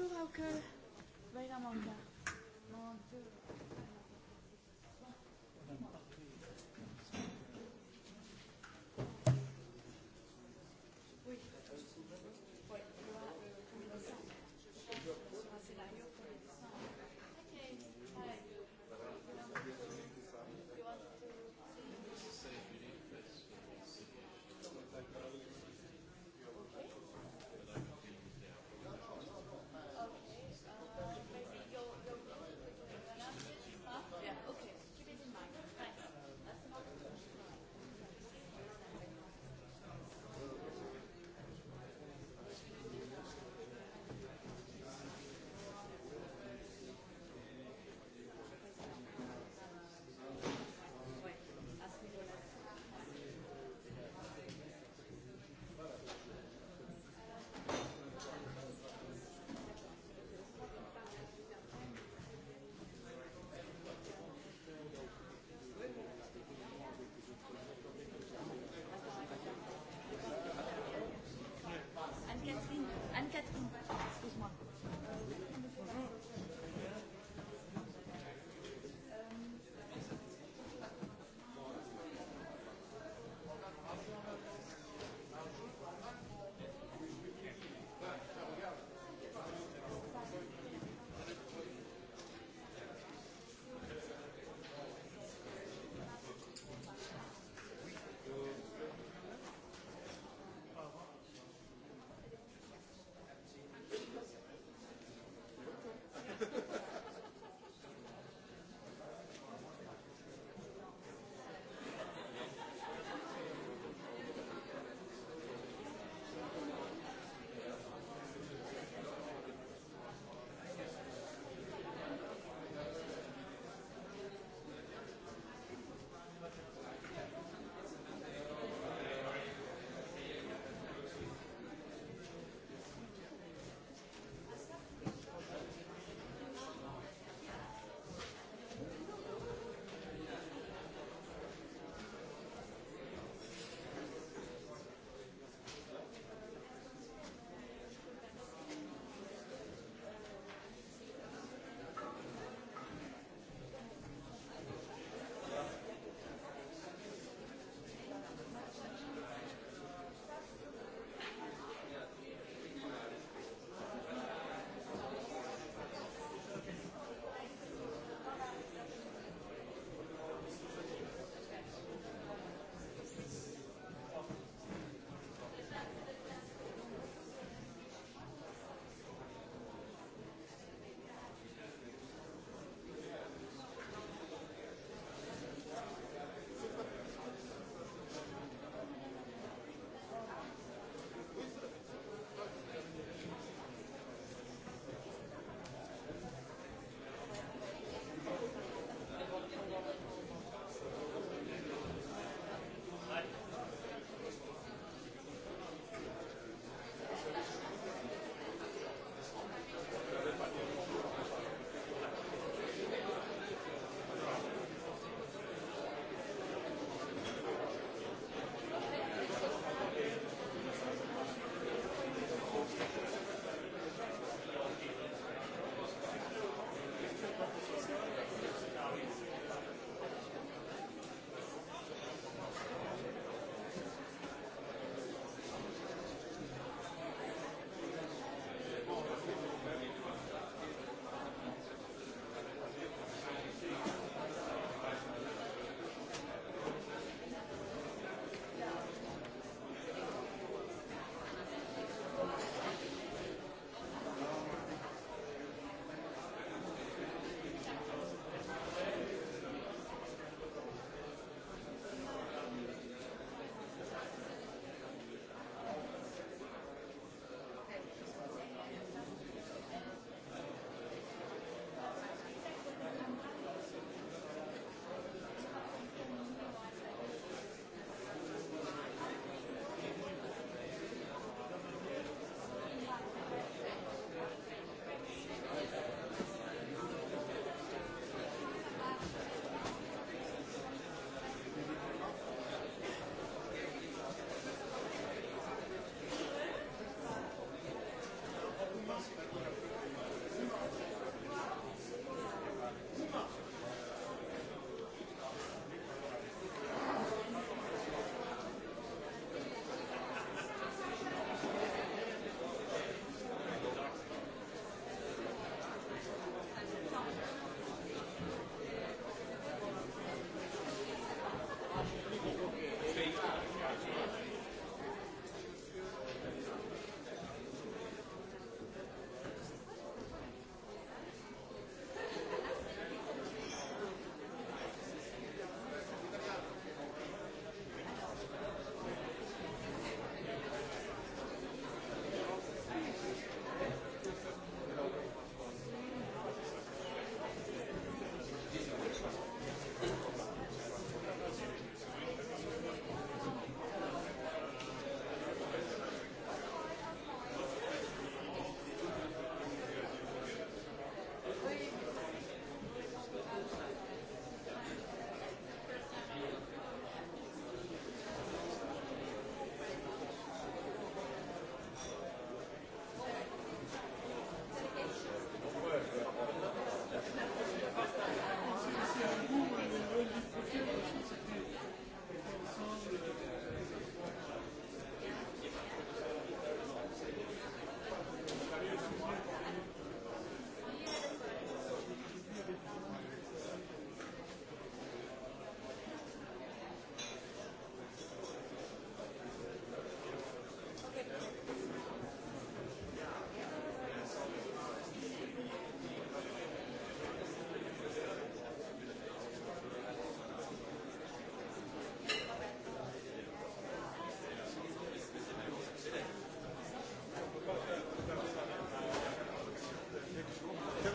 Bonjour, Aukel. Bijna manca.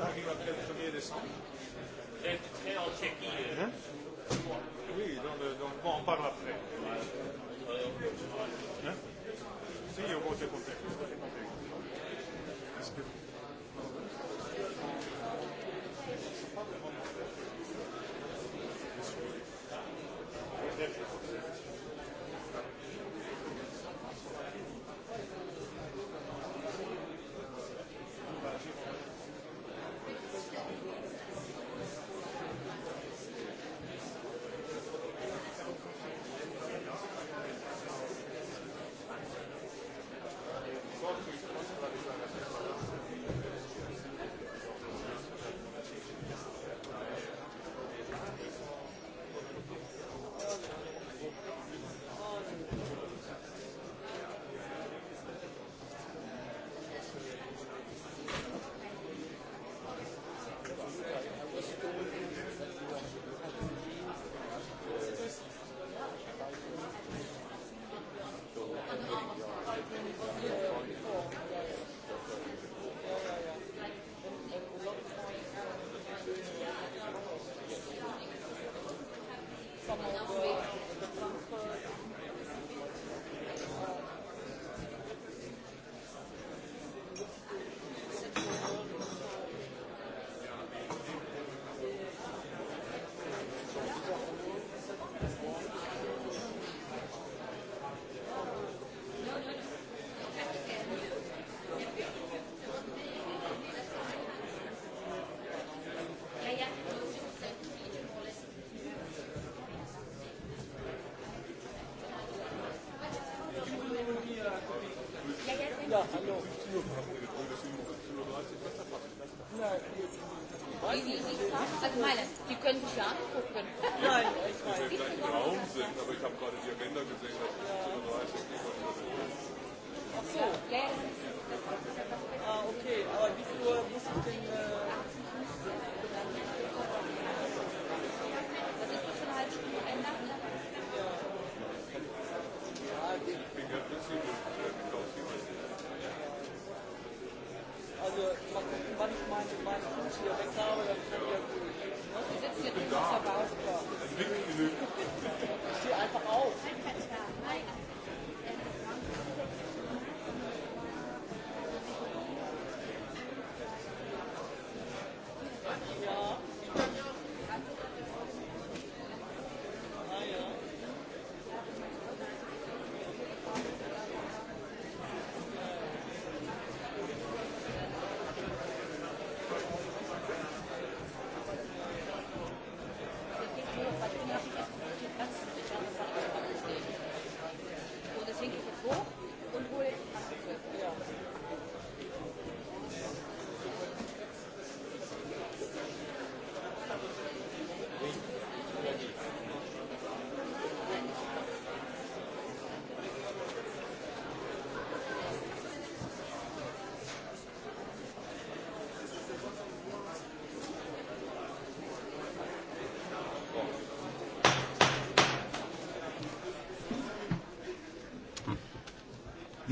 talking Meine, die können sich ja angucken. Nein, ich weiß. nicht. Raum sind, aber ich habe gerade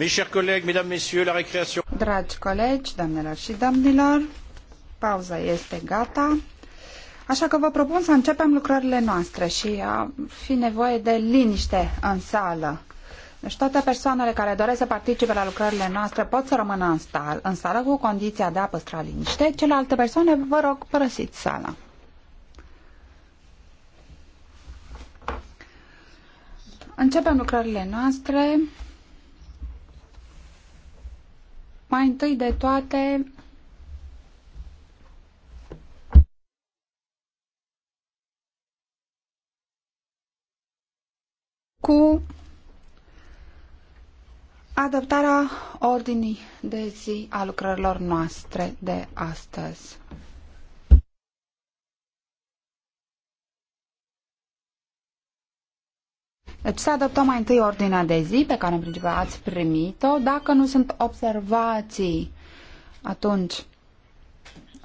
chers collègues, mesdames, messieurs, la récréation. Dragi colegi, doamnelor și domnilor, pauza este gata. Așa că vă propun să începem lucrările noastre și a fi nevoie de liniște în sală. Deci toate persoanele care doresc să participe la lucrările noastre pot să rămână în, stal, în sală cu condiția de a păstra liniște. Celelalte persoane, vă rog, părăsiți sala. Începem lucrările noastre mai întâi de toate, cu adoptarea ordinii de zi a lucrărilor noastre de astăzi. Deci să adoptăm mai întâi ordinea de zi pe care în principiu ați primit-o. Dacă nu sunt observații, atunci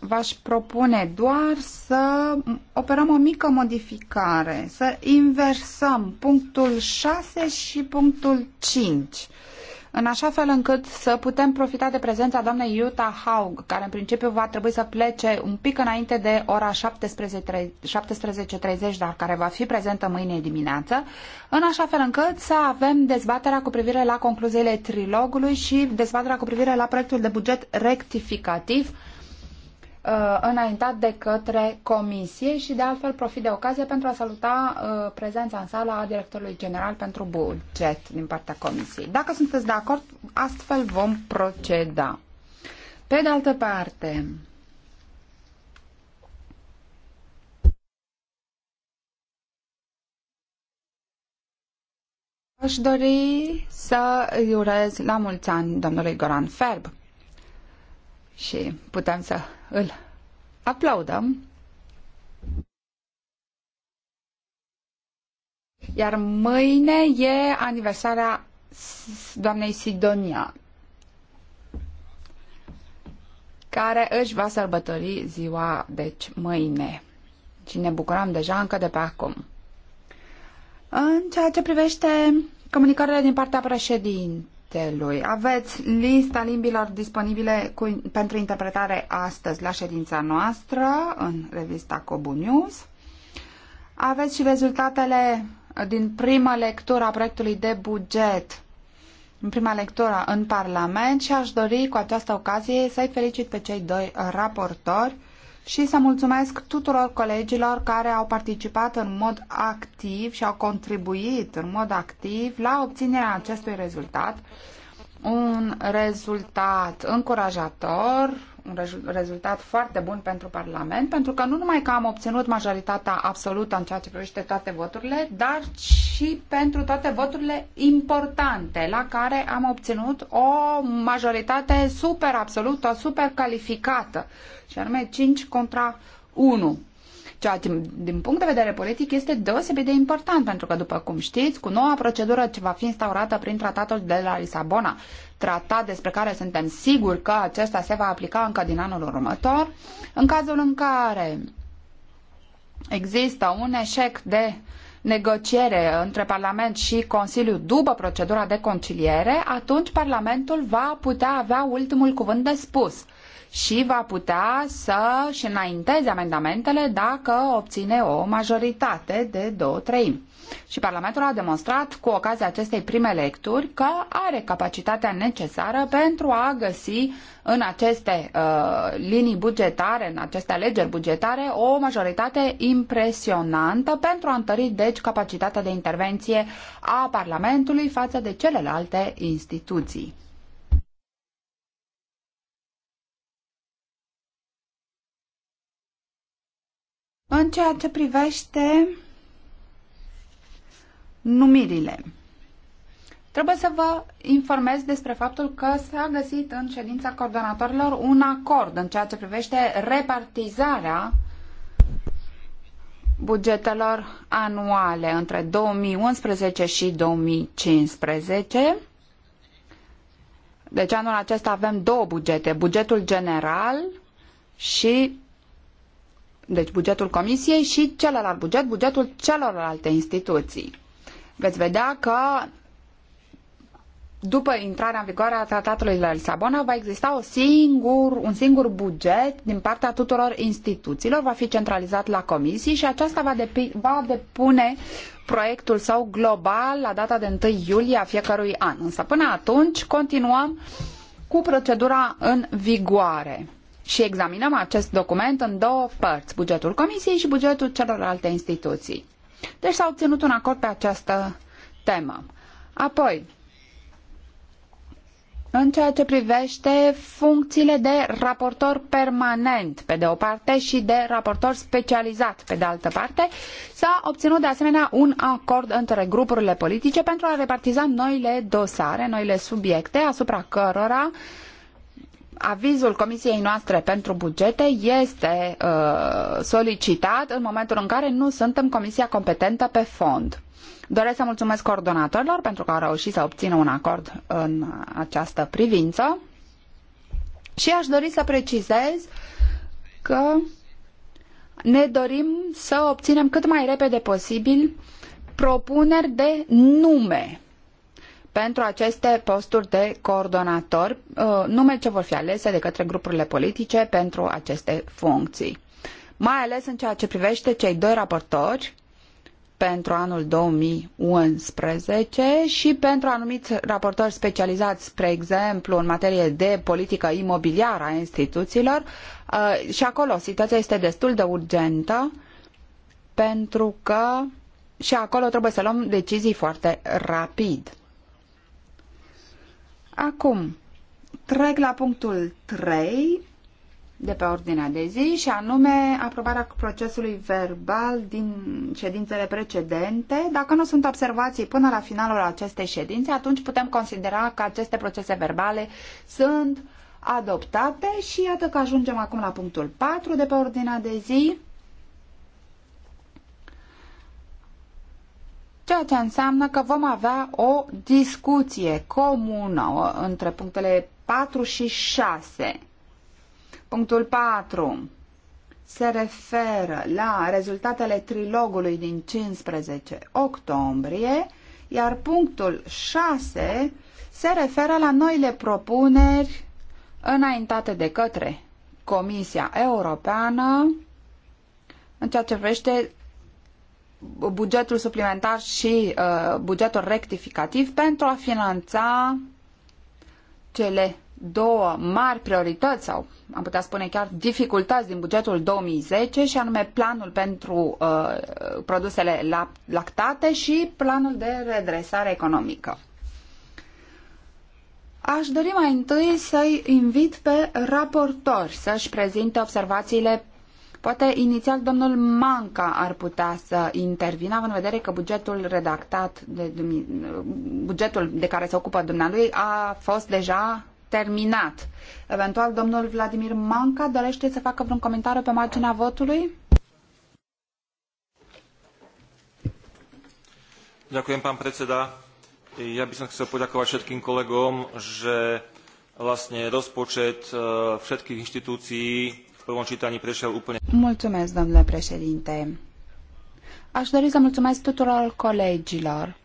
v-aș propune doar să operăm o mică modificare, să inversăm punctul 6 și punctul 5 în așa fel încât să putem profita de prezența doamnei Jutta Haug, care în principiu va trebui să plece un pic înainte de ora 17.30, 17 dar care va fi prezentă mâine dimineață, în așa fel încât să avem dezbaterea cu privire la concluziile trilogului și dezbaterea cu privire la proiectul de buget rectificativ uh, înaintat de către comisie și de altfel profit de ocazie pentru a saluta uh, prezența în sală a directorului general pentru buget din partea comisiei. Dacă sunteți de acord, astfel vom proceda. Pe de altă parte, Aș dori să îi urez la mulți ani domnului Goran Ferb și putem să îl aplaudăm. Iar mâine e aniversarea doamnei Sidonia, care își va sărbători ziua, deci mâine. Și ne bucurăm deja încă de pe acum. În ceea ce privește comunicările din partea președintelui, Comitelui. Aveți lista limbilor disponibile cu, pentru interpretare astăzi la ședința noastră în revista Cobu News. Aveți și rezultatele din prima lectură a proiectului de buget în prima lectură în Parlament și aș dori cu această ocazie să-i felicit pe cei doi raportori și să mulțumesc tuturor colegilor care au participat în mod activ și au contribuit în mod activ la obținerea acestui rezultat. Un rezultat încurajator, un rezultat foarte bun pentru Parlament, pentru că nu numai că am obținut majoritatea absolută în ceea ce privește toate voturile, dar și pentru toate voturile importante, la care am obținut o majoritate super absolută, super calificată, și anume 5 contra 1 ceea ce din punct de vedere politic este deosebit de important, pentru că, după cum știți, cu noua procedură ce va fi instaurată prin tratatul de la Lisabona, tratat despre care suntem siguri că acesta se va aplica încă din anul următor, în cazul în care există un eșec de negociere între Parlament și Consiliu după procedura de conciliere, atunci Parlamentul va putea avea ultimul cuvânt de spus și va putea să-și înainteze amendamentele dacă obține o majoritate de două treimi. Și Parlamentul a demonstrat cu ocazia acestei prime lecturi că are capacitatea necesară pentru a găsi în aceste uh, linii bugetare, în aceste alegeri bugetare, o majoritate impresionantă pentru a întări, deci, capacitatea de intervenție a Parlamentului față de celelalte instituții. în ceea ce privește numirile. Trebuie să vă informez despre faptul că s-a găsit în ședința coordonatorilor un acord în ceea ce privește repartizarea bugetelor anuale între 2011 și 2015. Deci anul acesta avem două bugete, bugetul general și deci bugetul Comisiei și celălalt buget, bugetul celorlalte instituții. Veți vedea că după intrarea în vigoare a tratatului la Lisabona, va exista o singur, un singur buget din partea tuturor instituțiilor, va fi centralizat la comisii și aceasta va, depi, va depune proiectul său global la data de 1 iulie a fiecărui an. Însă până atunci continuăm cu procedura în vigoare și examinăm acest document în două părți, bugetul Comisiei și bugetul celorlalte instituții. Deci s-a obținut un acord pe această temă. Apoi, în ceea ce privește funcțiile de raportor permanent, pe de o parte, și de raportor specializat, pe de altă parte, s-a obținut de asemenea un acord între grupurile politice pentru a repartiza noile dosare, noile subiecte asupra cărora uh, avizul comisiei noastre pentru bugete este uh, solicitat în momentul în care nu suntem comisia competentă pe fond. Doresc să mulțumesc coordonatorilor pentru că au reușit să obțină un acord în această privință și aș dori să precizez că ne dorim să obținem cât mai repede posibil propuneri de nume pentru aceste posturi de coordonator, uh, nume ce vor fi alese de către grupurile politice pentru aceste funcții. Mai ales în ceea ce privește cei doi raportori pentru anul 2011 și pentru anumiți raportori specializați, spre exemplu, în materie de politică imobiliară a instituțiilor. Uh, și acolo situația este destul de urgentă pentru că și acolo trebuie să luăm decizii foarte rapid. Acum, trec la punctul 3 de pe ordinea de zi și anume aprobarea procesului verbal din ședințele precedente. Dacă nu sunt observații până la finalul acestei ședințe, atunci putem considera că aceste procese verbale sunt adoptate și iată că ajungem acum la punctul 4 de pe ordinea de zi ceea ce înseamnă că vom avea o discuție comună între punctele 4 și 6. Punctul 4 se referă la rezultatele trilogului din 15 octombrie, iar punctul 6 se referă la noile propuneri înaintate de către Comisia Europeană în ceea ce privește bugetul suplimentar și uh, bugetul rectificativ pentru a finanța cele două mari priorități sau am putea spune chiar dificultăți din bugetul 2010 și anume planul pentru uh, produsele lactate și planul de redresare economică. Aș dori mai întâi să-i invit pe raportori să-și prezinte observațiile Poate inițial domnul Manca ar putea să intervină, având în vedere că bugetul redactat, de, bugetul de care se ocupă dumnealui a fost deja terminat. Eventual, domnul Vladimir Manca dorește să facă vreun comentariu pe marginea votului? Ďakujem, pán predseda. Ja by som chcel poďakovať všetkým kolegom, že vlastne rozpočet eh, všetkých inštitúcií prvom domnule președinte. Aș dori să mulțumesc tuturor colegilor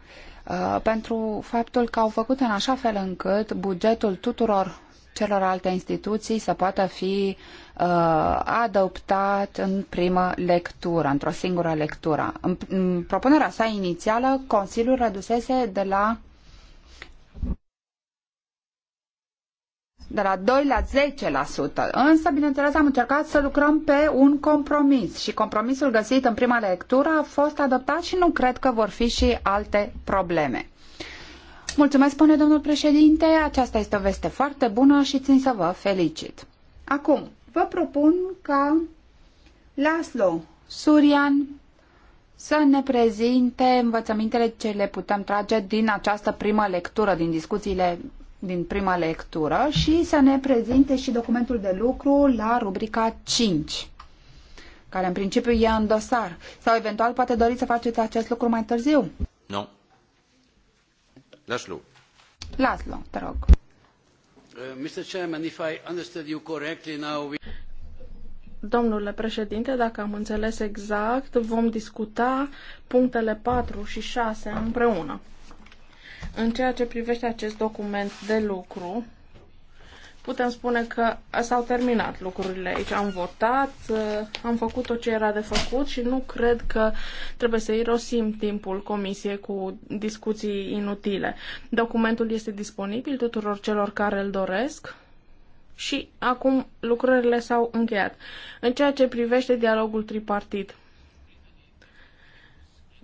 uh, pentru faptul că au făcut în așa fel încât bugetul tuturor celorlalte instituții să poată fi uh, adoptat în primă lectură, într-o singură lectură. În, în propunerea sa inițială, Consiliul redusese de la de la 2 la 10%. Însă, bineînțeles, am încercat să lucrăm pe un compromis și compromisul găsit în prima lectură a fost adoptat și nu cred că vor fi și alte probleme. Mulțumesc, spune domnul președinte, aceasta este o veste foarte bună și țin să vă felicit. Acum, vă propun ca Laslo Surian să ne prezinte învățămintele ce le putem trage din această primă lectură, din discuțiile din prima lectură și să ne prezinte și documentul de lucru la rubrica 5 care în principiu e în dosar. Sau eventual poate doriți să faceți acest lucru mai târziu? Nu. Laszlo. Laszlo, te rog. Uh, Mr. Chairman, if I understood you correctly now... We... Domnule președinte, dacă am înțeles exact, vom discuta punctele 4 și 6 împreună. În ceea ce privește acest document de lucru, putem spune că s-au terminat lucrurile aici. Am votat, uh, am făcut tot ce era de făcut și nu cred că trebuie să irosim timpul comisiei cu discuții inutile. Documentul este disponibil tuturor celor care îl doresc și acum lucrările s-au încheiat. În ceea ce privește dialogul tripartit,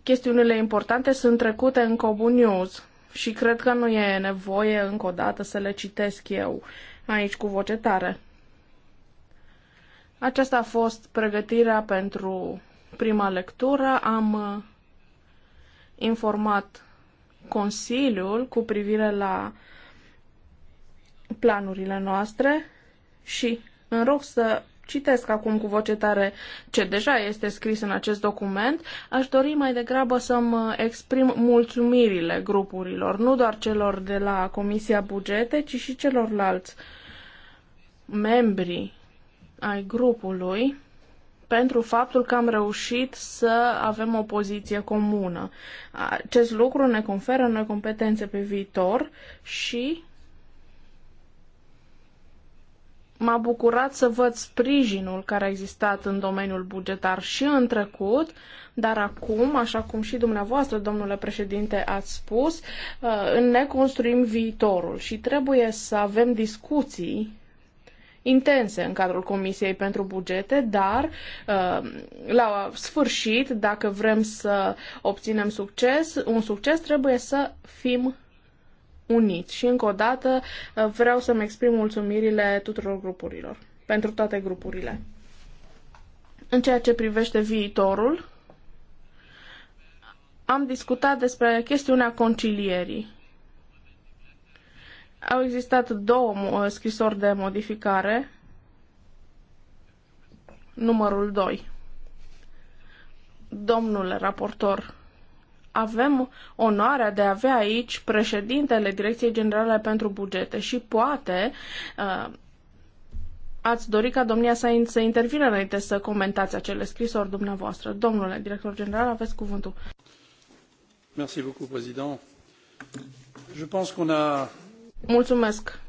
chestiunile importante sunt trecute în Cobu News și cred că nu e nevoie încă o dată să le citesc eu aici cu voce tare. Aceasta a fost pregătirea pentru prima lectură. Am uh, informat Consiliul cu privire la planurile noastre și în rog să citesc acum cu voce tare ce deja este scris în acest document, aș dori mai degrabă să-mi uh, exprim mulțumirile grupurilor, nu doar celor de la Comisia Bugete, ci și celorlalți membri ai grupului pentru faptul că am reușit să avem o poziție comună. Acest lucru ne conferă noi competențe pe viitor și m-a bucurat să văd sprijinul care a existat în domeniul bugetar și în trecut, dar acum, așa cum și dumneavoastră, domnule președinte, ați spus, uh, ne construim viitorul și trebuie să avem discuții intense în cadrul Comisiei pentru Bugete, dar uh, la sfârșit, dacă vrem să obținem succes, un succes trebuie să fim unit. Și încă o dată uh, vreau să-mi exprim mulțumirile tuturor grupurilor, pentru toate grupurile. În ceea ce privește viitorul, am discutat despre chestiunea concilierii. Au existat două uh, scrisori de modificare, numărul 2. Domnule raportor, avem onoarea de a avea aici președintele Direcției Generale pentru Bugete și poate uh, ați dori ca domnia in- să intervină înainte să comentați acele scrisori dumneavoastră. Domnule director general, aveți cuvântul. Merci beaucoup, président. Je pense qu'on a... Mulțumesc,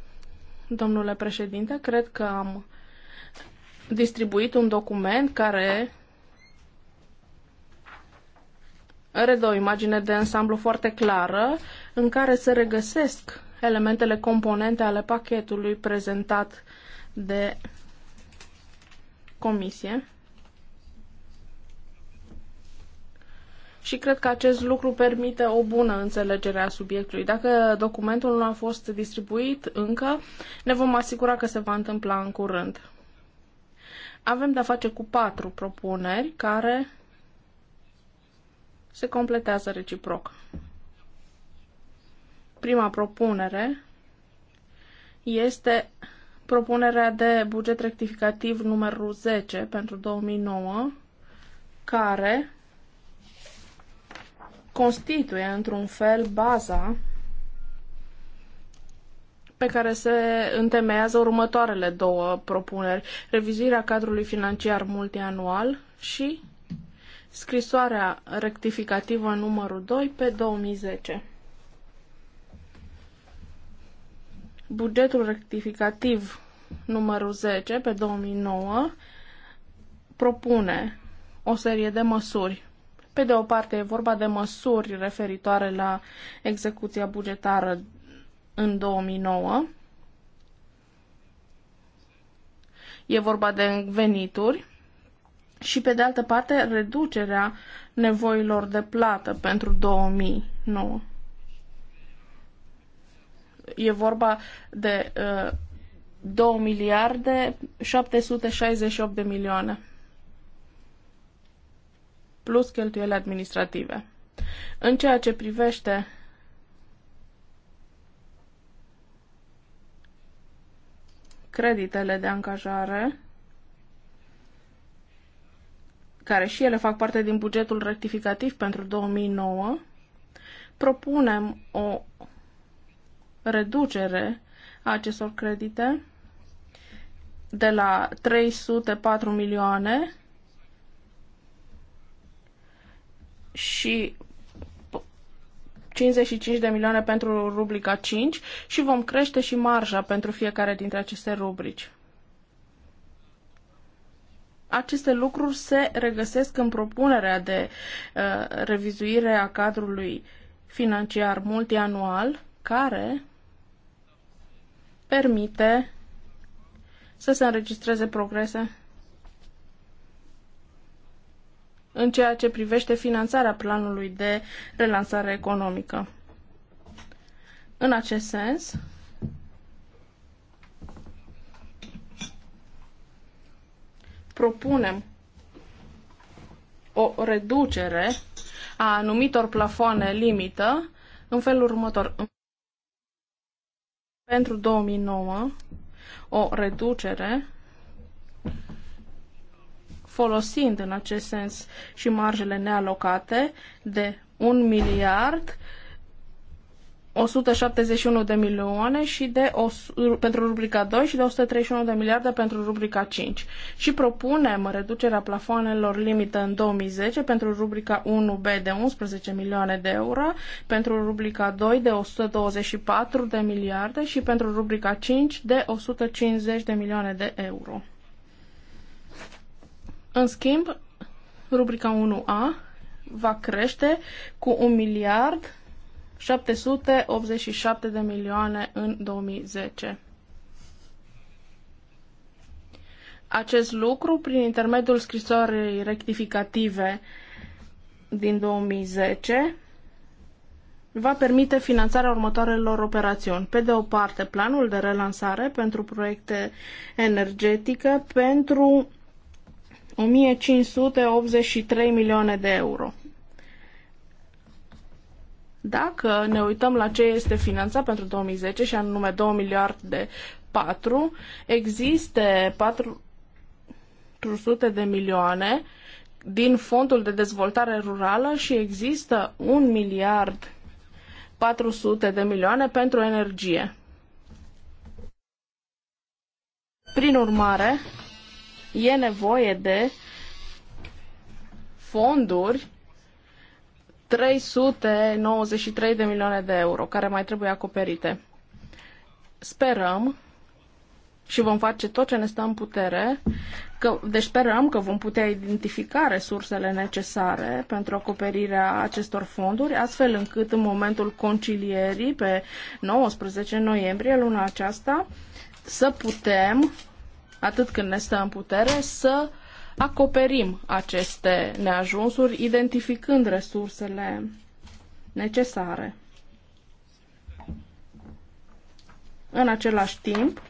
domnule președinte. Cred că am distribuit un document care redă o imagine de ansamblu foarte clară în care se regăsesc elementele componente ale pachetului prezentat de comisie. Și cred că acest lucru permite o bună înțelegere a subiectului. Dacă documentul nu a fost distribuit încă, ne vom asigura că se va întâmpla în curând. Avem de-a face cu patru propuneri care se completează reciproc. Prima propunere este propunerea de buget rectificativ numărul 10 pentru 2009, care constituie într-un fel baza pe care se întemeiază următoarele două propuneri, revizuirea cadrului financiar multianual și scrisoarea rectificativă numărul 2 pe 2010. Bugetul rectificativ numărul 10 pe 2009 propune o serie de măsuri. Pe de o parte e vorba de măsuri referitoare la execuția bugetară în 2009. E vorba de venituri și, pe de altă parte, reducerea nevoilor de plată pentru 2009. E vorba de uh, 2 miliarde 768 de milioane plus cheltuielile administrative. În ceea ce privește creditele de angajare, care și ele fac parte din bugetul rectificativ pentru 2009, propunem o reducere a acestor credite de la 304 milioane și 55 de milioane pentru rubrica 5 și vom crește și marja pentru fiecare dintre aceste rubrici. Aceste lucruri se regăsesc în propunerea de uh, revizuire a cadrului financiar multianual, care permite să se înregistreze progrese în ceea ce privește finanțarea planului de relansare economică. În acest sens, propunem o reducere a anumitor plafoane limită în felul următor. Pentru 2009, o reducere folosind în acest sens și marjele nealocate de 1 miliard 171 de milioane și de o, pentru rubrica 2 și de 131 de miliarde pentru rubrica 5. Și propunem reducerea plafoanelor limită în 2010 pentru rubrica 1B de 11 milioane de euro, pentru rubrica 2 de 124 de miliarde și pentru rubrica 5 de 150 de milioane de euro. În schimb, rubrica 1A va crește cu 1 miliard 787 de milioane în 2010. Acest lucru, prin intermediul scrisorii rectificative din 2010, va permite finanțarea următoarelor operațiuni. Pe de o parte, planul de relansare pentru proiecte energetice pentru 1583 milioane de euro. Dacă ne uităm la ce este finanțat pentru 2010 și anume 2 miliarde de 4, există 400 de milioane din fondul de dezvoltare rurală și există 1 miliard 400 de milioane pentru energie. Prin urmare, e nevoie de fonduri 393 de milioane de euro care mai trebuie acoperite. Sperăm și vom face tot ce ne stă în putere, că, deci sperăm că vom putea identifica resursele necesare pentru acoperirea acestor fonduri, astfel încât în momentul concilierii pe 19 noiembrie, luna aceasta, să putem, atât când ne stă în putere, să acoperim aceste neajunsuri, identificând resursele necesare. În același timp,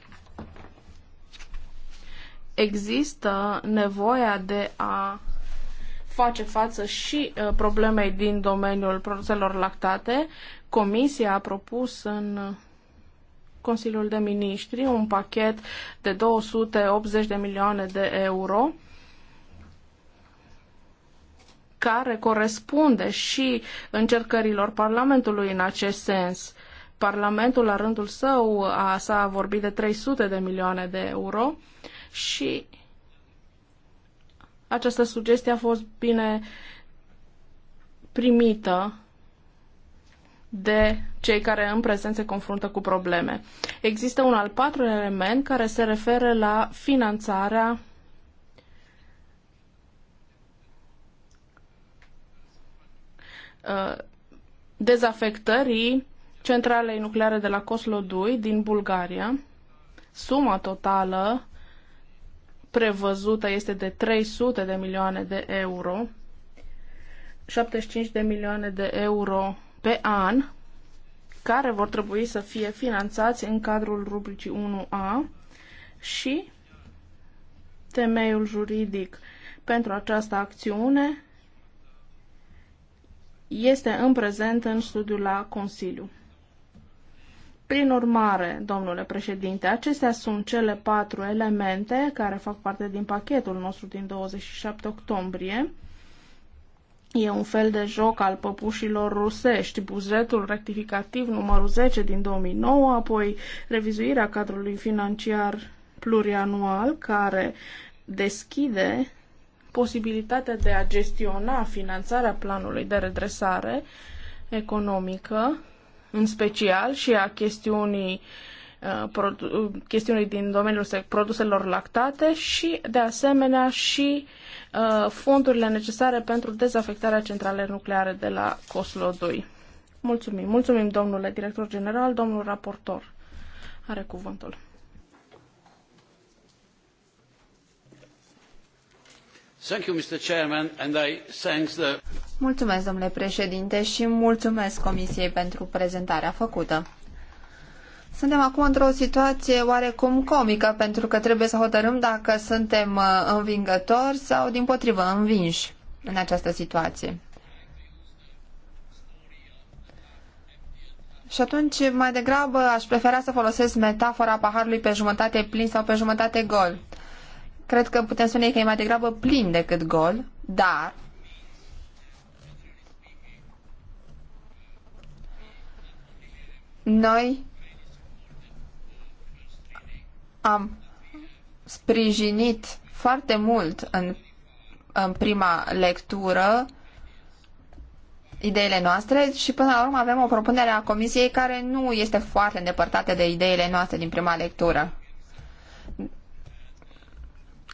există nevoia de a face față și uh, problemei din domeniul produselor lactate. Comisia a propus în Consiliul de Ministri un pachet de 280 de milioane de euro care corespunde și încercărilor Parlamentului în acest sens. Parlamentul, la rândul său, a, s-a vorbit de 300 de milioane de euro și această sugestie a fost bine primită de cei care în prezent se confruntă cu probleme. Există un al patru element care se referă la finanțarea Uh, dezafectării centralei nucleare de la Coslodui din Bulgaria. Suma totală prevăzută este de 300 de milioane de euro, 75 de milioane de euro pe an, care vor trebui să fie finanțați în cadrul rubricii 1A și temeiul juridic pentru această acțiune este în prezent în studiu la Consiliu. Prin urmare, domnule președinte, acestea sunt cele patru elemente care fac parte din pachetul nostru din 27 octombrie. E un fel de joc al păpușilor rusești, buzetul rectificativ numărul 10 din 2009, apoi revizuirea cadrului financiar plurianual care deschide posibilitatea de a gestiona finanțarea planului de redresare economică, în special și a chestiunii uh, chestiunii din domeniul produselor lactate și, de asemenea, și uh, fondurile necesare pentru dezafectarea centralei nucleare de la Coslo 2. Mulțumim. Mulțumim, domnule director general, domnul raportor. Are cuvântul. Mulțumesc, domnule președinte, și mulțumesc Comisiei pentru prezentarea făcută. Suntem acum într-o situație oarecum comică, pentru că trebuie să hotărâm dacă suntem uh, învingători sau, din potrivă, învinși în această situație. Și atunci, mai degrabă, aș prefera să folosesc metafora paharului pe jumătate plin sau pe jumătate gol. Cred că putem spune că e mai degrabă plin decât gol, dar noi am sprijinit foarte mult în, în prima lectură ideile noastre și până la urmă avem o propunere a Comisiei care nu este foarte îndepărtată de ideile noastre din prima lectură.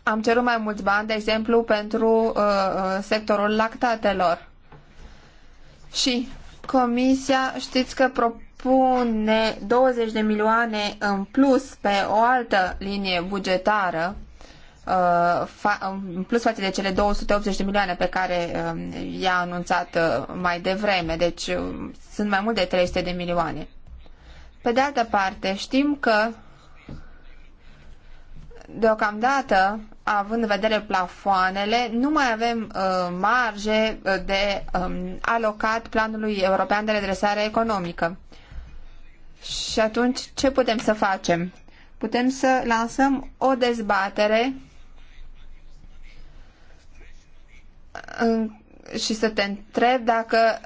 Am cerut mai mulți bani, de exemplu, pentru uh, uh sectorul lactatelor. Și Comisia, știți că propune 20 de milioane în plus pe o altă linie bugetară, uh, în plus față de cele 280 de milioane pe care um, i-a anunțat uh, mai devreme, deci um, sunt mai mult de 300 de milioane. Pe de altă parte, știm că deocamdată având în vedere plafoanele, nu mai avem uh, marge uh, de um, alocat planului european de redresare economică. Și atunci, ce putem să facem? Putem să lansăm o dezbatere în, uh, și să te întreb dacă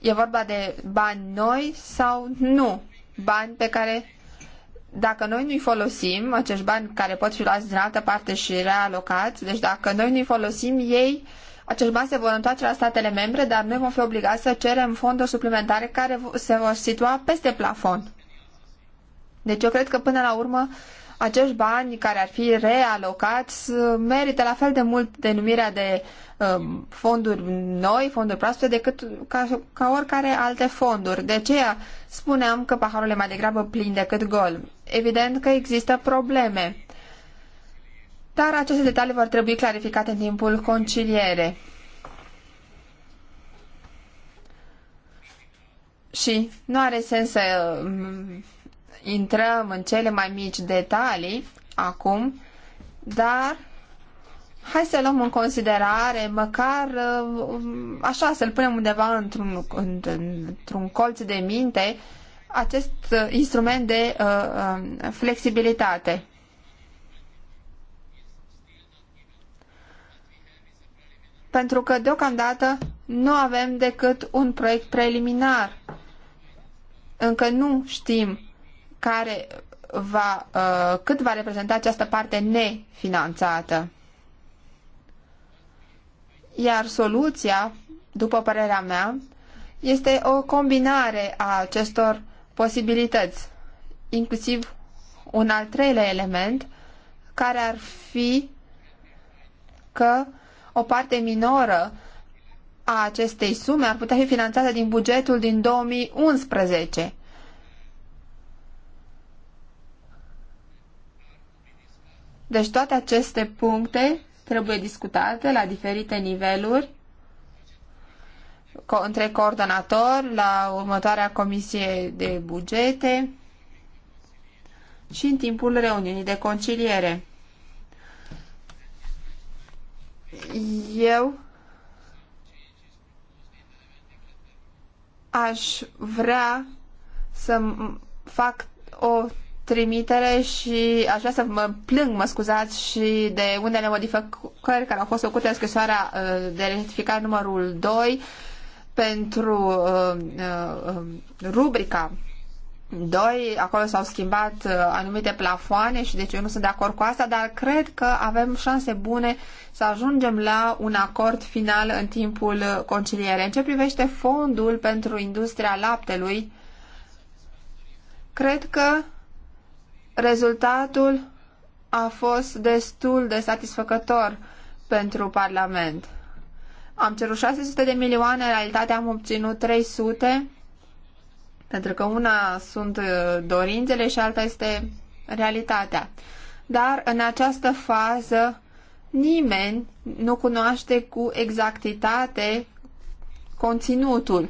e vorba de bani noi sau nu, bani pe care dacă noi nu-i folosim, acești bani care pot fi luați din altă parte și realocați, deci dacă noi nu-i folosim, ei, acești bani se vor întoarce la statele membre, dar noi vom fi obligați să cerem fonduri suplimentare care se vor situa peste plafon. Deci eu cred că până la urmă acești bani care ar fi realocați uh, merită la fel de mult denumirea de um, fonduri noi, fonduri proaspete, decât ca, ca oricare alte fonduri. De aceea Spuneam că paharul e mai degrabă plin decât gol. Evident că există probleme, dar aceste detalii vor trebui clarificate în timpul conciliere. Și nu are sens să um, intrăm în cele mai mici detalii acum, dar hai să luăm în considerare, măcar uh, așa, să-l punem undeva într-un, într-un colț de minte, acest uh, instrument de uh, uh, flexibilitate. Pentru că deocamdată nu avem decât un proiect preliminar. Încă nu știm care va, uh, cât va reprezenta această parte nefinanțată. Iar soluția, după părerea mea, este o combinare a acestor posibilități, inclusiv un al treilea element, care ar fi că o parte minoră a acestei sume ar putea fi finanțată din bugetul din 2011. Deci toate aceste puncte trebuie discutate la diferite niveluri între coordonator, la următoarea comisie de bugete și în timpul reuniunii de conciliere. Eu aș vrea să fac o trimitere și aș vrea să mă plâng, mă scuzați, și de unele modificări care au fost făcute în scrisoarea uh, de rectificare numărul 2 pentru uh, uh, um, rubrica 2, acolo s-au schimbat anumite plafoane și deci eu nu sunt de acord cu asta, dar cred că avem șanse bune să ajungem la un acord final în timpul conciliere. În ce privește fondul pentru industria laptelui, cred că Rezultatul a fost destul de satisfăcător pentru Parlament. Am cerut 600 de milioane, în realitate am obținut 300, pentru că una sunt uh, dorințele și alta este realitatea. Dar în această fază nimeni nu cunoaște cu exactitate conținutul.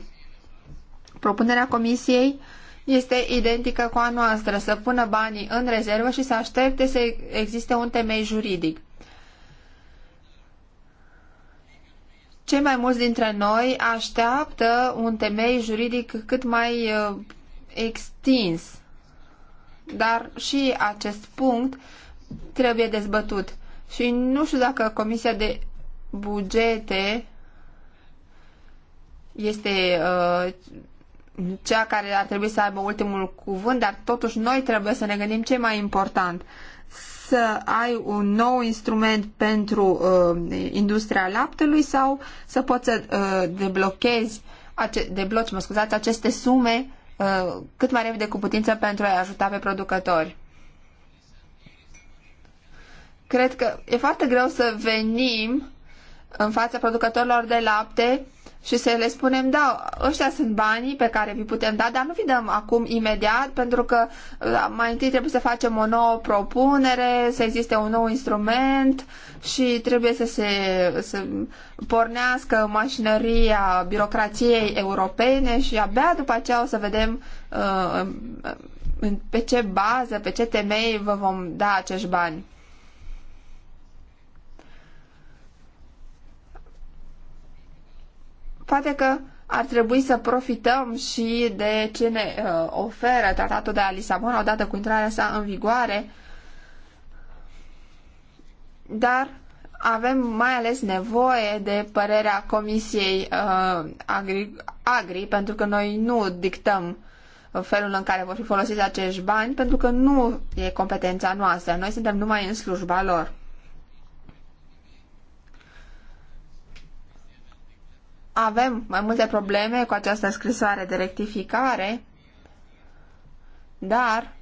Propunerea Comisiei este identică cu a noastră, să pună banii în rezervă și să aștepte să existe un temei juridic. Cei mai mulți dintre noi așteaptă un temei juridic cât mai uh, extins, dar și acest punct trebuie dezbătut. Și nu știu dacă Comisia de Bugete este uh, cea care ar trebui să aibă ultimul cuvânt, dar totuși noi trebuie să ne gândim ce e mai important. Să ai un nou instrument pentru uh, industria laptelui sau să poți să uh, deblochezi, ace- debloci, mă scuzați, aceste sume uh, cât mai repede cu putință pentru a-i ajuta pe producători. Cred că e foarte greu să venim în fața producătorilor de lapte și să le spunem, da, ăștia sunt banii pe care vi putem da, dar nu vi dăm acum imediat, pentru că uh, mai întâi trebuie să facem o nouă propunere, să existe un nou instrument și trebuie să se să pornească mașinăria birocrației europene și abia după aceea o să vedem uh, pe ce bază, pe ce temei vă vom da acești bani. Poate că ar trebui să profităm și de ce ne uh, oferă tratatul de la Lisabona odată cu intrarea sa în vigoare, dar avem mai ales nevoie de părerea Comisiei uh, agri, agri, pentru că noi nu dictăm uh, felul în care vor fi folosiți acești bani, pentru că nu e competența noastră. Noi suntem numai în slujba lor. avem mai multe probleme cu această scrisoare de rectificare, dar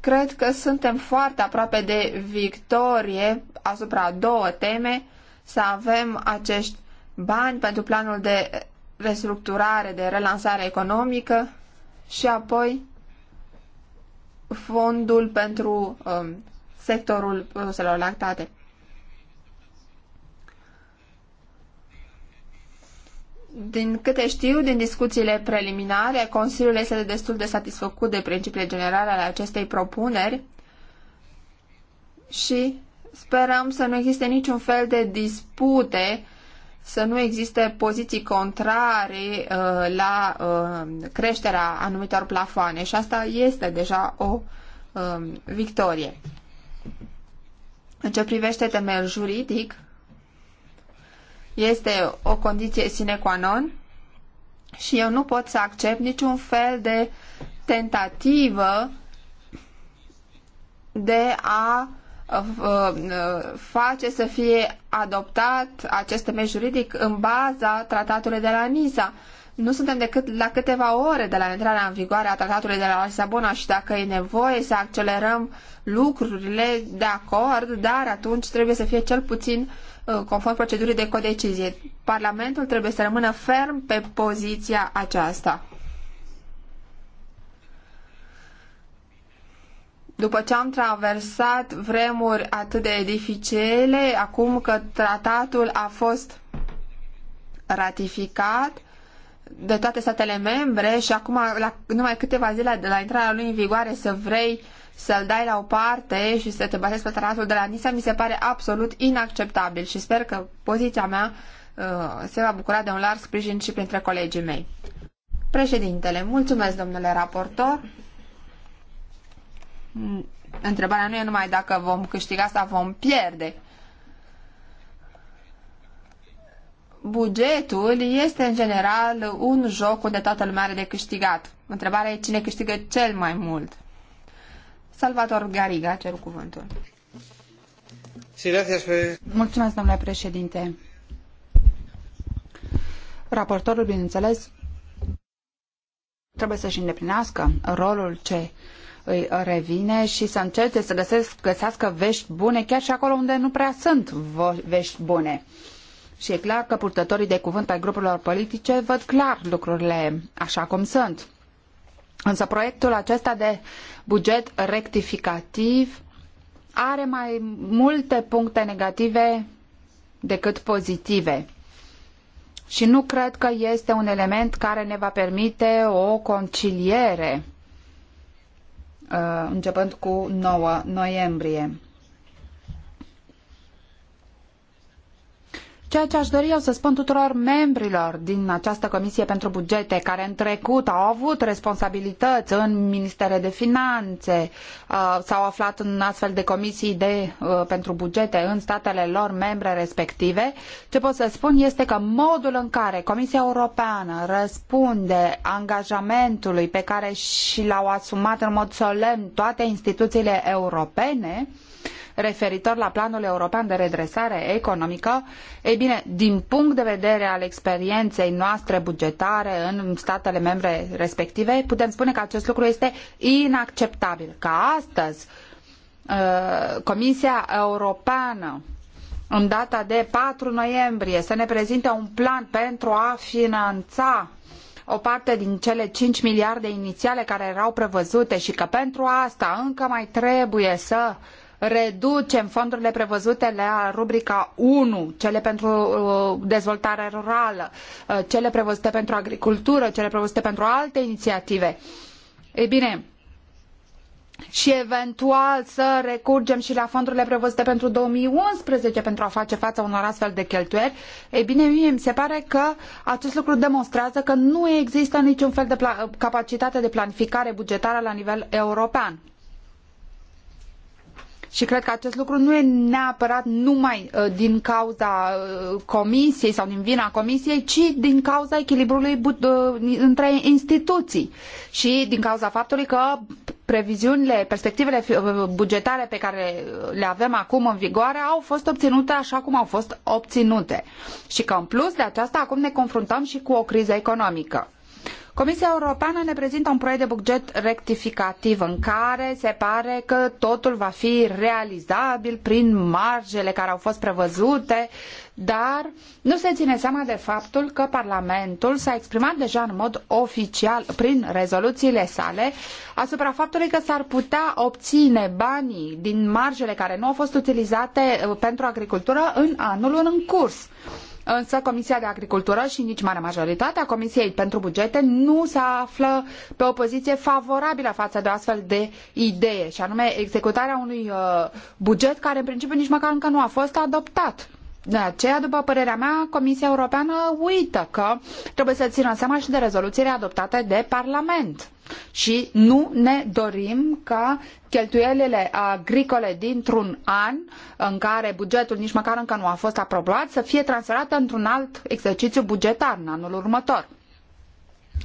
cred că suntem foarte aproape de victorie asupra două teme, să avem acești bani pentru planul de restructurare, de relansare economică și apoi fondul pentru um, sectorul produselor lactate. Din câte știu, din discuțiile preliminare, Consiliul este destul de satisfăcut de principiile generale ale acestei propuneri și sperăm să nu existe niciun fel de dispute, să nu existe poziții contrare uh, la uh, creșterea anumitor plafoane și asta este deja o uh, victorie. În ce privește temel juridic, este o condiție sine qua non și eu nu pot să accept niciun fel de tentativă de a uh, uh, face să fie adoptat acest temei juridic în baza tratatului de la Nisa. Nu suntem decât la câteva ore de la intrarea în vigoare a tratatului de la Lisabona și dacă e nevoie să accelerăm lucrurile de acord, dar atunci trebuie să fie cel puțin Uh, conform procedurii de codecizie. Parlamentul trebuie să rămână ferm pe poziția aceasta. După ce am traversat vremuri atât de dificile, acum că tratatul a fost ratificat de toate statele membre și acum, la numai câteva zile de la intrarea lui în vigoare, să vrei să-l dai la o parte și să te bazezi pe tratatul de la Nisa mi se pare absolut inacceptabil și sper că poziția mea uh, se va bucura de un larg sprijin și printre colegii mei. Președintele, mulțumesc domnule raportor. Mm, întrebarea nu e numai dacă vom câștiga sau vom pierde. Bugetul este în general un joc unde toată lumea are de câștigat. Întrebarea e cine câștigă cel mai mult. Salvator Gariga, cer cuvântul. Mulțumesc, domnule președinte. Raportorul, bineînțeles, trebuie să-și îndeplinească rolul ce îi revine și să încerce să găsesc, găsească vești bune chiar și acolo unde nu prea sunt vești bune. Și e clar că purtătorii de cuvânt ai grupurilor politice văd clar lucrurile așa cum sunt. Însă proiectul acesta de buget rectificativ are mai multe puncte negative decât pozitive. Și nu cred că este un element care ne va permite o conciliere uh, începând cu 9 noiembrie. Ceea ce aș dori eu să spun tuturor membrilor din această Comisie pentru Bugete, care în trecut au avut responsabilități în ministerele de Finanțe, uh, s-au aflat în astfel de comisii de, uh, pentru bugete în statele lor membre respective, ce pot să spun este că modul în care Comisia Europeană răspunde angajamentului pe care și l-au asumat în mod solemn toate instituțiile europene, referitor la planul european de redresare economică, ei bine, din punct de vedere al experienței noastre bugetare în statele membre respective, putem spune că acest lucru este inacceptabil. Ca astăzi, uh, Comisia Europeană în data de 4 noiembrie să ne prezinte un plan pentru a finanța o parte din cele cinci miliarde inițiale care erau prevăzute și că pentru asta încă mai trebuie să reducem fondurile prevăzute la rubrica 1, cele pentru uh, dezvoltare rurală, uh, cele prevăzute pentru agricultură, cele prevăzute pentru alte inițiative. Ei bine, și eventual să recurgem și la fondurile prevăzute pentru 2011 pentru a face față unor astfel de cheltuieli, e bine, mie mi se pare că acest lucru demonstrează că nu există niciun fel de capacitate de planificare bugetară la nivel european. Și cred că acest lucru nu e neapărat numai uh, din cauza uh, comisiei sau din vina comisiei, ci din cauza echilibrului uh, între instituții și din cauza faptului că previziunile, perspectivele bugetare pe care le avem acum în vigoare au fost obținute așa cum au fost obținute. Și că în plus de aceasta acum ne confruntăm și cu o criză economică. Comisia Europeană ne prezintă un proiect de buget rectificativ în care se pare că totul va fi realizabil prin marjele care au fost prevăzute, dar nu se ține seama de faptul că Parlamentul s-a exprimat deja în mod oficial prin rezoluțiile sale asupra faptului că s-ar putea obține banii din marjele care nu au fost utilizate uh, pentru agricultură în anul în curs însă Comisia de Agricultură și nici marea majoritate a Comisiei pentru Bugete nu se află pe o poziție favorabilă față de o astfel de idee, și anume executarea unui uh, buget care în principiu nici măcar încă nu a fost adoptat. De aceea, după părerea mea, Comisia Europeană uită că trebuie să țină seama și de rezoluțiile adoptate de Parlament. Și nu ne dorim ca cheltuielile agricole dintr-un an în care bugetul nici măcar încă nu a fost aprobat să fie transferate într-un alt exercițiu bugetar în anul următor.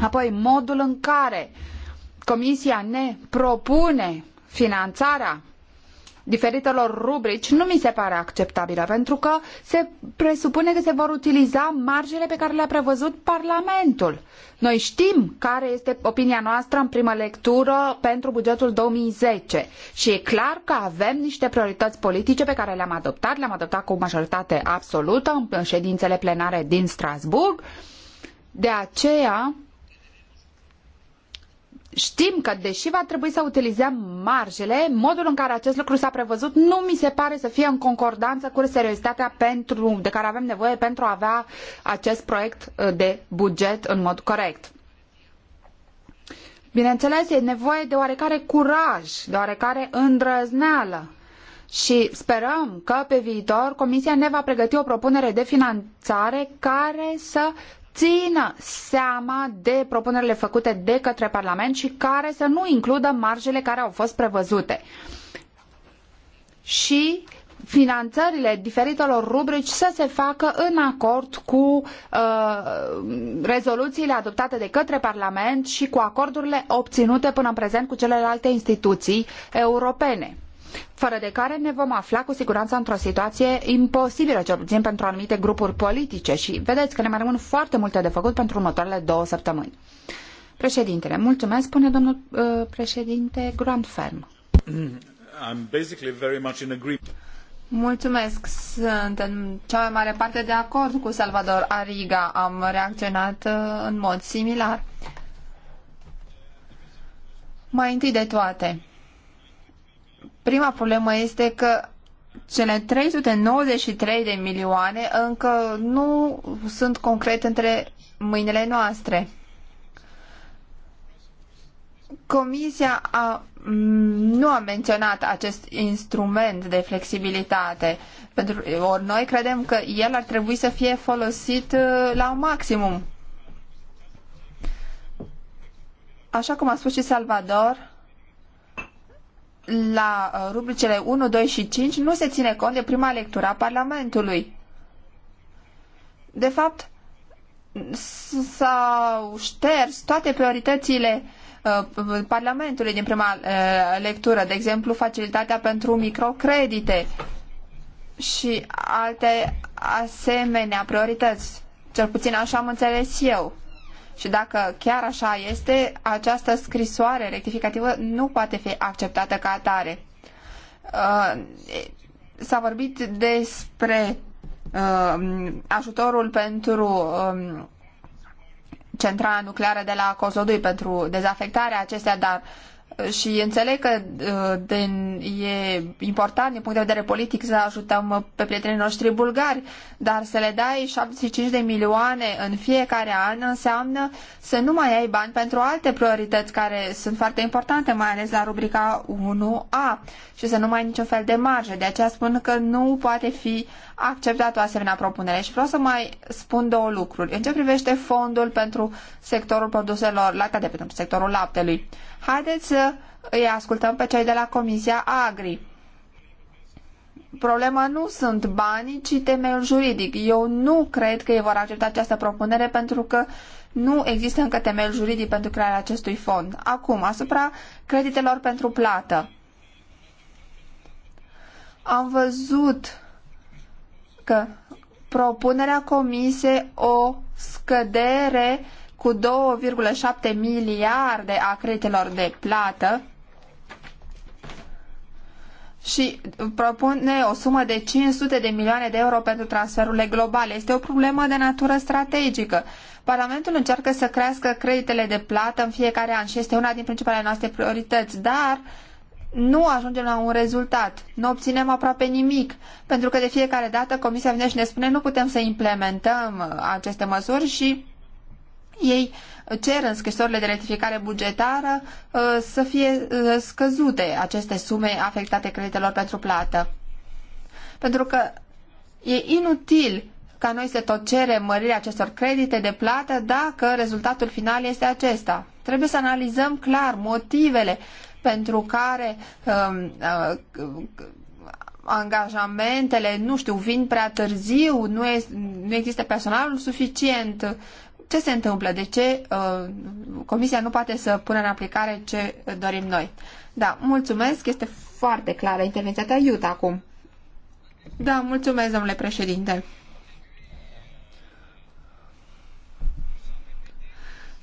Apoi, modul în care Comisia ne propune finanțarea diferitelor rubrici nu mi se pare acceptabilă, pentru că se presupune că se vor utiliza marjele pe care le-a prevăzut Parlamentul. Noi știm care este opinia noastră în primă lectură pentru bugetul 2010 și e clar că avem niște priorități politice pe care le-am adoptat, le-am adoptat cu majoritate absolută în ședințele plenare din Strasbourg. De aceea, Știm că, deși va trebui să utilizăm marjele, modul în care acest lucru s-a prevăzut nu mi se pare să fie în concordanță cu seriozitatea pentru, de care avem nevoie pentru a avea acest proiect uh, de buget în mod corect. Bineînțeles, e nevoie de oarecare curaj, de oarecare îndrăzneală și sperăm că pe viitor Comisia ne va pregăti o propunere de finanțare care să țină seama de propunerile făcute de către Parlament și care să nu includă marjele care au fost prevăzute. Și finanțările diferitelor rubrici să se facă în acord cu uh, rezoluțiile adoptate de către Parlament și cu acordurile obținute până în prezent cu celelalte instituții europene fără de care ne vom afla cu siguranță într-o situație imposibilă, cel puțin pentru anumite grupuri politice și vedeți că ne mai rămân foarte multe de făcut pentru următoarele două săptămâni. Președintele, mulțumesc, spune domnul uh, președinte Grand Ferm. I'm basically very much in agreement. Mulțumesc. Sunt în cea mai mare parte de acord cu Salvador Ariga. Am reacționat uh, în mod similar. Mai întâi de toate, Prima problemă este că cele 393 de milioane încă nu sunt concret între mâinile noastre. Comisia a, nu a menționat acest instrument de flexibilitate. Pentru, ori noi credem că el ar trebui să fie folosit uh, la maximum. Așa cum a spus și Salvador, la uh, rubricele 1, 2 și 5 nu se ține cont de prima lectură a Parlamentului. De fapt, s-au șters toate prioritățile uh, Parlamentului din prima uh, lectură, de exemplu facilitatea pentru microcredite și alte asemenea priorități. Cel puțin așa am înțeles eu. Și dacă chiar așa este, această scrisoare rectificativă nu poate fi acceptată ca atare. Uh, s-a vorbit despre uh, ajutorul pentru um, centrala nucleară de la Cozodui, pentru dezafectarea acestea, dar și înțeleg că uh, din, e important din punct de vedere politic să ajutăm pe prietenii noștri bulgari, dar să le dai 75 de milioane în fiecare an înseamnă să nu mai ai bani pentru alte priorități care sunt foarte importante, mai ales la rubrica 1A și să nu mai ai niciun fel de marjă. De aceea spun că nu poate fi acceptată o asemenea propunere. Și vreau să mai spun două lucruri. În ce privește fondul pentru sectorul produselor lactate, pentru sectorul laptelui, Haideți să îi ascultăm pe cei de la Comisia Agri. Problema nu sunt banii, ci temeiul juridic. Eu nu cred că ei vor accepta această propunere pentru că nu există încă temeiul juridic pentru crearea acestui fond. Acum, asupra creditelor pentru plată. Am văzut că propunerea comisiei o scădere cu 2,7 miliarde a creditelor de plată și propune o sumă de 500 de milioane de euro pentru transferurile globale. Este o problemă de natură strategică. Parlamentul încearcă să crească creditele de plată în fiecare an și este una din principalele noastre priorități, dar nu ajungem la un rezultat, nu obținem aproape nimic, pentru că de fiecare dată Comisia vine și ne spune nu putem să implementăm uh, aceste măsuri și ei cer în scrisorile de rectificare bugetară uh, să fie uh, scăzute aceste sume afectate creditelor pentru plată. Pentru că e inutil ca noi să tot cerem mărirea acestor credite de plată dacă rezultatul final este acesta. Trebuie să analizăm clar motivele pentru care um, uh, angajamentele, nu știu, vin prea târziu, nu, nu există personalul suficient, ce se întâmplă, de ce uh, Comisia nu poate să pună în aplicare ce dorim noi. Da, mulțumesc, este foarte clară intervenția ta, Iuta, acum. Da, mulțumesc, domnule președinte.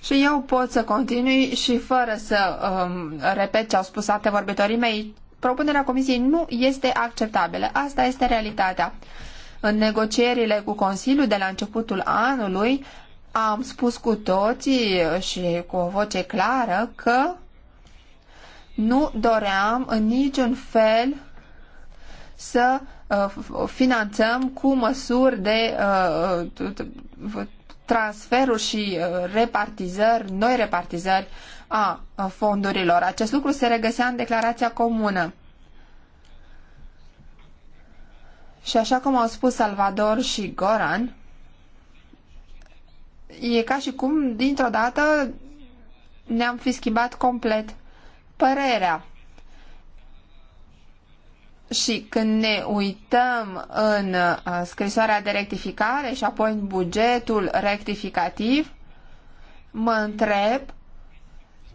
Și eu pot să continui și fără să um, repet ce au spus alte vorbitorii mei. Propunerea Comisiei nu este acceptabilă. Asta este realitatea. În negocierile cu Consiliul de la începutul anului am spus cu toții și cu o voce clară că nu doream în niciun fel să uh, finanțăm cu măsuri de uh, transferuri și uh, repartizări, noi repartizări a fondurilor. Acest lucru se regăsea în declarația comună. Și așa cum au spus Salvador și Goran, e ca și cum, dintr-o dată, ne-am fi schimbat complet părerea. Și când ne uităm în uh, scrisoarea de rectificare și apoi în bugetul rectificativ, mă întreb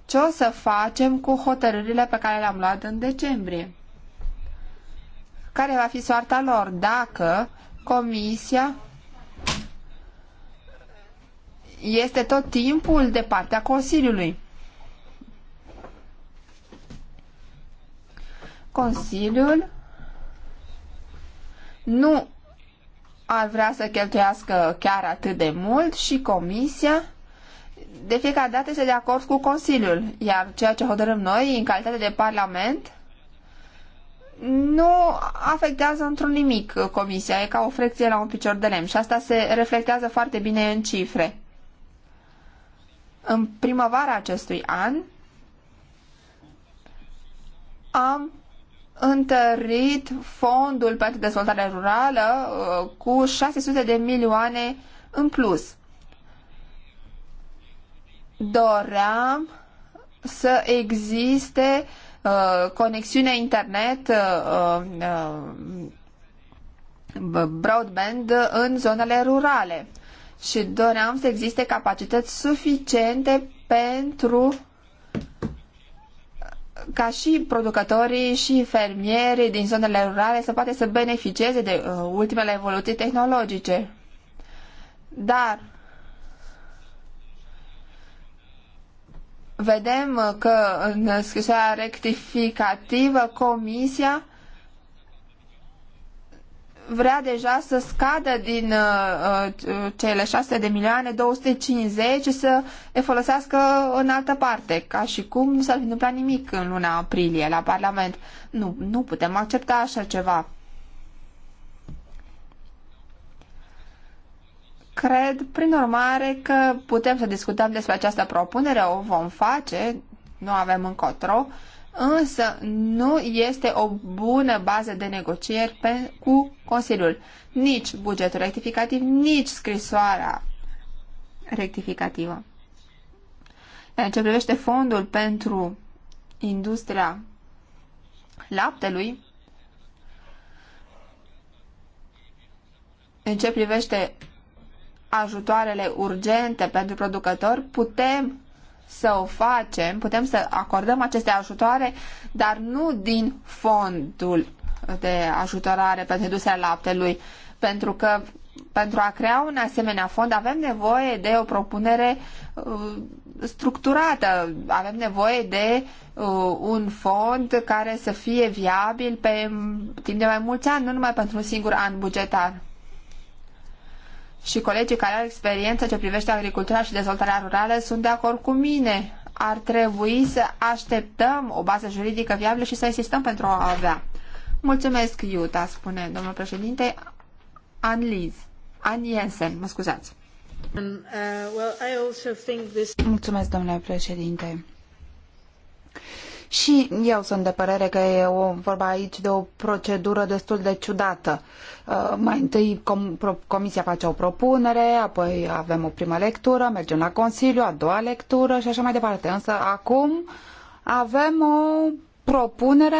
ce o să facem cu hotărârile pe care le-am luat în decembrie. Care va fi soarta lor dacă Comisia este tot timpul de partea Consiliului. Consiliul nu ar vrea să cheltuiască chiar atât de mult și Comisia de fiecare dată este de acord cu Consiliul, iar ceea ce hotărâm noi în calitate de Parlament nu afectează într-un nimic Comisia, e ca o frecție la un picior de lemn și asta se reflectează foarte bine în cifre. În primăvara acestui an am întărit fondul pentru dezvoltare rurală uh, cu 600 de milioane în plus. Doream să existe uh, conexiune internet uh, uh, uh broadband în zonele rurale și doream să existe capacități suficiente pentru ca și producătorii și fermierii din zonele rurale să poată să beneficieze de uh, ultimele evoluții tehnologice. Dar vedem uh, că în scrisoarea rectificativă Comisia vrea deja să scadă din uh, uh cele 6 de milioane 250 să le folosească în altă parte, ca și cum nu s-ar fi întâmplat nimic în luna aprilie la Parlament. Nu, nu putem accepta așa ceva. Cred, prin urmare, că putem să discutăm despre această propunere, o vom face, nu avem încotro, uh, însă nu este o bună bază de negocieri pe, cu Consiliul. Nici bugetul rectificativ, nici scrisoarea rectificativă. în ce privește fondul pentru industria laptelui, în ce privește ajutoarele urgente pentru producători, putem să o facem, putem să acordăm aceste ajutoare, dar nu din fondul de ajutorare pentru reducerea laptelui, pentru că pentru a crea un asemenea fond avem nevoie de o propunere uh, structurată, avem nevoie de uh, un fond care să fie viabil pe timp de mai mulți ani, nu numai pentru un singur an bugetar și colegii care au experiență ce privește agricultura și dezvoltarea rurală sunt de acord cu mine. Ar trebui să așteptăm o bază juridică viabilă și să insistăm pentru a avea. Mulțumesc, Iuta, spune domnul președinte. Anliz. An Jensen, mă scuzați. Um, uh, Mulțumesc, domnule președinte. Și eu sunt de părere că e o, vorba aici de o procedură destul de ciudată. Uh, mai întâi com, pro, comisia face o propunere, apoi avem o primă lectură, mergem la Consiliu, a doua lectură și așa mai departe. Însă acum avem o propunere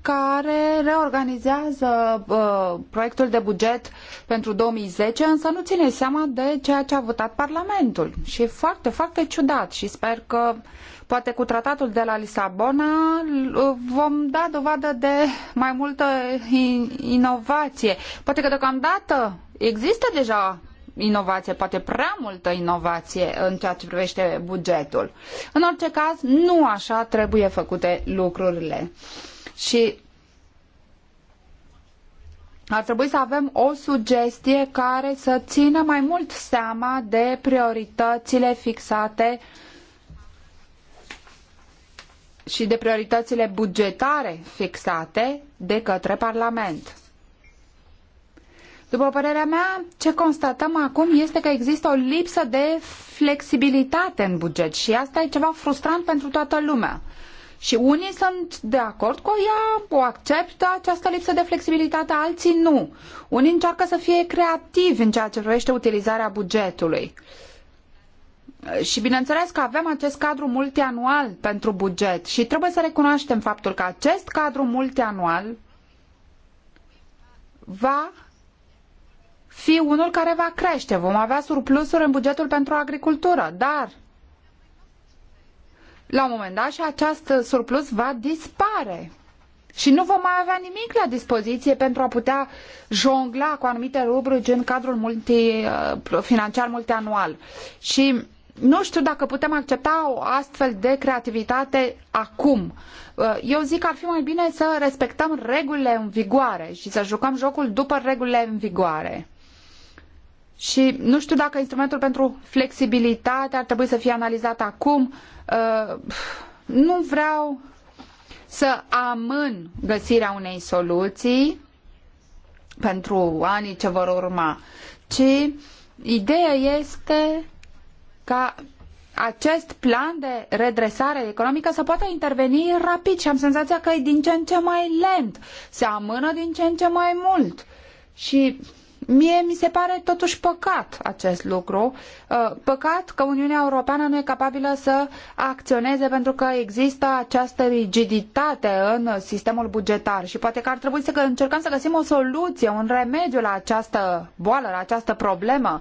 care reorganizează uh, proiectul de buget pentru 2010, însă nu ține seama de ceea ce a votat Parlamentul. Și e foarte, foarte ciudat și sper că uh, Poate cu tratatul de la Lisabona vom da dovadă de mai multă inovație. Poate că deocamdată există deja inovație, poate prea multă inovație în ceea ce privește bugetul. În orice caz, nu așa trebuie făcute lucrurile. Și ar trebui să avem o sugestie care să țină mai mult seama de prioritățile fixate uh, și de prioritățile bugetare fixate de către Parlament. După părerea mea, ce constatăm acum este că există o lipsă de flexibilitate în buget și asta e ceva frustrant pentru toată lumea. Și unii sunt de acord cu ea, o acceptă această lipsă de flexibilitate, alții nu. Unii încearcă să fie creativi în ceea ce privește utilizarea bugetului. Uh, și bineînțeles că avem acest cadru multianual pentru buget și trebuie să recunoaștem faptul că acest cadru multianual va fi unul care va crește. Vom avea surplusuri în bugetul pentru agricultură, dar la un moment dat și acest surplus va dispare. Și nu vom mai avea nimic la dispoziție pentru a putea jongla cu anumite rubrici în cadrul multi, uh, financiar multianual. Și nu știu dacă putem accepta o astfel de creativitate acum. Uh, eu zic că ar fi mai bine să respectăm regulile în vigoare și să jucăm jocul după regulile în vigoare. Și nu știu dacă instrumentul pentru flexibilitate ar trebui să fie analizat acum. Uh, nu vreau să amân găsirea unei soluții pentru anii ce vor urma, ci ideea este ca acest plan de redresare economică să poată interveni rapid și am senzația că e din ce în ce mai lent, se amână din ce în ce mai mult. Și mie mi se pare totuși păcat acest lucru, uh, păcat că Uniunea Europeană nu e capabilă să acționeze pentru că există această rigiditate în sistemul bugetar și poate că ar trebui să încercăm să găsim o soluție, un remediu la această boală, la această problemă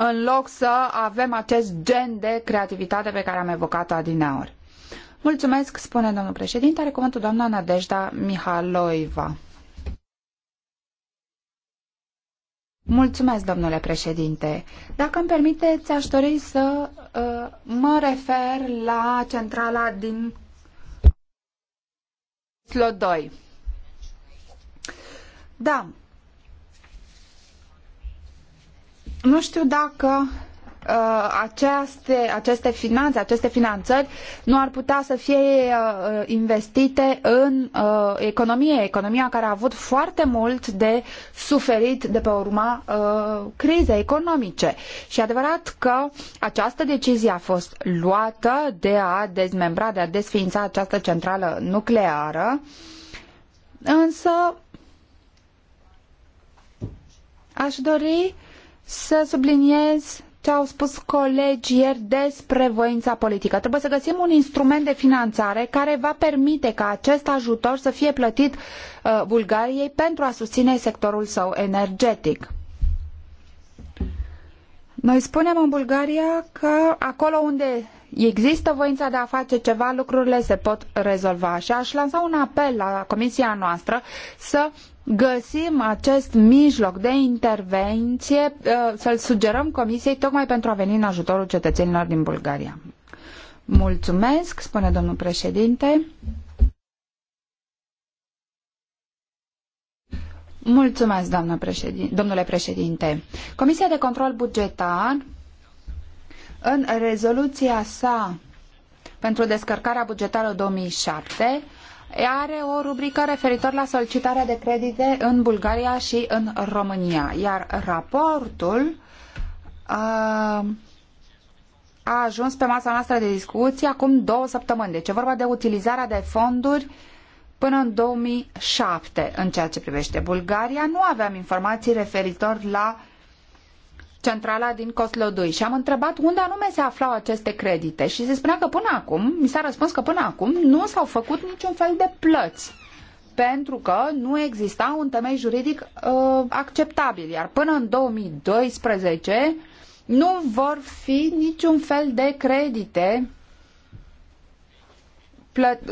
în loc să avem acest gen de creativitate pe care am evocat-o adineori. Mulțumesc, spune domnul președinte, are cuvântul doamna Nadejda Mihaloiva. Mulțumesc, domnule președinte. Dacă îmi permiteți, aș dori să uh, mă refer la centrala din Slodoi. Da, nu știu dacă uh, aceste, aceste finanțe, aceste finanțări nu ar putea să fie uh, investite în uh, economie, economia care a avut foarte mult de suferit de pe urma crizei economice. Și adevărat că această decizie a fost luată de a dezmembra, de a desființa această centrală nucleară, însă aș dori să subliniez ce au spus colegii ieri despre voința politică. Trebuie să găsim un instrument de finanțare care va permite ca acest ajutor să fie plătit uh, Bulgariei pentru a susține sectorul său energetic. Noi spunem în Bulgaria că acolo unde există voința de a face ceva, lucrurile se pot rezolva și aș lansa un apel la comisia noastră să găsim acest mijloc de intervenție, uh, să-l sugerăm Comisiei tocmai pentru a veni în ajutorul cetățenilor din Bulgaria. Mulțumesc, spune domnul președinte. Mulțumesc, doamnă președin... domnule președinte. Comisia de control bugetar, în rezoluția sa pentru descărcarea bugetară 2007, are o rubrică referitor la solicitarea de credite în Bulgaria și în România, iar raportul uh, a ajuns pe masa noastră de discuție acum două săptămâni. Deci e vorba de utilizarea de fonduri până în 2007 în ceea ce privește Bulgaria. Nu aveam informații referitor la centrala din Coslodui și am întrebat unde anume se aflau aceste credite și se spunea că până acum, mi s-a răspuns că până acum nu s-au făcut niciun fel de plăți pentru că nu exista un temei juridic uh, acceptabil, iar până în 2012 nu vor fi niciun fel de credite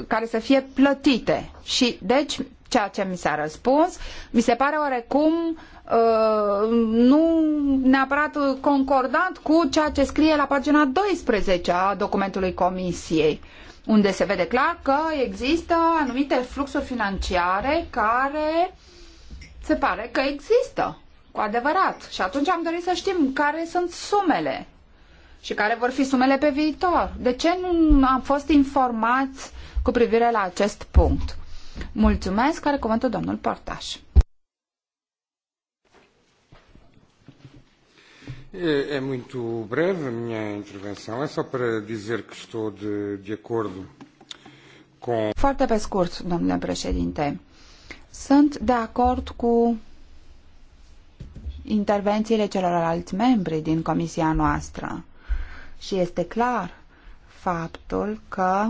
care să fie plătite. Și deci ceea ce mi s-a răspuns mi se pare oarecum uh, Uh, nu neapărat concordant cu ceea ce scrie la pagina 12 a documentului Comisiei unde se vede clar că există anumite fluxuri financiare care se pare că există, cu adevărat. Și atunci am dorit să știm care sunt sumele și care vor fi sumele pe viitor. De ce nu am fost informați cu privire la acest punct? Mulțumesc, are comentă domnul Portaș. É, muito breve a minha intervenção. É só para dizer que estou de, de acordo com. Foarte pe scurt, domnule președinte. Sunt de acord cu intervențiile celorlalți membri din comisia noastră. Și este clar faptul că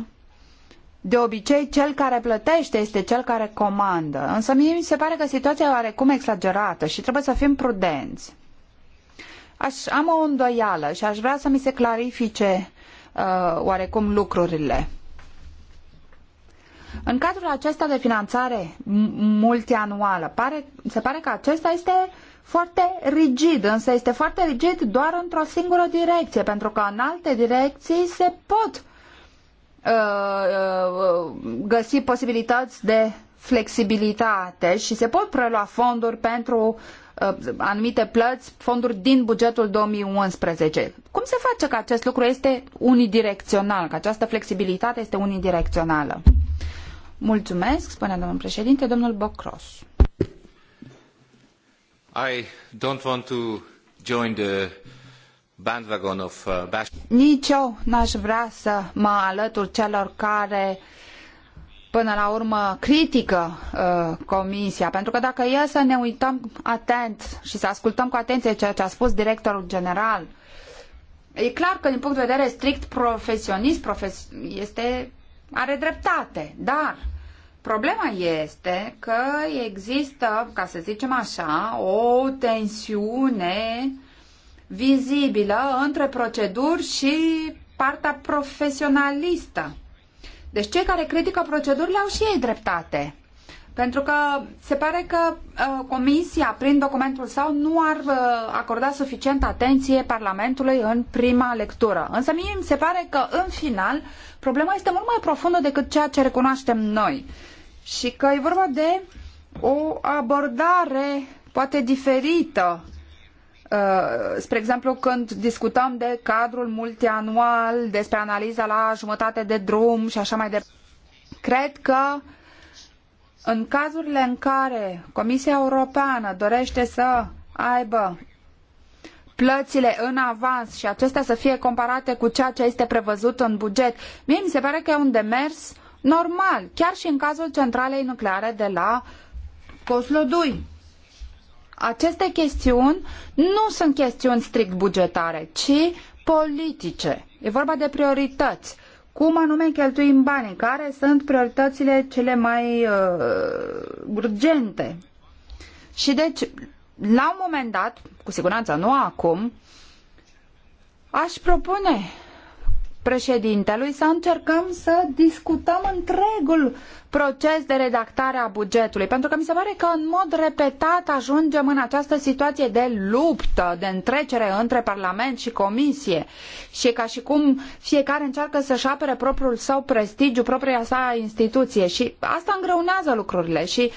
de obicei, cel care plătește este cel care comandă, însă mie mi se pare că situația e oarecum exagerată și trebuie să fim prudenți. Aș, am o îndoială și aș vrea să mi se clarifice uh, oarecum lucrurile. În cadrul acesta de finanțare multianuală, pare, se pare că acesta este foarte rigid, însă este foarte rigid doar într-o singură direcție, pentru că în alte direcții se pot uh, uh găsi posibilități de flexibilitate și se pot prelua fonduri pentru uh, Uh, anumite plăți, fonduri din bugetul 2011. Cum se face că acest lucru este unidirecțional, că această flexibilitate este unidirecțională? Mulțumesc, spune domnul președinte, domnul Bocros. I don't want to join the bandwagon of uh, Nici eu n-aș vrea să mă alătur celor care uh, până la urmă critică uh, Comisia, pentru că dacă e să ne uităm atent și să ascultăm cu atenție ceea ce a spus directorul general, e clar că din punct de vedere strict profesionist profes- este, are dreptate, dar problema este că există, ca să zicem așa, o tensiune vizibilă între proceduri și partea profesionalistă deci cei care critică procedurile au și ei dreptate. Pentru că se pare că uh, Comisia, prin documentul său, nu ar uh, acorda suficientă atenție Parlamentului în prima lectură. Însă mie mi se pare că, în final, problema este mult mai profundă decât ceea ce recunoaștem noi. Și că e vorba de o abordare poate diferită Uh, spre exemplu, când discutăm de cadrul multianual, despre analiza la jumătate de drum și așa mai departe, cred că în cazurile în care Comisia Europeană dorește să aibă plățile în avans și acestea să fie comparate cu ceea ce este prevăzut în buget, mie mi se pare că e un demers normal, chiar și în cazul centralei nucleare de la Coslodui. Aceste chestiuni nu sunt chestiuni strict bugetare, ci politice. E vorba de priorități. Cum anume cheltuim banii? Care sunt prioritățile cele mai uh, urgente? Și deci, la un moment dat, cu siguranță nu acum, aș propune președintelui să încercăm să discutăm întregul proces de redactare a bugetului, pentru că mi se pare că în mod repetat ajungem în această situație de luptă, de întrecere între Parlament și Comisie și ca și cum fiecare încearcă să-și apere propriul său prestigiu, propria sa instituție și asta îngreunează lucrurile și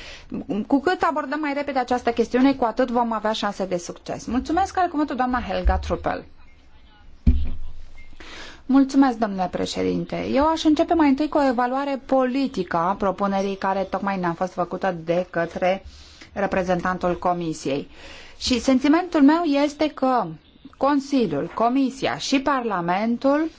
cu cât abordăm mai repede această chestiune, cu atât vom avea șanse de succes. Mulțumesc, are cuvântul doamna Helga Truppel. Mulțumesc, domnule președinte. Eu aș începe mai întâi cu o evaluare politică a propunerii care tocmai ne-a fost făcută de către reprezentantul Comisiei. Și sentimentul meu este că Consiliul, Comisia și Parlamentul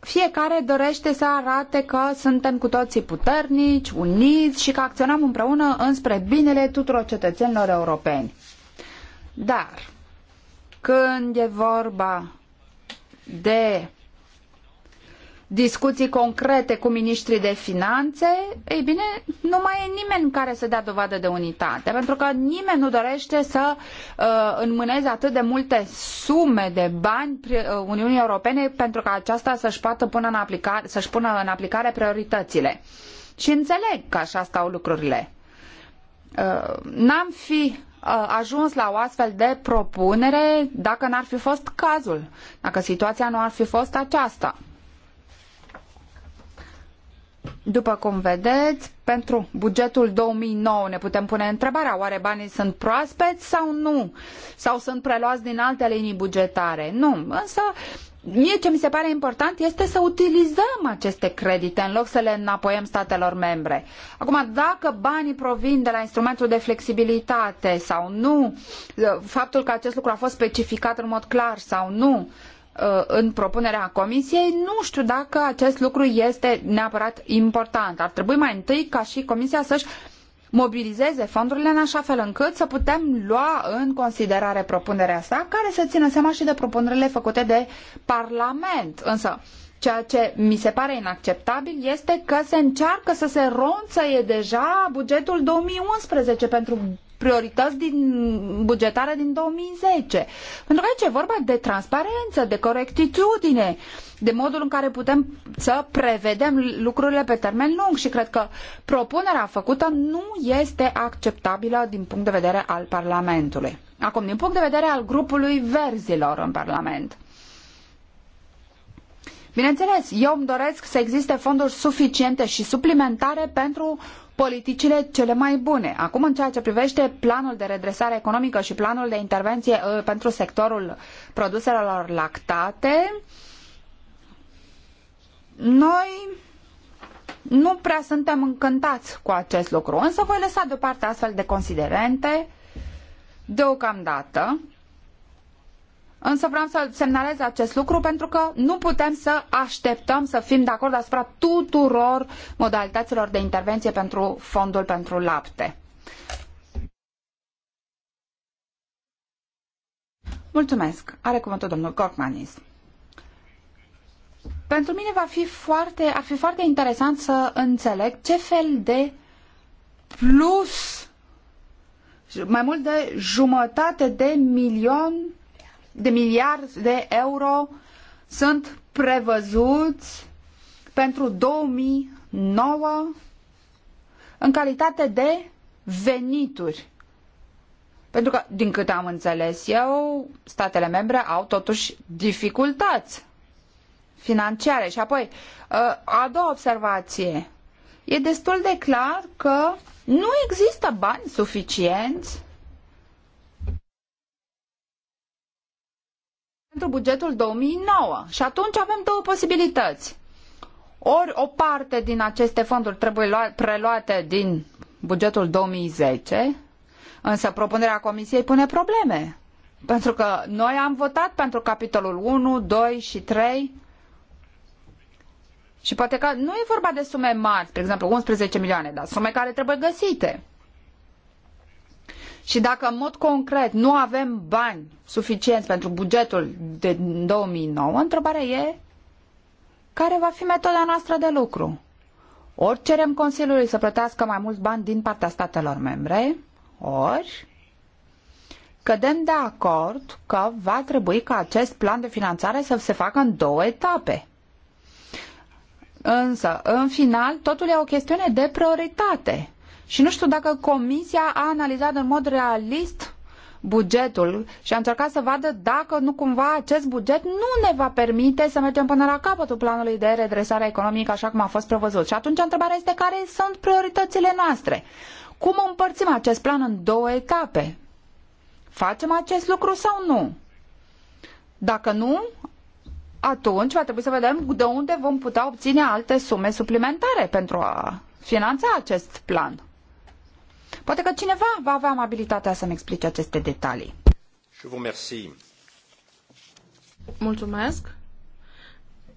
fiecare dorește să arate că suntem cu toții puternici, uniți și că acționăm împreună înspre binele tuturor cetățenilor europeni. Dar când e vorba de discuții concrete cu ministrii de finanțe, ei bine, nu mai e nimeni care să dea dovadă de unitate, pentru că nimeni nu dorește să uh, înmâneze atât de multe sume de bani uh, Uniunii Europene pentru ca aceasta să-și poată pune în aplicare, să-și pună în aplicare prioritățile. Și înțeleg că așa stau lucrurile. Uh, n-am fi ajuns la o astfel de propunere dacă n-ar fi fost cazul, dacă situația nu ar fi fost aceasta. După cum vedeți, pentru bugetul 2009 ne putem pune întrebarea, oare banii sunt proaspeți sau nu? Sau sunt preluați din alte linii bugetare? Nu, însă mie ce mi se pare important este să utilizăm aceste credite în loc să le înapoiem statelor membre. Acum, dacă banii provin de la instrumentul de flexibilitate sau nu, ă, faptul că acest lucru a fost specificat în mod clar sau nu, ă, în propunerea comisiei, nu știu dacă acest lucru este neapărat important. Ar trebui mai întâi ca și comisia să-și mobilizeze fondurile în așa fel încât să putem lua în considerare propunerea sa, care să țină seama și de propunerile făcute de Parlament. Însă, Ceea ce mi se pare inacceptabil este că se încearcă să se ronțăie deja bugetul 2011 pentru priorități din bugetare din 2010. Pentru că aici e vorba de transparență, de corectitudine, de modul în care putem să prevedem lucrurile pe termen lung și cred că propunerea făcută nu este acceptabilă din punct de vedere al Parlamentului. Acum, din punct de vedere al grupului verzilor în Parlament. Bineînțeles, eu îmi doresc să existe fonduri suficiente și suplimentare pentru politicile cele mai bune. Acum, în ceea ce privește planul de redresare economică și planul de intervenție uh, pentru sectorul produselor lactate, noi nu prea suntem încântați cu acest lucru, însă voi lăsa deoparte astfel de considerente deocamdată Însă vreau să semnalez acest lucru pentru că nu putem să așteptăm să fim de acord asupra tuturor modalităților de intervenție pentru fondul pentru lapte. Mulțumesc. Are cuvântul domnul Gorkmanis. Pentru mine va fi foarte, ar fi foarte interesant să înțeleg ce fel de plus mai mult de jumătate de milion de miliarde de euro sunt prevăzuți pentru 2009 în calitate de venituri. Pentru că, din câte am înțeles eu, statele membre au totuși dificultăți financiare. Și apoi, ă, a doua observație. E destul de clar că nu există bani suficienți pentru bugetul 2009. Și atunci avem două posibilități. Ori o parte din aceste fonduri trebuie preluate din bugetul 2010, însă propunerea Comisiei pune probleme. Pentru că noi am votat pentru capitolul 1, 2 și 3 și poate că nu e vorba de sume mari, spre exemplu 11 milioane, dar sume care trebuie găsite. Și dacă în mod concret nu avem bani suficienți pentru bugetul de 2009, întrebarea e care va fi metoda noastră de lucru. Ori cerem Consiliului să plătească mai mulți bani din partea statelor membre, ori cădem de acord că va trebui ca acest plan de finanțare să se facă în două etape. Însă, în final, totul e o chestiune de prioritate. Și nu știu dacă Comisia a analizat în mod realist bugetul și a încercat să vadă dacă nu cumva acest buget nu ne va permite să mergem până la capătul planului de redresare economică așa cum a fost prevăzut. Și atunci întrebarea este care sunt prioritățile noastre. Cum împărțim acest plan în două etape? Facem acest lucru sau nu? Dacă nu, atunci va trebui să vedem de unde vom putea obține alte sume suplimentare pentru a finanța acest plan. Poate că cineva va avea amabilitatea să-mi explice aceste detalii. Mulțumesc.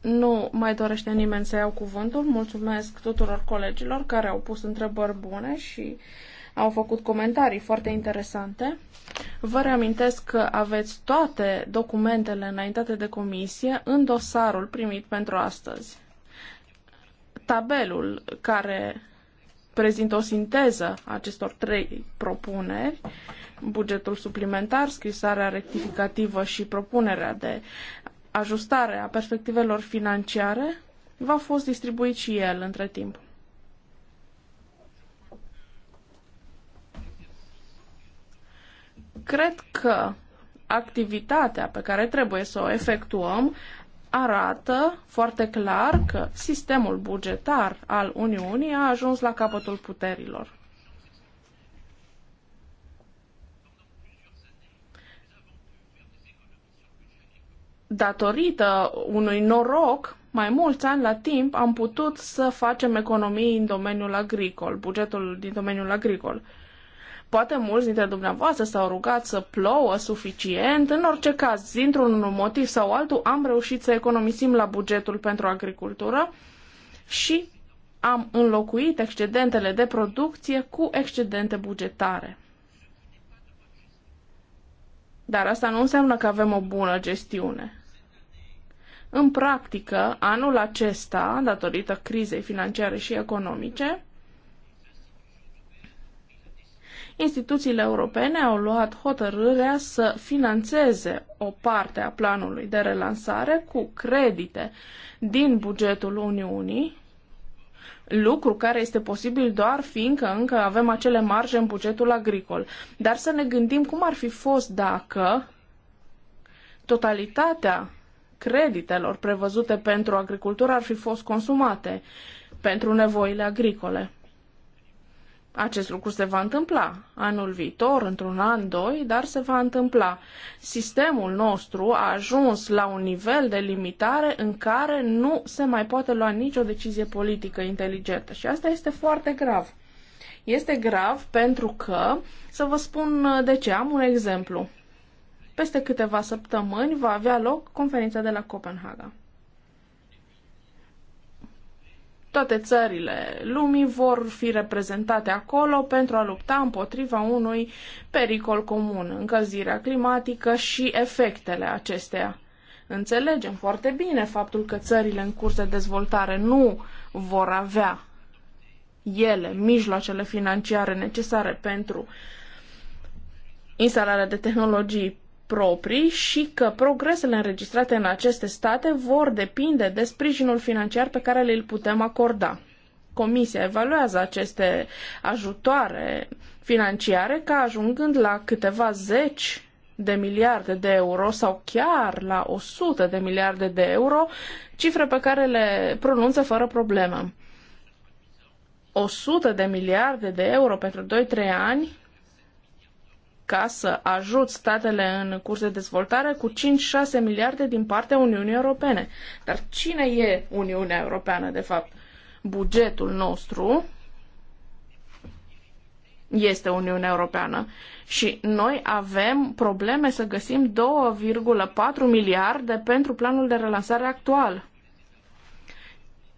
Nu mai dorește nimeni să iau cuvântul. Mulțumesc tuturor colegilor care au pus întrebări bune și au făcut comentarii foarte interesante. Vă reamintesc că aveți toate documentele înaintate de comisie în dosarul primit pentru astăzi. Tabelul care prezint o sinteză a acestor trei propuneri, bugetul suplimentar, scrisarea rectificativă și propunerea de ajustare a perspectivelor financiare, va fost distribuit și el între timp. Cred că activitatea pe care trebuie să o efectuăm arată foarte clar că sistemul bugetar al Uniunii a ajuns la capătul puterilor. Datorită unui noroc, mai mulți ani la timp am putut să facem economii în domeniul agricol, bugetul din domeniul agricol. Poate mulți dintre dumneavoastră s-au rugat să plouă suficient. În orice caz, dintr-un motiv sau altul, am reușit să economisim la bugetul pentru agricultură și am înlocuit excedentele de producție cu excedente bugetare. Dar asta nu înseamnă că avem o bună gestiune. În practică, anul acesta, datorită crizei financiare și economice, Instituțiile europene au luat hotărârea să financeze o parte a planului de relansare cu credite din bugetul Uniunii, lucru care este posibil doar fiindcă încă avem acele marge în bugetul agricol. Dar să ne gândim cum ar fi fost dacă totalitatea creditelor prevăzute pentru agricultură ar fi fost consumate pentru nevoile agricole. Acest lucru se va întâmpla anul viitor, într-un an, doi, dar se va întâmpla. Sistemul nostru a ajuns la un nivel de limitare în care nu se mai poate lua nicio decizie politică inteligentă și asta este foarte grav. Este grav pentru că, să vă spun de ce, am un exemplu. Peste câteva săptămâni va avea loc conferința de la Copenhaga. Toate țările lumii vor fi reprezentate acolo pentru a lupta împotriva unui pericol comun, încălzirea climatică și efectele acesteia. Înțelegem foarte bine faptul că țările în curs de dezvoltare nu vor avea ele mijloacele financiare necesare pentru instalarea de tehnologii proprii și că progresele înregistrate în aceste state vor depinde de sprijinul financiar pe care le putem acorda. Comisia evaluează aceste ajutoare financiare ca ajungând la câteva zeci de miliarde de euro sau chiar la 100 de miliarde de euro, cifre pe care le pronunță fără problemă. 100 de miliarde de euro pentru 2-3 ani ca să ajut statele în curs de dezvoltare cu 5-6 miliarde din partea Uniunii Europene. Dar cine e Uniunea Europeană, de fapt? Bugetul nostru este Uniunea Europeană și noi avem probleme să găsim 2,4 miliarde pentru planul de relansare actual.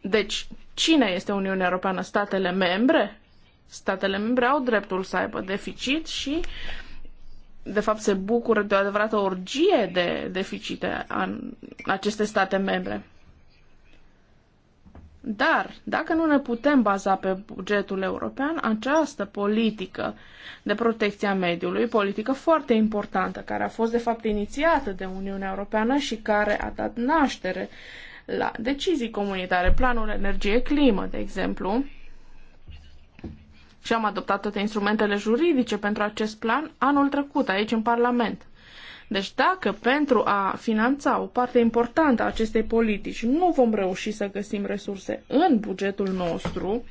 Deci, cine este Uniunea Europeană? Statele membre? Statele membre au dreptul să aibă deficit și de fapt se bucură de o adevărată orgie de deficite în aceste state membre. Dar, dacă nu ne putem baza pe bugetul european, această politică de protecție a mediului, politică foarte importantă, care a fost de fapt inițiată de Uniunea Europeană și care a dat naștere la decizii comunitare, planul energie-climă, de exemplu, și am adoptat toate instrumentele juridice pentru acest plan anul trecut aici în Parlament. Deci dacă pentru a finanța o parte importantă a acestei politici nu vom reuși să găsim resurse în bugetul nostru,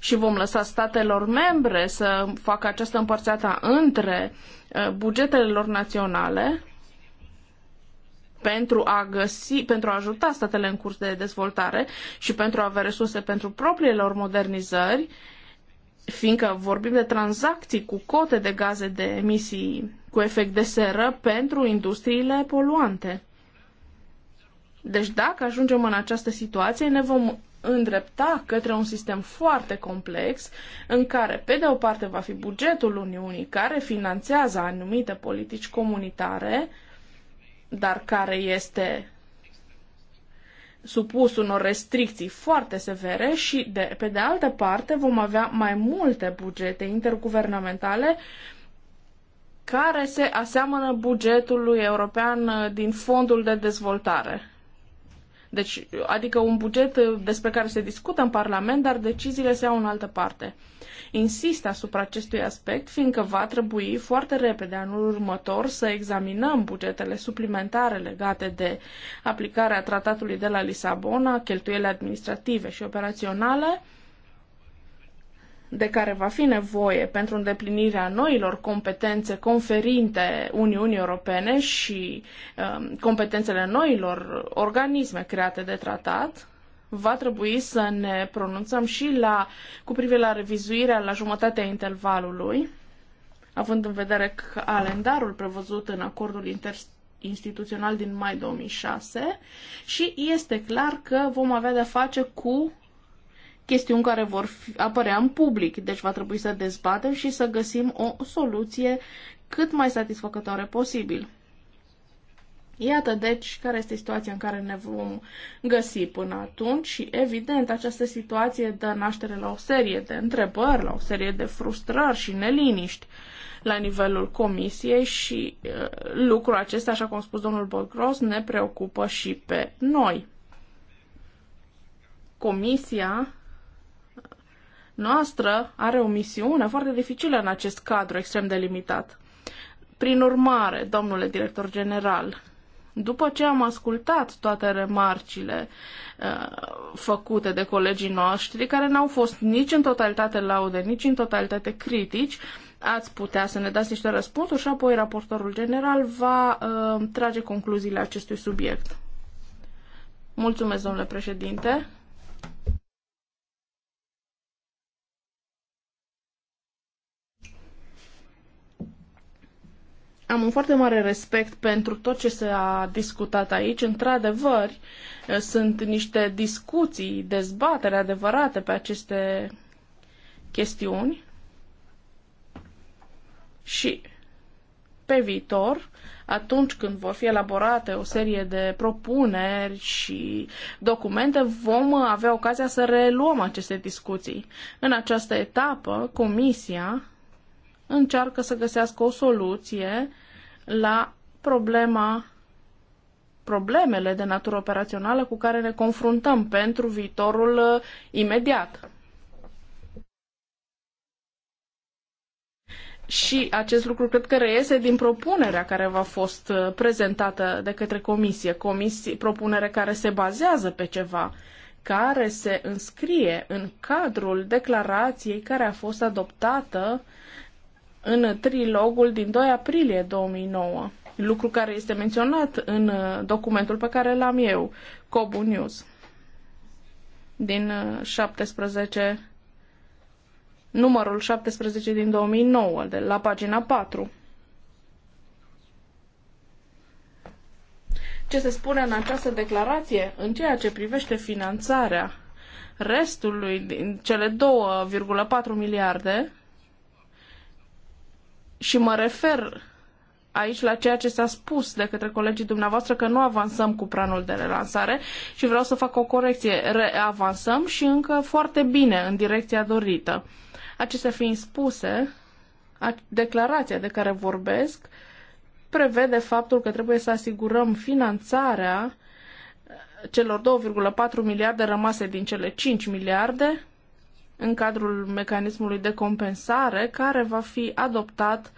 și vom lăsa statelor membre să facă această împărțeată între uh, bugetele lor naționale, pentru a găsi, pentru a ajuta statele în curs de dezvoltare și pentru a avea resurse pentru propriile lor modernizări, fiindcă vorbim de tranzacții cu cote de gaze de emisii cu efect de seră pentru industriile poluante. Deci dacă ajungem în această situație, ne vom îndrepta către un sistem foarte complex în care, pe de o parte, va fi bugetul Uniunii care finanțează anumite politici comunitare, dar care este supus unor restricții foarte severe și, de, pe de altă parte, vom avea mai multe bugete interguvernamentale care se aseamănă bugetului european din fondul de dezvoltare. Deci, adică un buget uh, despre care se discută în Parlament, dar deciziile se iau în altă parte. Insist asupra acestui aspect, fiindcă va trebui foarte repede anul următor să examinăm bugetele suplimentare legate de aplicarea tratatului de la Lisabona, cheltuielile administrative și operaționale, de care va fi nevoie pentru îndeplinirea noilor competențe conferinte Uniunii Europene și um, competențele noilor organisme create de tratat, va trebui să ne pronunțăm și la, cu privire la revizuirea la jumătatea intervalului, având în vedere calendarul prevăzut în acordul instituțional din mai 2006 și este clar că vom avea de-a face cu chestiuni care vor fi, apărea în public. Deci va trebui să dezbatem și să găsim o soluție cât mai satisfăcătoare posibil. Iată, deci, care este situația în care ne vom găsi până atunci și, evident, această situație dă naștere la o serie de întrebări, la o serie de frustrări și neliniști la nivelul comisiei și uh, lucrul acesta, așa cum a spus domnul Bogros, ne preocupă și pe noi. Comisia noastră are o misiune foarte dificilă în acest cadru extrem de limitat. Prin urmare, domnule director general, după ce am ascultat toate remarcile uh, făcute de colegii noștri, care n-au fost nici în totalitate laude, nici în totalitate critici, ați putea să ne dați niște răspunsuri și apoi raportorul general va uh, trage concluziile acestui subiect. Mulțumesc, domnule președinte. am un foarte mare respect pentru tot ce s-a discutat aici. Într-adevăr, sunt niște discuții, dezbatere adevărate pe aceste chestiuni și pe viitor, atunci când vor fi elaborate o serie de propuneri și documente, vom avea ocazia să reluăm aceste discuții. În această etapă, Comisia încearcă să găsească o soluție la problema problemele de natură operațională cu care ne confruntăm pentru viitorul uh, imediat. Și acest lucru cred că reiese din propunerea care v-a fost uh, prezentată de către comisie, comisie propunere care se bazează pe ceva, care se înscrie în cadrul declarației care a fost adoptată în trilogul din 2 aprilie 2009, lucru care este menționat în uh, documentul pe care l-am eu, Cobu News, din 17, uh, numărul 17 din 2009, de la pagina 4. Ce se spune în această declarație în ceea ce privește finanțarea restului din cele 2,4 miliarde și mă refer aici la ceea ce s-a spus de către colegii dumneavoastră că nu avansăm cu planul de relansare și vreau să fac o corecție. Reavansăm avansăm și încă foarte bine în direcția dorită. Acestea fiind spuse, declarația de care vorbesc prevede faptul că trebuie să asigurăm finanțarea celor 2,4 miliarde rămase din cele 5 miliarde în cadrul mecanismului de compensare care va fi adoptat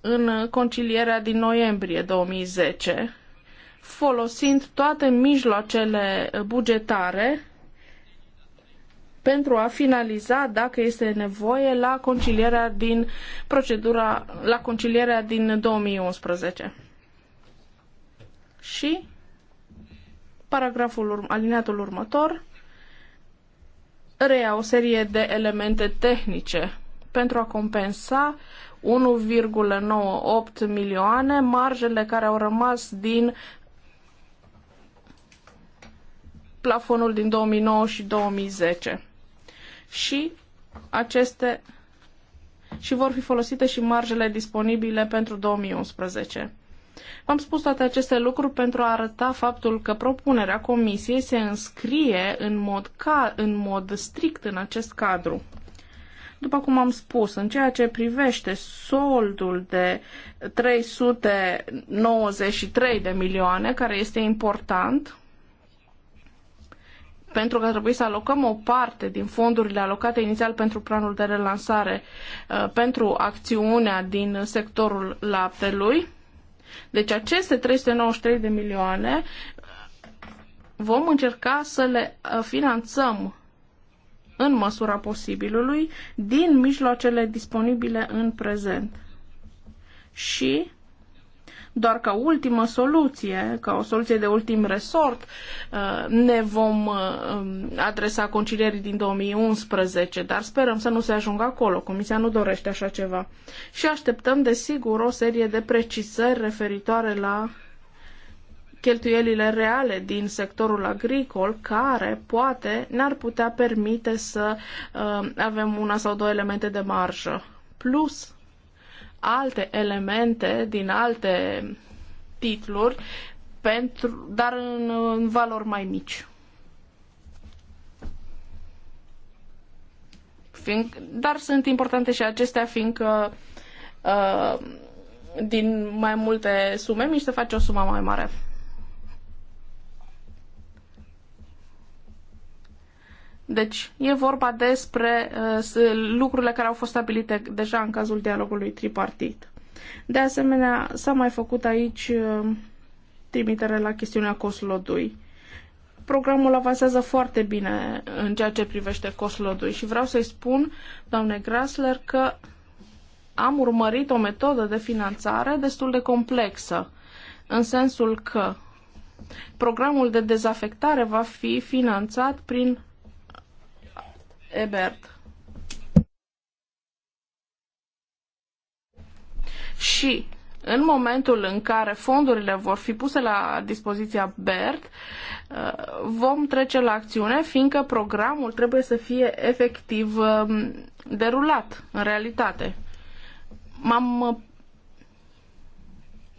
în concilierea din noiembrie 2010, folosind toate mijloacele bugetare pentru a finaliza, dacă este nevoie, la concilierea din procedura, la concilierea din 2011. Și paragraful, alineatul următor, reia o serie de elemente tehnice pentru a compensa 1,98 milioane marjele care au rămas din plafonul din 2009 și 2010. Și aceste și vor fi folosite și marjele disponibile pentru 2011. V-am spus toate aceste lucruri pentru a arăta faptul că propunerea Comisiei se înscrie în mod, ca, în mod strict în acest cadru. După cum am spus, în ceea ce privește soldul de 393 de milioane, care este important, pentru că trebuie să alocăm o parte din fondurile alocate inițial pentru planul de relansare uh, pentru acțiunea din sectorul laptelui, deci aceste 393 de milioane vom încerca să le uh, finanțăm în măsura posibilului din mijloacele disponibile în prezent. Și doar ca ultimă soluție, ca o soluție de ultim resort. Uh, ne vom uh, um, adresa concilierii din 2011, dar sperăm să nu se ajungă acolo. Comisia nu dorește așa ceva. Și așteptăm, desigur, o serie de precizări referitoare la cheltuielile reale din sectorul agricol care poate ne-ar putea permite să uh, avem una sau două elemente de marjă. Plus, alte elemente din alte titluri, pentru, dar în, în valori mai mici. Fiind, dar sunt importante și acestea, fiindcă uh, din mai multe sume mici se face o sumă mai mare. Deci e vorba despre uh, lucrurile care au fost stabilite deja în cazul dialogului tripartit. De asemenea, s-a mai făcut aici uh, trimitere la chestiunea 2. Programul avansează foarte bine în ceea ce privește 2 și vreau să-i spun, doamne Grasler, că am urmărit o metodă de finanțare destul de complexă, în sensul că programul de dezafectare va fi finanțat prin Ebert. Și în momentul în care fondurile vor fi puse la dispoziția BERT, uh, vom trece la acțiune, fiindcă programul trebuie să fie efectiv um, derulat în realitate. M-am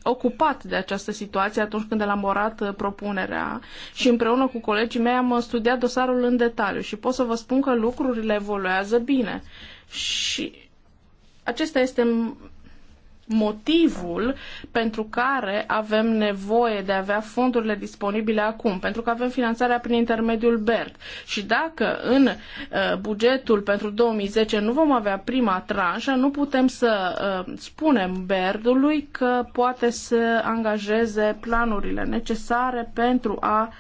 ocupat de această situație atunci când elaborat uh, propunerea și împreună cu colegii mei am uh, studiat dosarul în detaliu și pot să vă spun că lucrurile evoluează bine. Și acesta este motivul pentru care avem nevoie de a avea fondurile disponibile acum, pentru că avem finanțarea prin intermediul BERT. Și dacă în uh, bugetul pentru 2010 nu vom avea prima tranșă, nu putem să uh, spunem bert ului că poate să angajeze planurile necesare pentru a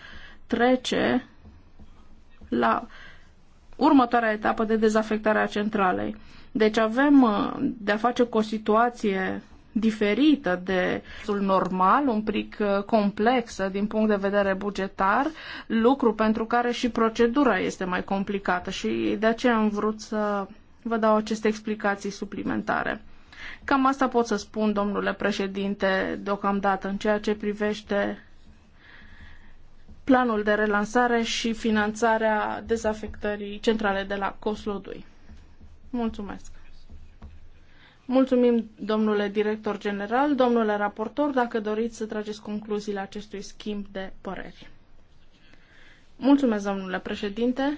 trece la următoarea etapă de dezafectare a centralei. Deci avem uh, de-a face cu o situație diferită de normal, un pic uh, complexă din punct de vedere bugetar, lucru pentru care și procedura este mai complicată și de aceea am vrut să vă dau aceste explicații suplimentare. Cam asta pot să spun, domnule președinte, deocamdată în ceea ce privește planul de relansare și finanțarea dezafectării centrale de la Coslodui. Mulțumesc. Mulțumim, domnule director general, domnule raportor, dacă doriți să trageți concluziile acestui schimb de păreri. Mulțumesc, domnule președinte.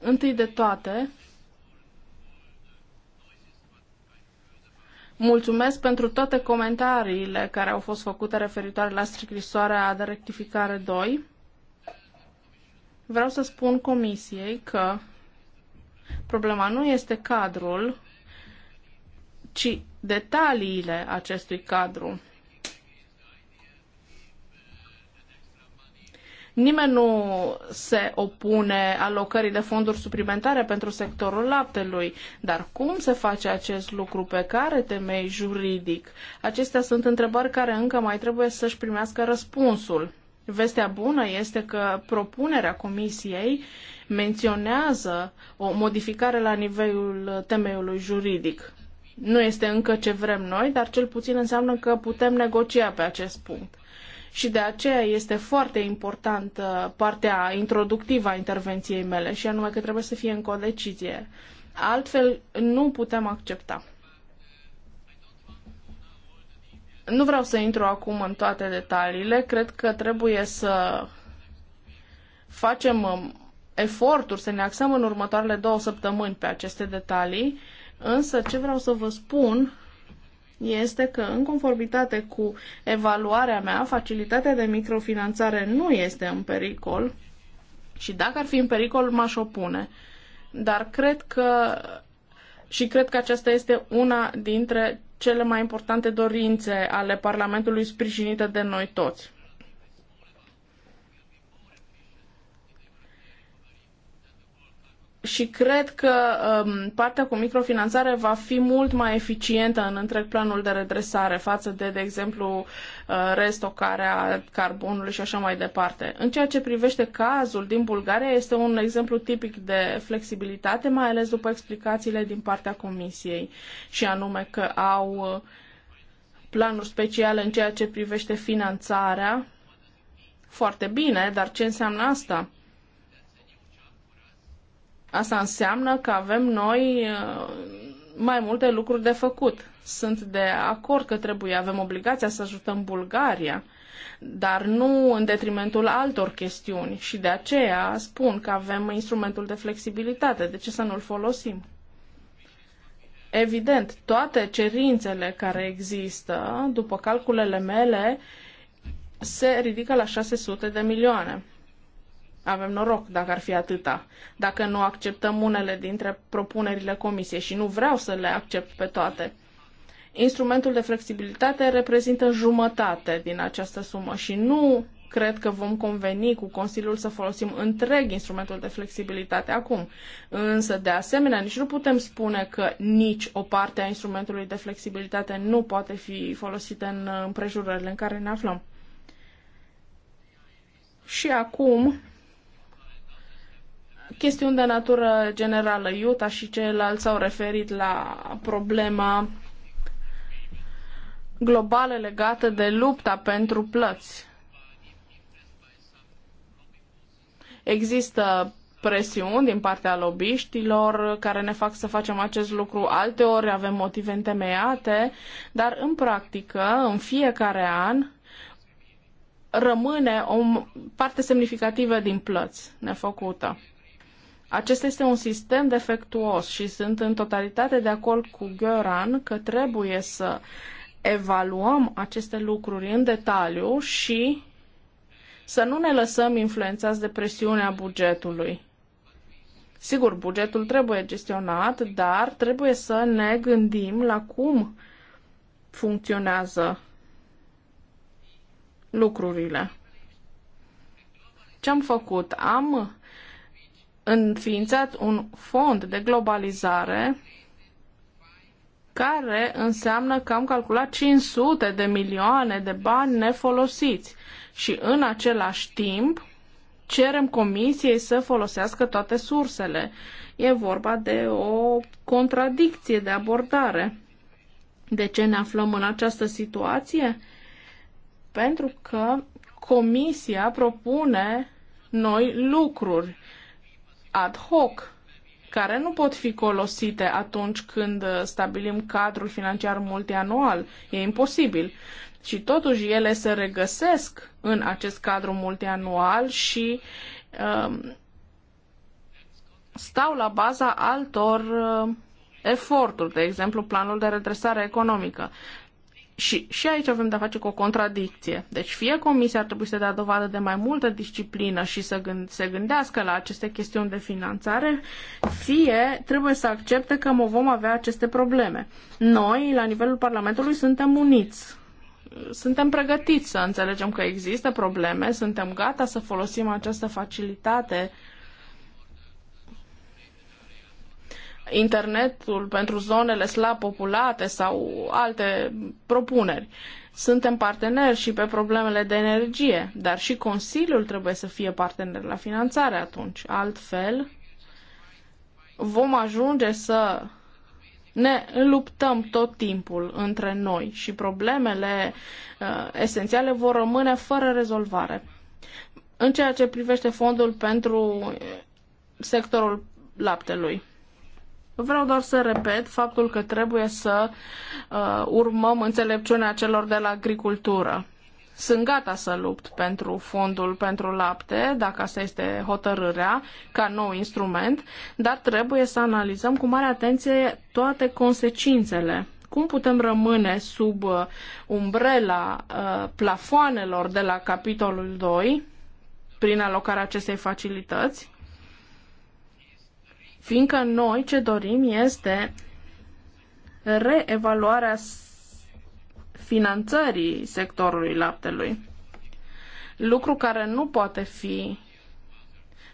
Întâi de toate, Mulțumesc pentru toate comentariile care au fost făcute referitoare la scrisoarea de rectificare 2. Vreau să spun comisiei că Problema nu este cadrul, ci detaliile acestui cadru. Nimeni nu se opune alocării de fonduri suplimentare pentru sectorul laptelui, dar cum se face acest lucru, pe care temei juridic? Acestea sunt întrebări care încă mai trebuie să-și primească răspunsul. Vestea bună este că propunerea Comisiei menționează o modificare la nivelul temeiului juridic. Nu este încă ce vrem noi, dar cel puțin înseamnă că putem negocia pe acest punct. Și de aceea este foarte importantă partea introductivă a intervenției mele, și anume că trebuie să fie o decizie, Altfel, nu putem accepta. Nu vreau să intru acum în toate detaliile, cred că trebuie să facem eforturi să ne axăm în următoarele două săptămâni pe aceste detalii, însă ce vreau să vă spun este că, în conformitate cu evaluarea mea, facilitatea de microfinanțare nu este în pericol și dacă ar fi în pericol, m-aș opune. Dar cred că și cred că aceasta este una dintre cele mai importante dorințe ale Parlamentului sprijinită de noi toți. și cred că um, partea cu microfinanțare va fi mult mai eficientă în întreg planul de redresare față de, de exemplu, uh, restocarea carbonului și așa mai departe. În ceea ce privește cazul din Bulgaria, este un exemplu tipic de flexibilitate, mai ales după explicațiile din partea Comisiei, și anume că au uh, planuri speciale în ceea ce privește finanțarea. Foarte bine, dar ce înseamnă asta? Asta înseamnă că avem noi uh, mai multe lucruri de făcut. Sunt de acord că trebuie, avem obligația să ajutăm Bulgaria, dar nu în detrimentul altor chestiuni și de aceea spun că avem instrumentul de flexibilitate. De ce să nu-l folosim? Evident, toate cerințele care există, după calculele mele, se ridică la 600 de milioane. Avem noroc dacă ar fi atâta. Dacă nu acceptăm unele dintre propunerile comisiei și nu vreau să le accept pe toate. Instrumentul de flexibilitate reprezintă jumătate din această sumă și nu cred că vom conveni cu Consiliul să folosim întreg instrumentul de flexibilitate acum. Însă, de asemenea, nici nu putem spune că nici o parte a instrumentului de flexibilitate nu poate fi folosită în împrejurările în care ne aflăm. Și acum, chestiuni de natură generală. Iuta și ceilalți s-au referit la problema globală legată de lupta pentru plăți. Există presiuni din partea lobiștilor care ne fac să facem acest lucru. Alte ori avem motive întemeiate, dar în practică, în fiecare an, rămâne o parte semnificativă din plăți nefăcută. Acesta este un sistem defectuos și sunt în totalitate de acord cu Göran că trebuie să evaluăm aceste lucruri în detaliu și să nu ne lăsăm influențați de presiunea bugetului. Sigur, bugetul trebuie gestionat, dar trebuie să ne gândim la cum funcționează lucrurile. Ce am făcut? Am înființat un fond de globalizare care înseamnă că am calculat 500 de milioane de bani nefolosiți și în același timp cerem comisiei să folosească toate sursele. E vorba de o contradicție de abordare. De ce ne aflăm în această situație? Pentru că comisia propune noi lucruri ad hoc care nu pot fi folosite atunci când uh, stabilim cadrul financiar multianual. E imposibil. Și totuși ele se regăsesc în acest cadru multianual și um, stau la baza altor uh, eforturi, de exemplu planul de redresare economică. Și, și aici avem de-a face cu o contradicție. Deci fie comisia ar trebui să dea dovadă de mai multă disciplină și să gând, se gândească la aceste chestiuni de finanțare, fie trebuie să accepte că vom avea aceste probleme. Noi, la nivelul Parlamentului, suntem uniți. Suntem pregătiți să înțelegem că există probleme, suntem gata să folosim această facilitate internetul pentru zonele slab populate sau alte propuneri. Suntem parteneri și pe problemele de energie, dar și Consiliul trebuie să fie partener la finanțare atunci. Altfel, vom ajunge să ne luptăm tot timpul între noi și problemele uh, esențiale vor rămâne fără rezolvare. În ceea ce privește fondul pentru sectorul laptelui, Vreau doar să repet faptul că trebuie să uh, urmăm înțelepciunea celor de la agricultură. Sunt gata să lupt pentru fondul pentru lapte, dacă asta este hotărârea, ca nou instrument, dar trebuie să analizăm cu mare atenție toate consecințele cum putem rămâne sub uh, umbrela uh, plafoanelor de la capitolul 2 prin alocarea acestei facilități fiindcă noi ce dorim este reevaluarea finanțării sectorului laptelui. Lucru care nu poate fi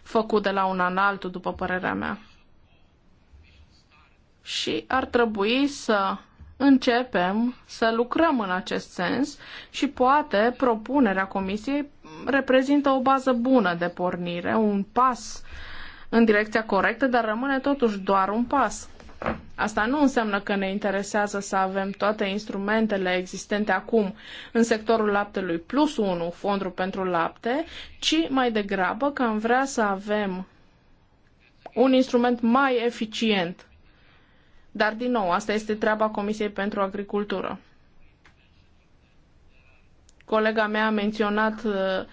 făcut de la un an altul, după părerea mea. Și ar trebui să începem să lucrăm în acest sens și poate propunerea Comisiei reprezintă o bază bună de pornire, un pas uh, în direcția corectă, dar rămâne totuși doar un pas. Asta nu înseamnă că ne interesează să avem toate instrumentele existente acum în sectorul laptelui plus 1 fondul pentru lapte, ci mai degrabă că am vrea să avem un instrument mai eficient. Dar, din nou, asta este treaba Comisiei pentru Agricultură. Colega mea a menționat uh,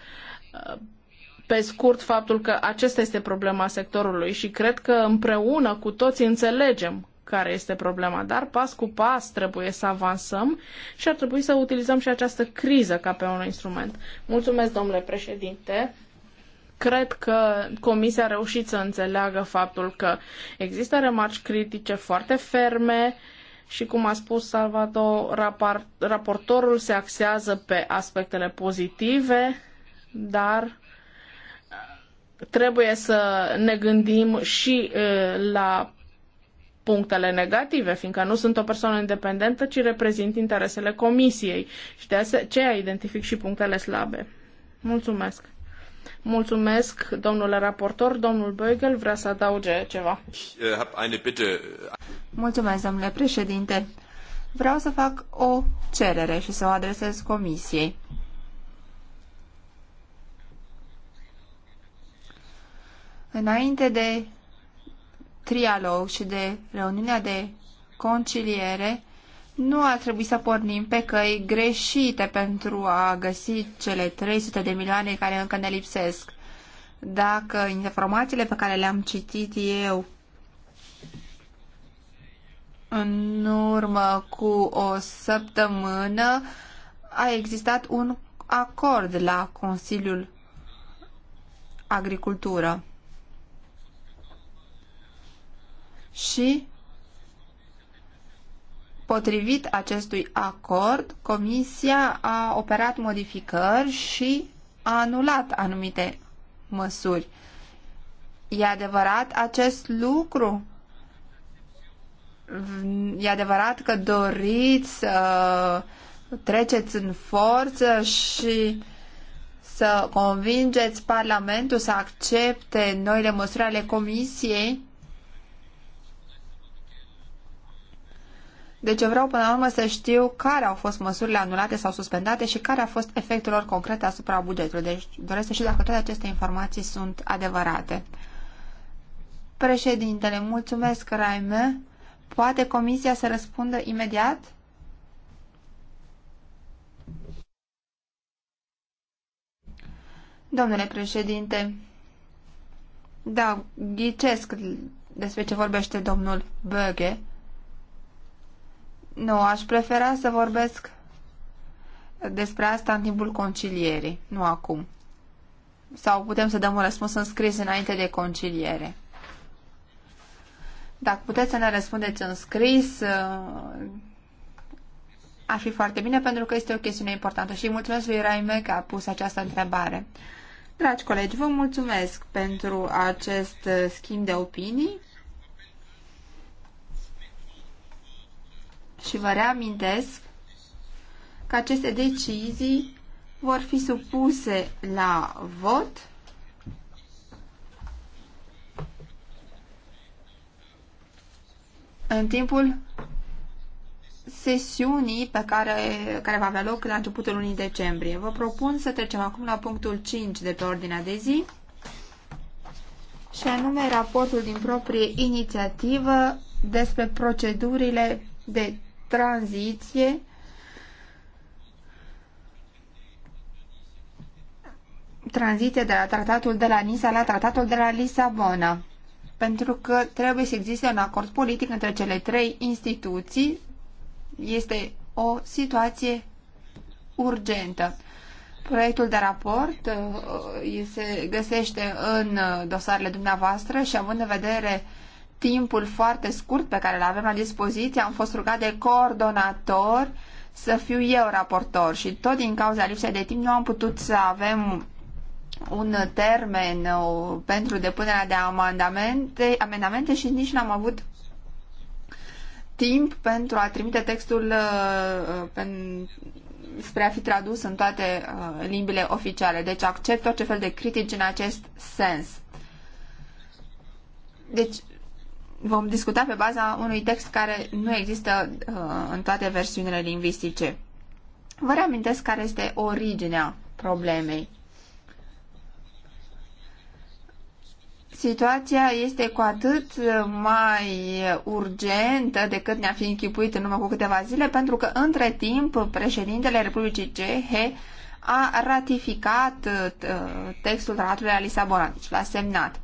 pe scurt faptul că acesta este problema sectorului și cred că împreună cu toți înțelegem care este problema, dar pas cu pas trebuie să avansăm și ar trebui să utilizăm și această criză ca pe un instrument. Mulțumesc, domnule președinte. Cred că Comisia a reușit să înțeleagă faptul că există remarci critice foarte ferme și, cum a spus Salvador, raportorul se axează pe aspectele pozitive, dar trebuie să ne gândim și uh, la punctele negative, fiindcă nu sunt o persoană independentă, ci reprezint interesele comisiei și de aceea identific și punctele slabe. Mulțumesc! Mulțumesc, domnule raportor. Domnul Beugel vrea să adauge ceva. Äh, Mulțumesc, domnule președinte. Vreau să fac o cerere și să o adresez comisiei. Înainte de trialog și de reuniunea de conciliere, nu ar trebui să pornim pe căi greșite pentru a găsi cele 300 de milioane care încă ne lipsesc. Dacă informațiile pe care le-am citit eu în urmă cu o săptămână a existat un acord la Consiliul Agricultură. și Potrivit acestui acord, Comisia a operat modificări și a anulat anumite măsuri. E adevărat acest lucru? E adevărat că doriți să treceți în forță și să convingeți Parlamentul să accepte noile măsuri ale Comisiei? Deci eu vreau până la urmă să știu care au fost măsurile anulate sau suspendate și care a fost efectul lor concret asupra bugetului. Deci doresc să știu dacă toate aceste informații sunt adevărate. Președintele, mulțumesc, Raime. Poate comisia să răspundă imediat? Domnule președinte, da, ghicesc despre ce vorbește domnul Böge. Nu, aș prefera să vorbesc despre asta în timpul concilierii, nu acum. Sau putem să dăm un răspuns în scris înainte de conciliere. Dacă puteți să ne răspundeți în scris, uh, ar fi foarte bine pentru că este o chestiune importantă și mulțumesc lui Raime că a pus această întrebare. Dragi colegi, vă mulțumesc pentru acest schimb de opinii. și vă reamintesc că aceste decizii vor fi supuse la vot în timpul sesiunii pe care, care va avea loc la începutul lunii decembrie. Vă propun să trecem acum la punctul 5 de pe ordinea de zi și anume raportul din proprie inițiativă despre procedurile de tranziție tranziție de la tratatul de la Nisa la tratatul de la Lisabona, pentru că trebuie să existe un acord politic între cele trei instituții. Este o situație urgentă. Proiectul de raport uh, uh, se găsește în uh, dosarele dumneavoastră și având în vedere uh, timpul foarte scurt pe care îl avem la dispoziție, am fost rugat de coordonator să fiu eu raportor și tot din cauza lipsei de timp nu am putut să avem un termen pentru depunerea de amendamente, amendamente și nici n-am avut timp pentru a trimite textul uh, uh, spre a fi tradus în toate uh, limbile oficiale. Deci accept orice fel de critici în acest sens. Deci vom discuta pe baza unui text care nu există uh, în toate versiunile lingvistice. Vă reamintesc care este originea problemei. Situația este cu atât mai urgentă decât ne-a fi închipuit în urmă cu câteva zile, pentru că între timp președintele Republicii Cehe a ratificat uh, textul tratatului la Lisabona, deci l-a semnat.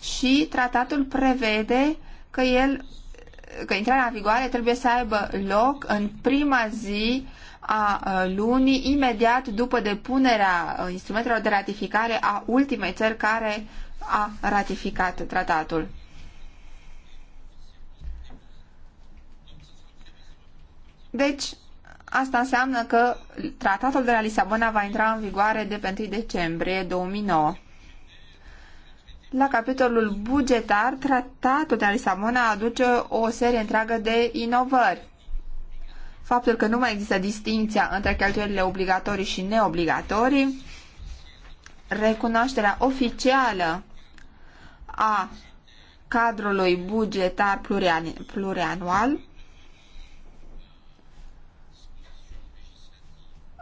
Și tratatul prevede că el că intrarea în vigoare trebuie să aibă loc în prima zi a lunii, imediat după depunerea instrumentelor de ratificare a ultimei țări care a ratificat tratatul. Deci, asta înseamnă că tratatul de la Lisabona va intra în vigoare de pe 1 decembrie 2009 la capitolul bugetar, tratatul de la Lisabona aduce o serie întreagă de inovări. Faptul că nu mai există distinția între cheltuielile obligatorii și neobligatorii, recunoașterea oficială a cadrului bugetar plurianual,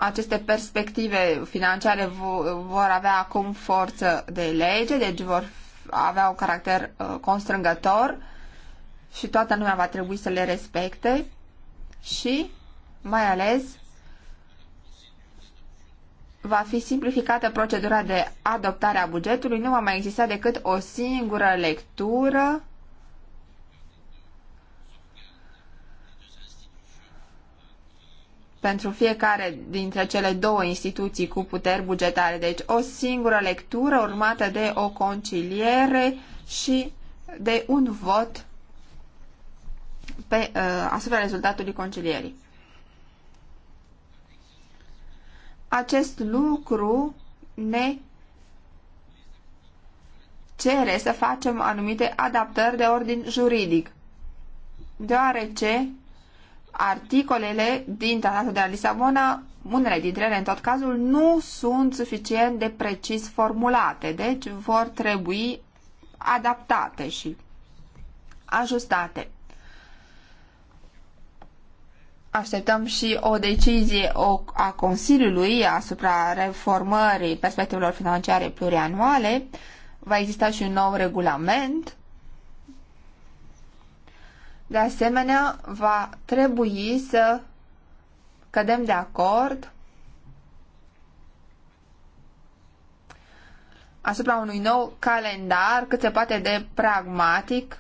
aceste perspective financiare vor avea acum forță de lege, deci vor avea un caracter uh, constrângător și toată lumea va trebui să le respecte și mai ales va fi simplificată procedura de adoptare a bugetului, nu va mai exista decât o singură lectură pentru fiecare dintre cele două instituții cu puteri bugetare. Deci o singură lectură urmată de o conciliere și de un vot pe, uh, asupra rezultatului concilierii. Acest lucru ne cere să facem anumite adaptări de ordin juridic, deoarece articolele din Tratatul de la Lisabona, unele dintre ele în tot cazul, nu sunt suficient de precis formulate, deci vor trebui adaptate și ajustate. Așteptăm și o decizie a Consiliului asupra reformării perspectivelor financiare plurianuale. Va exista și un nou regulament de asemenea, va trebui să cădem de acord asupra unui nou calendar cât se poate de pragmatic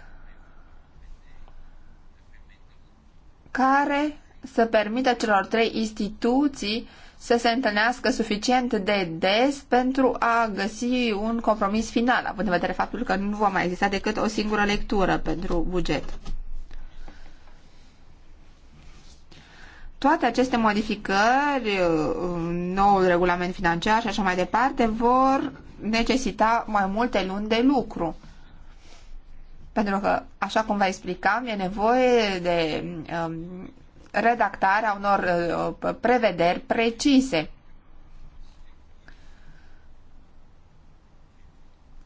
care să permită celor trei instituții să se întâlnească suficient de des pentru a găsi un compromis final, având în vedere faptul că nu va mai exista decât o singură lectură pentru buget. Toate aceste modificări, uh, noul regulament financiar și așa mai departe, vor necesita mai multe luni de lucru. Pentru că, așa cum vă explicam, e nevoie de um, redactarea unor uh, prevederi precise.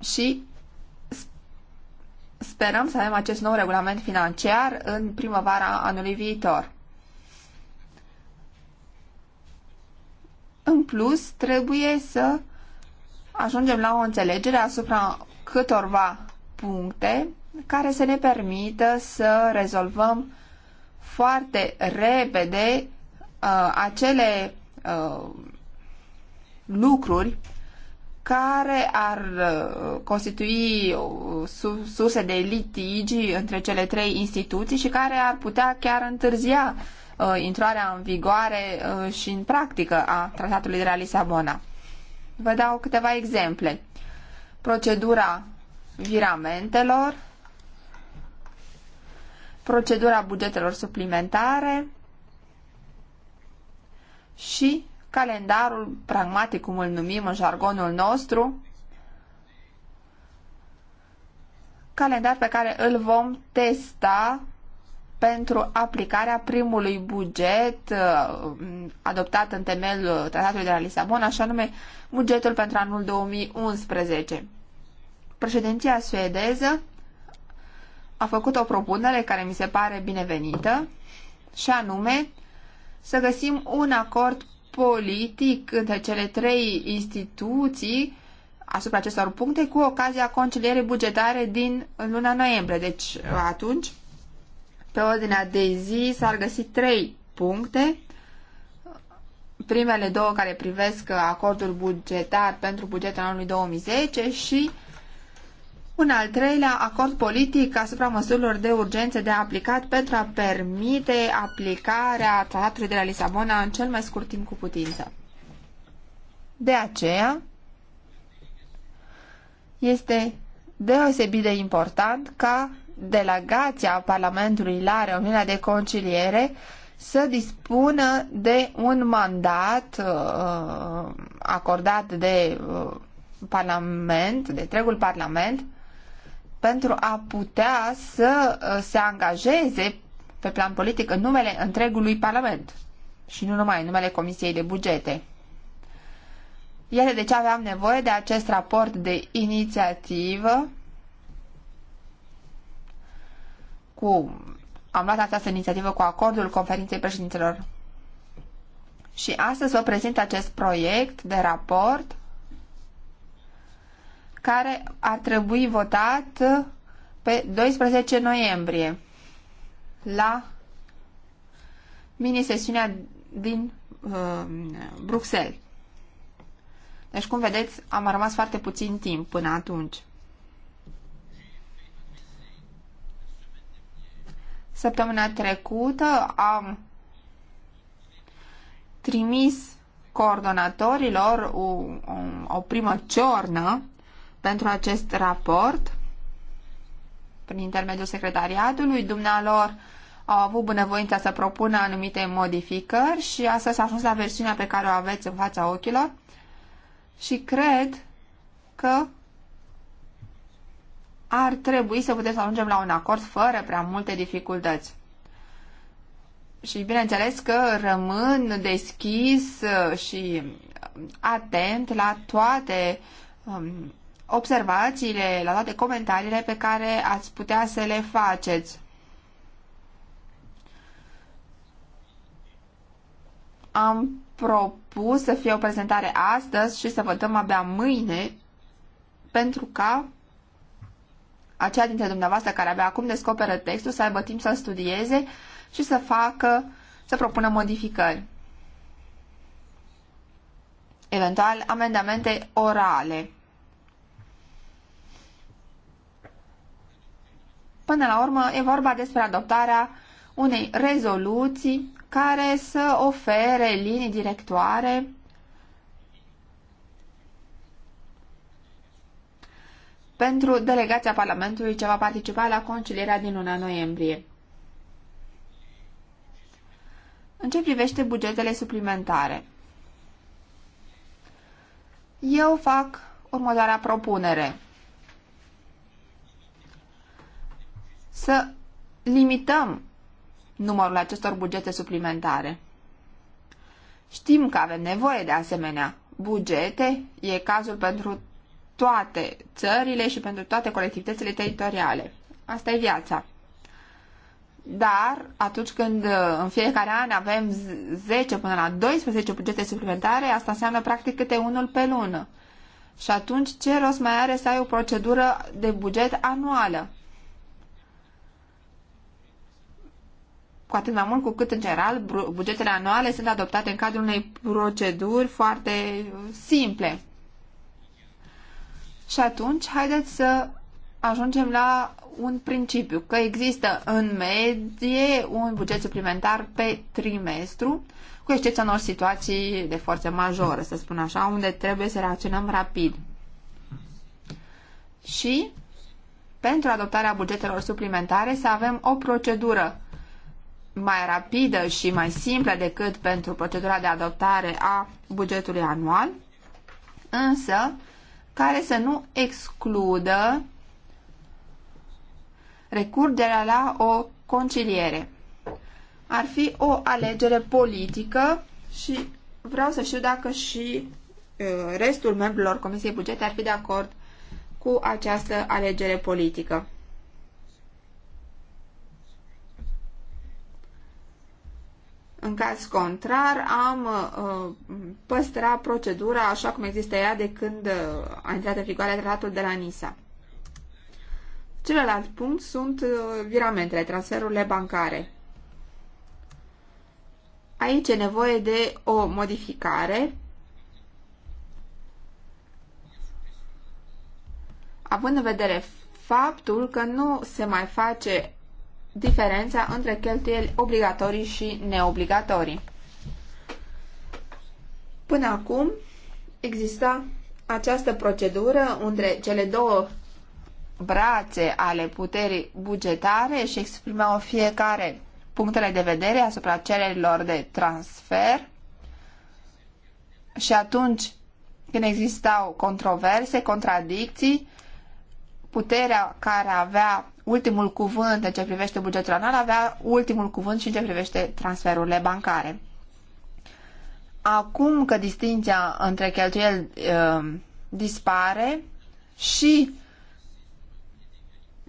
Și sperăm să avem acest nou regulament financiar în primăvara anului viitor. plus, trebuie să ajungem la o înțelegere asupra câtorva puncte care să ne permită să rezolvăm foarte repede uh, acele uh, lucruri care ar uh, constitui uh, surse de litigi între cele trei instituții și care ar putea chiar întârzia Uh, intrarea în vigoare uh, și în practică a tratatului de la Lisabona. Vă dau câteva exemple. Procedura viramentelor, procedura bugetelor suplimentare și calendarul pragmatic, cum îl numim în jargonul nostru, calendar pe care îl vom testa pentru aplicarea primului buget uh, adoptat în temel Tratatului de la Lisabona, așa nume bugetul pentru anul 2011. Președinția suedeză a făcut o propunere care mi se pare binevenită și anume să găsim un acord politic între cele trei instituții asupra acestor puncte cu ocazia concilierii bugetare din luna noiembrie. Deci atunci pe ordinea de zi s-ar găsi trei puncte. Primele două care privesc acordul bugetar pentru bugetul anului 2010 și un al treilea acord politic asupra măsurilor de urgență de aplicat pentru a permite aplicarea tratatului de la Lisabona în cel mai scurt timp cu putință. De aceea, este deosebit de important ca delegația Parlamentului la reuniunea de conciliere să dispună de un mandat uh, acordat de uh, Parlament, de întregul Parlament, pentru a putea să uh, se angajeze pe plan politic în numele întregului Parlament și nu numai în numele Comisiei de Bugete. Iată de ce aveam nevoie de acest raport de inițiativă cu, am luat această inițiativă cu acordul conferinței președinților. Și astăzi vă prezint acest proiect de raport care ar trebui votat pe 12 noiembrie la mini-sesiunea din uh, Bruxelles. Deci, cum vedeți, am rămas foarte puțin timp până atunci. Săptămâna trecută am trimis coordonatorilor o, o, o primă ciornă pentru acest raport prin intermediul secretariatului. Dumnealor au avut bunăvoința să propună anumite modificări și asta s-a ajuns la versiunea pe care o aveți în fața ochilor și cred că ar trebui să putem să ajungem la un acord fără prea multe dificultăți. Și bineînțeles că rămân deschis uh, și uh, atent la toate um, observațiile, la toate comentariile pe care ați putea să le faceți. Am propus să fie o prezentare astăzi și să dăm abia mâine pentru ca aceea dintre dumneavoastră care abia acum descoperă textul să aibă timp să-l studieze și să facă, să propună modificări. Eventual, amendamente orale. Până la urmă, e vorba despre adoptarea unei rezoluții care să ofere linii directoare pentru delegația Parlamentului ce va participa la concilierea din luna noiembrie. În ce privește bugetele suplimentare? Eu fac următoarea propunere. Să limităm numărul acestor bugete suplimentare. Știm că avem nevoie de asemenea bugete, e cazul pentru toate țările și pentru toate colectivitățile teritoriale. Asta e viața. Dar atunci când uh, în fiecare an avem 10 până la 12 bugete suplimentare, asta înseamnă practic câte unul pe lună. Și atunci ce rost mai are să ai o procedură de buget anuală? Cu atât mai mult cu cât, în general, bugetele anuale sunt adoptate în cadrul unei proceduri foarte simple. Și atunci, haideți să ajungem la un principiu, că există în medie un buget suplimentar pe trimestru, cu excepția unor situații de forță majoră, să spun așa, unde trebuie să reacționăm rapid. Și pentru adoptarea bugetelor suplimentare să avem o procedură mai rapidă și mai simplă decât pentru procedura de adoptare a bugetului anual, însă care să nu excludă recurgerea la o conciliere. Ar fi o alegere politică și vreau să știu dacă și uh, restul membrilor Comisiei Bugete ar fi de acord cu această alegere politică. În caz contrar, am uh, procedura așa cum există ea de când uh, a intrat în vigoare tratatul de la Nisa. Celălalt punct sunt uh, viramentele, transferurile bancare. Aici e nevoie de o modificare. Având în vedere faptul că nu se mai face diferența între cheltuieli obligatorii și neobligatorii. Până acum exista această procedură între cele două brațe ale puterii bugetare și exprimau fiecare punctele de vedere asupra cererilor de transfer și atunci când existau controverse, contradicții, puterea care avea ultimul cuvânt în ce privește bugetul anual, avea ultimul cuvânt și în ce privește transferurile bancare. Acum că distinția între cheltuieli uh, dispare și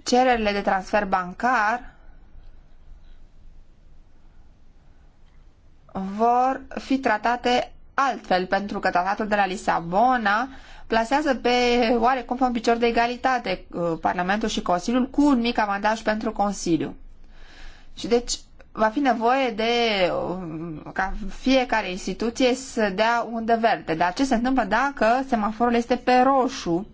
cererile de transfer bancar vor fi tratate altfel, pentru că tratatul de la Lisabona plasează pe oarecum pe un picior de egalitate uh, Parlamentul și Consiliul cu un mic avantaj pentru Consiliu. Și deci va fi nevoie de uh, ca fiecare instituție să dea unde verde. Dar ce se întâmplă dacă semaforul este pe roșu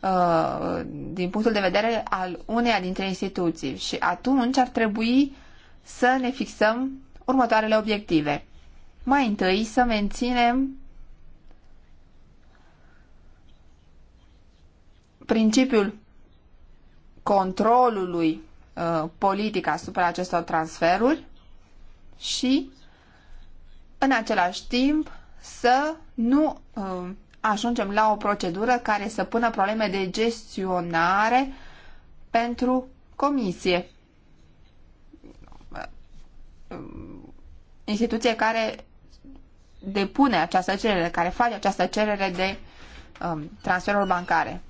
uh, din punctul de vedere al uneia dintre instituții? Și atunci ar trebui să ne fixăm următoarele obiective mai întâi să menținem principiul controlului uh, politic asupra acestor transferuri și în același timp să nu uh, ajungem la o procedură care să pună probleme de gestionare pentru comisie. Uh, uh, instituție care depune această cerere, care face această cerere de um, transferuri bancare.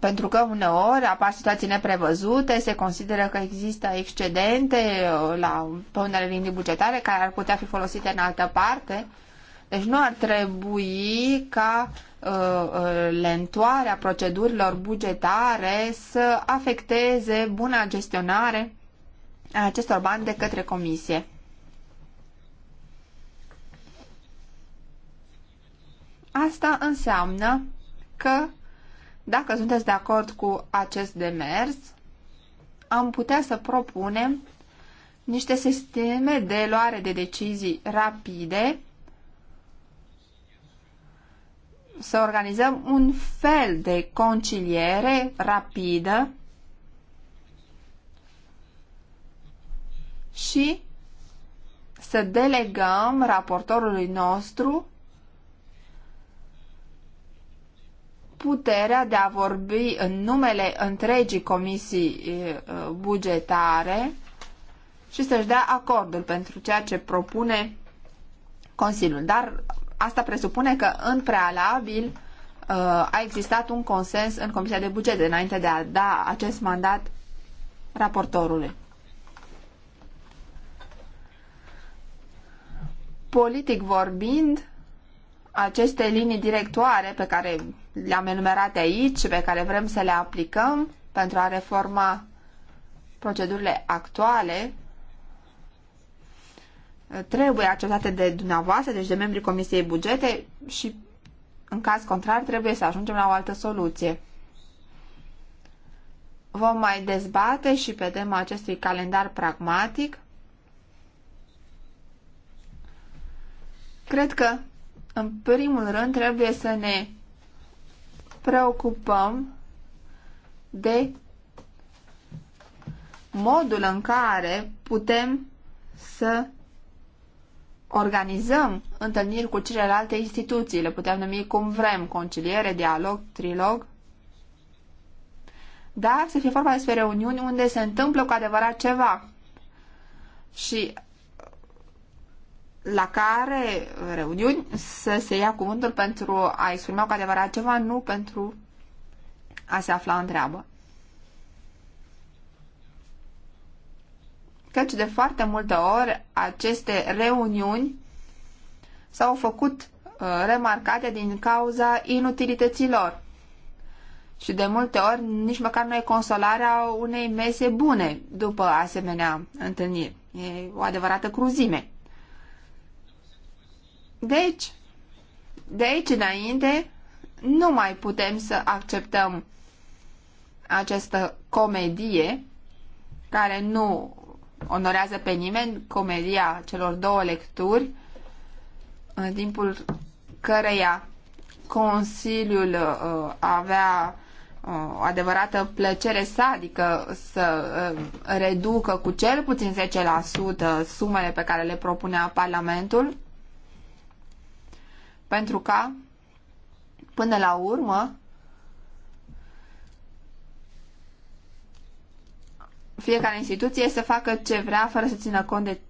Pentru că uneori apar situații neprevăzute, se consideră că există excedente uh, la, pe unele linii bugetare care ar putea fi folosite în altă parte. Deci nu ar trebui ca uh, uh lentoarea procedurilor bugetare să afecteze buna gestionare a acestor bani de către comisie. Asta înseamnă că, dacă sunteți de acord cu acest demers, am putea să propunem niște sisteme de luare de decizii rapide, să organizăm un fel de conciliere rapidă și să delegăm raportorului nostru puterea de a vorbi în numele întregii comisii bugetare și să-și dea acordul pentru ceea ce propune Consiliul. Dar asta presupune că în prealabil a existat un consens în Comisia de Bugete înainte de a da acest mandat raportorului. Politic vorbind, aceste linii directoare pe care le-am enumerat aici, pe care vrem să le aplicăm pentru a reforma procedurile actuale, trebuie acceptate de dumneavoastră, deci de membrii Comisiei Bugete și, în caz contrar, trebuie să ajungem la o altă soluție. Vom mai dezbate și pe tema acestui calendar pragmatic. Cred că, în primul rând, trebuie să ne preocupăm de modul în care putem să organizăm întâlniri cu celelalte instituții, le putem numi cum vrem, conciliere, dialog, trilog, dar să fie vorba despre reuniuni unde se întâmplă cu adevărat ceva. Și la care reuniuni să se ia cuvântul pentru a exprima cu adevărat ceva, nu pentru a se afla în treabă. Căci de foarte multe ori aceste reuniuni s-au făcut uh, remarcate din cauza inutilităților Și de multe ori nici măcar nu e consolarea unei mese bune după asemenea întâlniri. E o adevărată cruzime. Deci, de aici înainte, nu mai putem să acceptăm această comedie care nu onorează pe nimeni, comedia celor două lecturi, în timpul căreia Consiliul uh, avea uh, o adevărată plăcere adică să uh, reducă cu cel puțin 10% sumele pe care le propunea Parlamentul pentru ca, până la urmă, fiecare instituție să facă ce vrea fără să țină cont de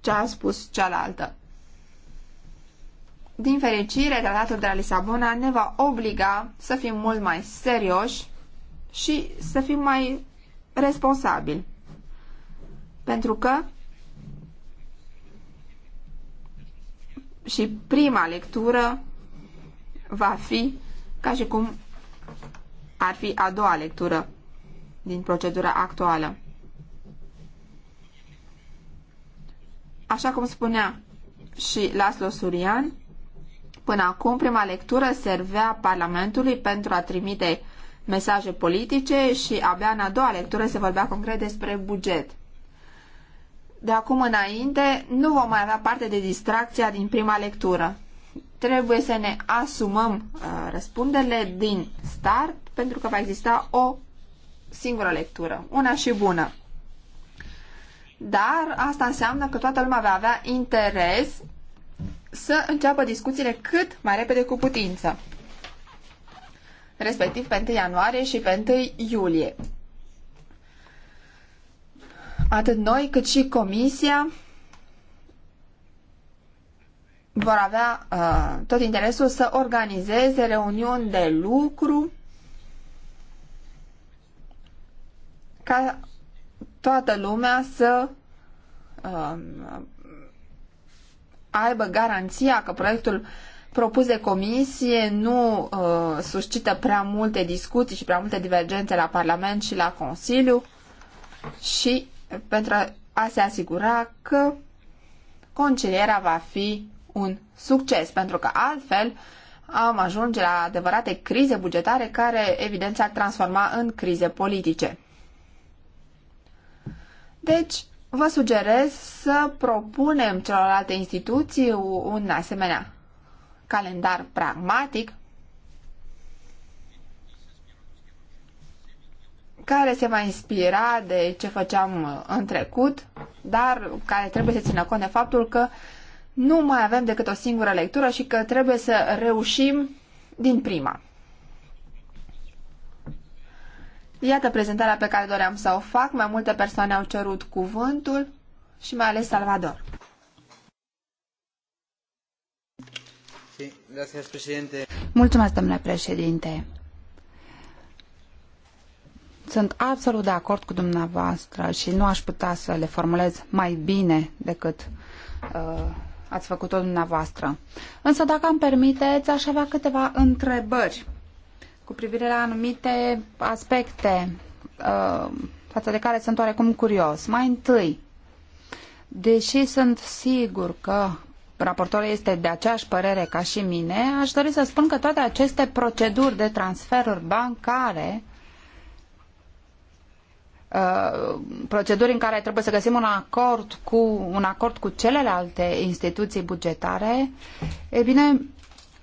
ce a spus cealaltă. Din fericire, tratatul de la Lisabona ne va obliga să fim mult mai serioși și să fim mai responsabili. Pentru că și prima lectură va fi ca și cum ar fi a doua lectură din procedura actuală. Așa cum spunea și Laslo Surian, până acum prima lectură servea Parlamentului pentru a trimite mesaje politice și abia în a doua lectură se vorbea concret despre buget de acum înainte nu vom mai avea parte de distracția din prima lectură. Trebuie să ne asumăm uh, răspunderile din start pentru că va exista o singură lectură, una și bună. Dar asta înseamnă că toată lumea va avea interes să înceapă discuțiile cât mai repede cu putință, respectiv pe 1 ianuarie și pe 1 iulie. Atât noi cât și Comisia vor avea uh, tot interesul să organizeze reuniuni de lucru ca toată lumea să uh, aibă garanția că proiectul propus de comisie nu uh, suscită prea multe discuții și prea multe divergențe la Parlament și la Consiliu și pentru a se asigura că concilierea va fi un succes, pentru că altfel am ajunge la adevărate crize bugetare care, evident, s-ar transforma în crize politice. Deci, vă sugerez să propunem celorlalte instituții un asemenea calendar pragmatic care se va inspira de ce făceam uh, în trecut, dar care trebuie să țină cont de faptul că nu mai avem decât o singură lectură și că trebuie să reușim din prima. Iată prezentarea pe care doream să o fac. Mai multe persoane au cerut cuvântul și mai ales Salvador. Mulțumesc, domnule președinte. Sunt absolut de acord cu dumneavoastră și nu aș putea să le formulez mai bine decât uh, ați făcut-o dumneavoastră. Însă, dacă îmi permiteți, aș avea câteva întrebări cu privire la anumite aspecte uh, față de care sunt oarecum curios. Mai întâi, deși sunt sigur că raportorul este de aceeași părere ca și mine, aș dori să spun că toate aceste proceduri de transferuri bancare Uh, proceduri în care trebuie să găsim un acord cu, un acord cu celelalte instituții bugetare, e bine,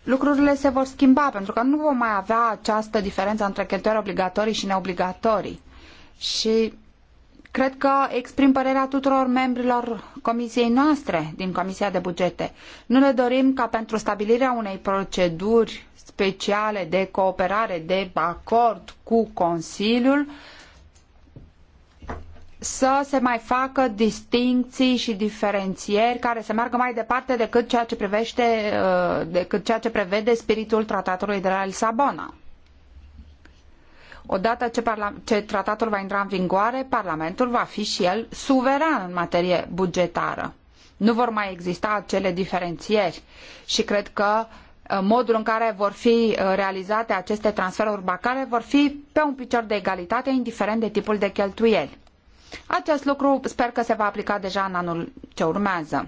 lucrurile se vor schimba, pentru că nu vom mai avea această diferență între cheltuieli obligatorii și neobligatorii. Și cred că exprim părerea tuturor membrilor comisiei noastre din Comisia de Bugete. Nu ne dorim ca pentru stabilirea unei proceduri speciale de cooperare, de acord cu Consiliul, să se mai facă distincții și diferențieri care să meargă mai departe decât ceea ce, privește, uh, decât ceea ce prevede spiritul tratatului de la Lisabona. Odată ce, ce tratatul va intra în vigoare, Parlamentul va fi și el suveran în materie bugetară. Nu vor mai exista acele diferențieri și cred că uh, modul în care vor fi uh, realizate aceste transferuri bancare vor fi pe un picior de egalitate, indiferent de tipul de cheltuieli. Acest lucru sper că se va aplica deja în anul ce urmează.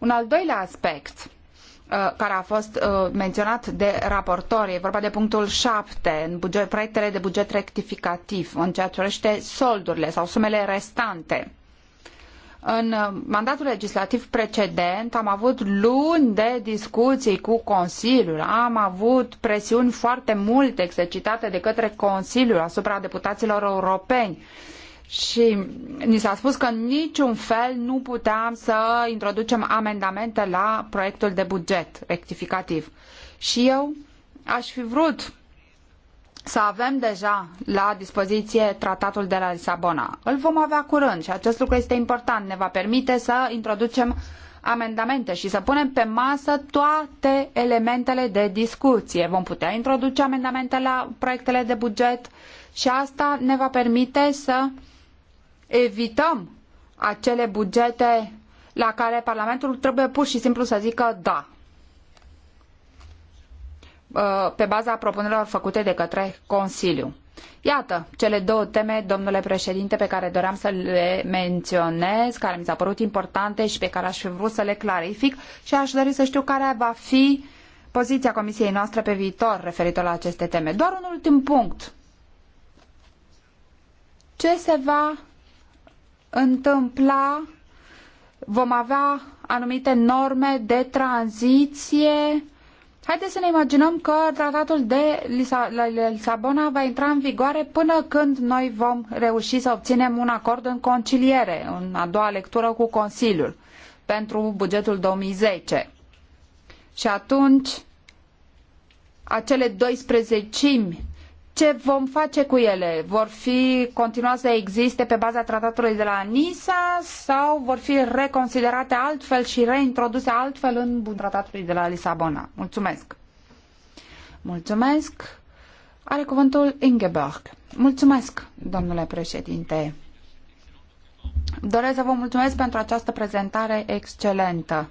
Un al doilea aspect uh, care a fost uh, menționat de raportor, e vorba de punctul 7 în buget, proiectele de buget rectificativ, în ceea ce urește soldurile sau sumele restante. În uh, mandatul legislativ precedent am avut luni de discuții cu Consiliul, am avut presiuni foarte multe exercitate de către Consiliul asupra deputaților europeni și ni s-a spus că în niciun fel nu puteam să introducem amendamente la proiectul de buget rectificativ. Și eu aș fi vrut să avem deja la dispoziție tratatul de la Lisabona. Îl vom avea curând și acest lucru este important. Ne va permite să introducem amendamente și să punem pe masă toate elementele de discuție. Vom putea introduce amendamente la proiectele de buget și asta ne va permite să uh, evităm acele bugete la care Parlamentul trebuie pur și simplu să zică da uh, pe baza propunerilor făcute de către Consiliu. Iată cele două teme, domnule președinte, pe care doream să le menționez, care mi s-au părut importante și pe care aș fi vrut să le clarific și aș dori să știu care va fi poziția comisiei noastre pe viitor referitor la aceste teme. Doar un ultim punct. Ce se va întâmpla, vom avea anumite norme de tranziție. Haideți să ne imaginăm că tratatul de Lisabona va intra în vigoare până când noi vom reuși să obținem un acord în conciliere, în a doua lectură cu Consiliul, pentru bugetul 2010. Și atunci, acele 12 ce vom face cu ele? Vor fi continua să existe pe baza tratatului de la Nisa sau vor fi reconsiderate altfel și reintroduse altfel în bun tratatului de la Lisabona? Mulțumesc! Mulțumesc! Are cuvântul Ingeborg. Mulțumesc, domnule președinte. Doresc să vă mulțumesc pentru această prezentare excelentă.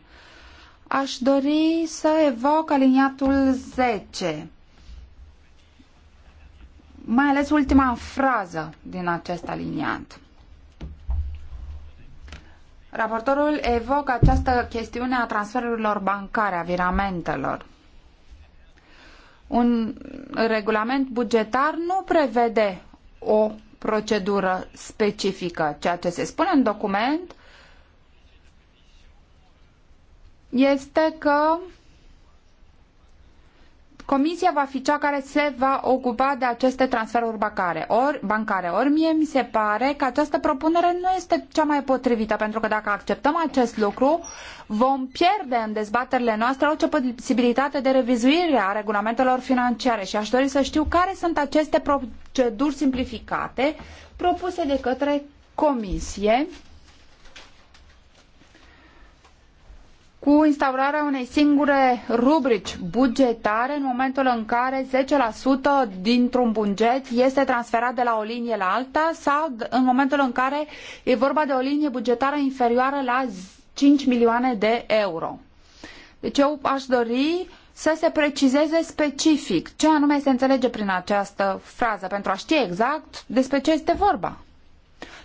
Aș dori să evoc aliniatul 10 mai ales ultima frază din acest aliniant. Raportorul evocă această chestiune a transferurilor bancare, a viramentelor. Un regulament bugetar nu prevede o procedură specifică. Ceea ce se spune în document este că Comisia va fi cea care se va ocupa de aceste transferuri bancare. Ori, bancare. Ori mie mi se pare că această propunere nu este cea mai potrivită, pentru că dacă acceptăm acest lucru, vom pierde în dezbaterile noastre orice posibilitate de revizuire a regulamentelor financiare și aș dori să știu care sunt aceste proceduri simplificate propuse de către Comisie cu instaurarea unei singure rubrici bugetare în momentul în care 10% dintr-un buget este transferat de la o linie la alta sau în momentul în care e vorba de o linie bugetară inferioară la 5 milioane de euro. Deci eu aș dori să se precizeze specific ce anume se înțelege prin această frază pentru a ști exact despre ce este vorba.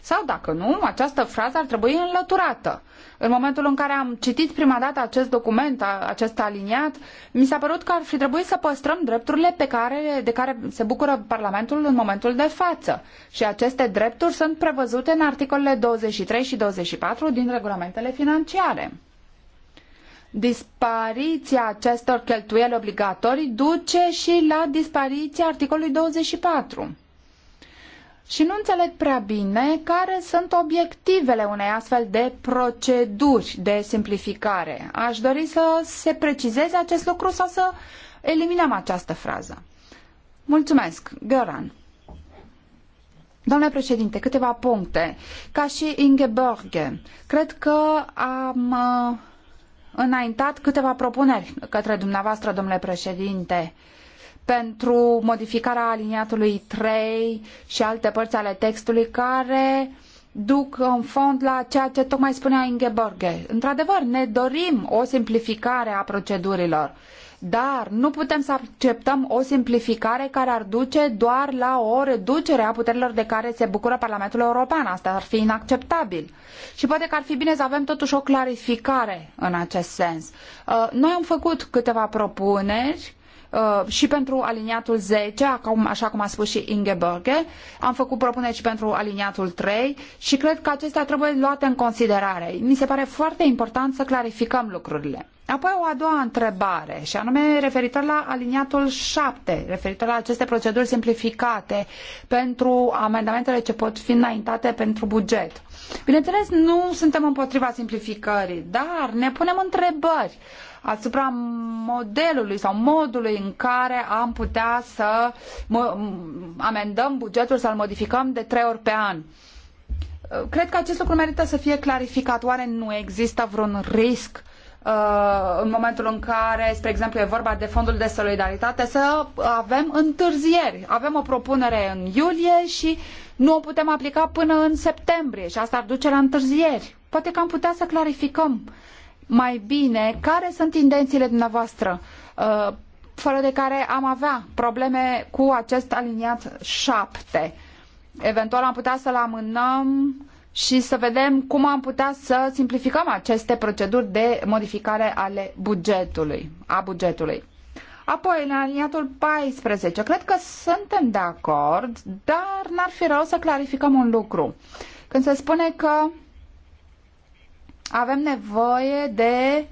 Sau dacă nu, această frază ar trebui înlăturată în momentul în care am citit prima dată acest document, acest aliniat, mi s-a părut că ar fi trebuit să păstrăm drepturile pe care, de care se bucură Parlamentul în momentul de față. Și aceste drepturi sunt prevăzute în articolele 23 și 24 din regulamentele financiare. Dispariția acestor cheltuieli obligatorii duce și la dispariția articolului 24 și nu înțeleg prea bine care sunt obiectivele unei astfel de proceduri de simplificare. Aș dori să se precizeze acest lucru sau să eliminăm această frază. Mulțumesc, Göran. Domnule președinte, câteva puncte. Ca și Ingeborg, cred că am uh, înaintat câteva propuneri către dumneavoastră, domnule președinte. Uh, pentru modificarea aliniatului 3 și alte părți ale textului care duc în fond la ceea ce tocmai spunea Ingeborghe. Într-adevăr, ne dorim o simplificare a procedurilor, dar nu putem să acceptăm o simplificare care ar duce doar la o reducere a puterilor de care se bucură Parlamentul European. Asta ar fi inacceptabil. Și poate că ar fi bine să avem totuși o clarificare în acest sens. Uh, noi am făcut câteva propuneri Uh, și pentru aliniatul 10, așa cum a spus și Ingeborghe. Am făcut propuneri și pentru aliniatul 3 și cred că acestea trebuie luate în considerare. Mi se pare foarte important să clarificăm lucrurile. Apoi o a doua întrebare, și anume referitor la aliniatul 7, referitor la aceste proceduri simplificate pentru amendamentele ce pot fi înaintate pentru buget. Bineînțeles, nu suntem împotriva simplificării, dar ne punem întrebări asupra modelului sau modului în care am putea să amendăm bugetul, să-l modificăm de trei ori pe an. Cred că acest lucru merită să fie clarificat. Oare nu există vreun risc uh, în momentul în care, spre exemplu, e vorba de fondul de solidaritate, să avem întârzieri. Avem o propunere în iulie și nu o putem aplica până în septembrie și asta ar duce la întârzieri. Poate că am putea să clarificăm mai bine care sunt intențiile dumneavoastră, uh, fără de care am avea probleme cu acest aliniat 7. Eventual am putea să-l amânăm și să vedem cum am putea să simplificăm aceste proceduri de modificare ale bugetului, a bugetului. Apoi, în aliniatul 14, cred că suntem de acord, dar n-ar fi rău să clarificăm un lucru. Când se spune că avem nevoie de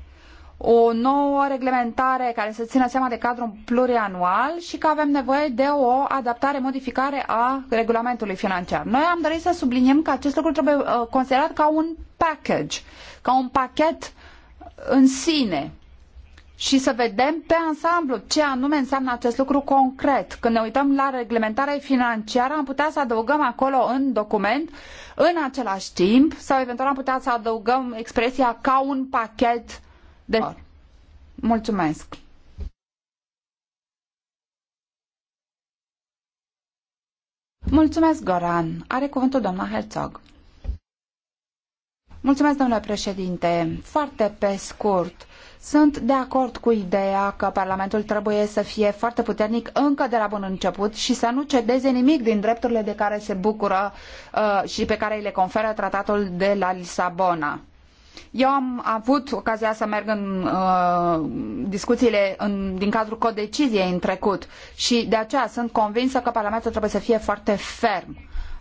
o nouă reglementare care să țină seama de cadrul plurianual și că avem nevoie de o adaptare, modificare a regulamentului financiar. Noi am dorit să subliniem că acest lucru trebuie uh, considerat ca un package, ca un pachet în sine și să vedem pe ansamblu ce anume înseamnă acest lucru concret. Când ne uităm la reglementarea financiară, am putea să adăugăm acolo în document, în același timp, sau eventual am putea să adăugăm expresia ca un pachet de. Mulțumesc! Mulțumesc, Goran. Are cuvântul doamna Herzog. Mulțumesc, domnule președinte. Foarte pe scurt. Sunt de acord cu ideea că Parlamentul trebuie să fie foarte puternic încă de la bun început și să nu cedeze nimic din drepturile de care se bucură uh, și pe care îi le conferă tratatul de la Lisabona. Eu am avut ocazia să merg în uh, discuțiile în, din cadrul codeciziei în trecut și de aceea sunt convinsă că Parlamentul trebuie să fie foarte ferm.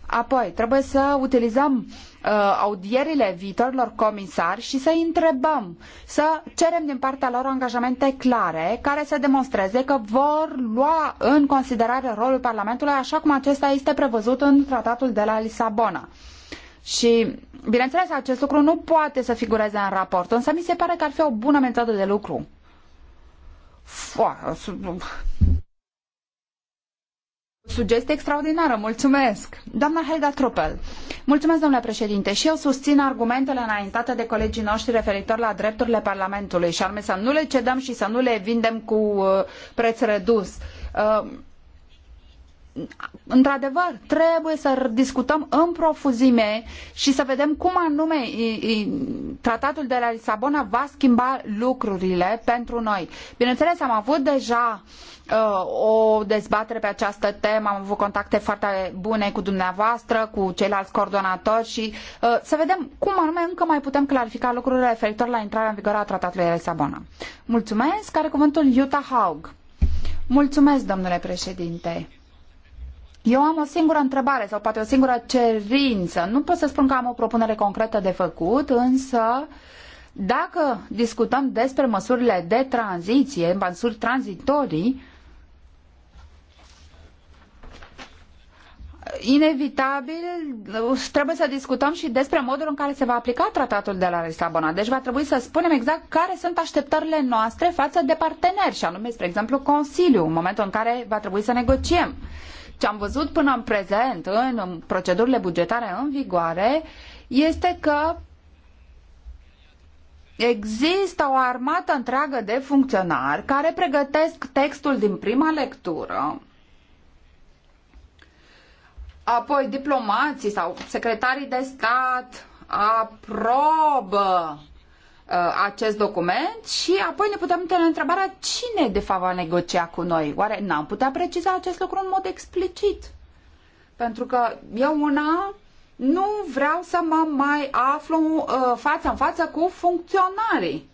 Apoi, trebuie să utilizăm uh, audierile viitorilor comisari și să întrebăm, să cerem din partea lor angajamente clare care să demonstreze că vor lua în considerare rolul Parlamentului așa cum acesta este prevăzut în tratatul de la Lisabona. Și, bineînțeles, acest lucru nu poate să figureze în raport, însă mi se pare că ar fi o bună metodă de lucru. Fua, Sugestie extraordinară, mulțumesc. Doamna Helga Truppel, mulțumesc, domnule președinte, și eu susțin argumentele înaintate de colegii noștri referitor la drepturile Parlamentului, și anume să nu le cedăm și să nu le vindem cu uh, preț redus. Uh, într-adevăr, trebuie să discutăm în profuzime și să vedem cum anume tratatul de la Lisabona va schimba lucrurile pentru noi. Bineînțeles, am avut deja uh, o dezbatere pe această temă, am avut contacte foarte bune cu dumneavoastră, cu ceilalți coordonatori și uh, să vedem cum anume încă mai putem clarifica lucrurile referitor la intrarea în vigoare a tratatului de la Lisabona. Mulțumesc, care cuvântul Jutta Haug. Mulțumesc, domnule președinte. Eu am o singură întrebare sau poate o singură cerință. Nu pot să spun că am o propunere concretă de făcut, însă dacă discutăm despre măsurile de tranziție, măsuri tranzitorii, inevitabil trebuie să discutăm și despre modul în care se va aplica tratatul de la Lisabona. Deci va trebui să spunem exact care sunt așteptările noastre față de parteneri, și anume, spre exemplu, Consiliu, în momentul în care va trebui să negociem. Ce am văzut până în prezent în procedurile bugetare în vigoare este că Există o armată întreagă de funcționari care pregătesc textul din prima lectură, apoi diplomații sau secretarii de stat aprobă Uh, acest document și apoi ne putem întâlni întrebarea cine de fapt va negocia cu noi. Oare n-am putea preciza acest lucru în mod explicit? Pentru că eu una nu vreau să mă mai aflu uh, față în față cu funcționarii.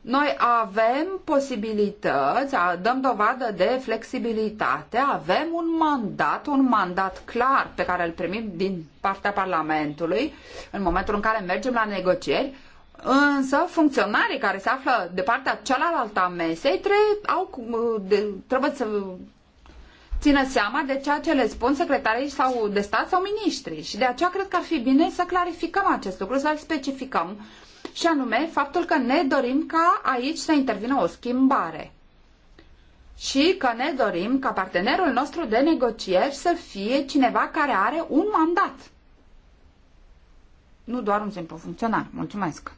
Noi avem posibilități, dăm dovadă de flexibilitate, avem un mandat, un mandat clar pe care îl primim din partea Parlamentului în momentul în care mergem la negocieri Însă, funcționarii care se află de partea cealaltă a mesei trebuie să țină seama de ceea ce le spun secretarii sau de stat sau miniștrii. Și de aceea cred că ar fi bine să clarificăm acest lucru, să-l specificăm. Și anume, faptul că ne dorim ca aici să intervină o schimbare. Și că ne dorim ca partenerul nostru de negocieri să fie cineva care are un mandat. Nu doar un simplu funcționar. Mulțumesc!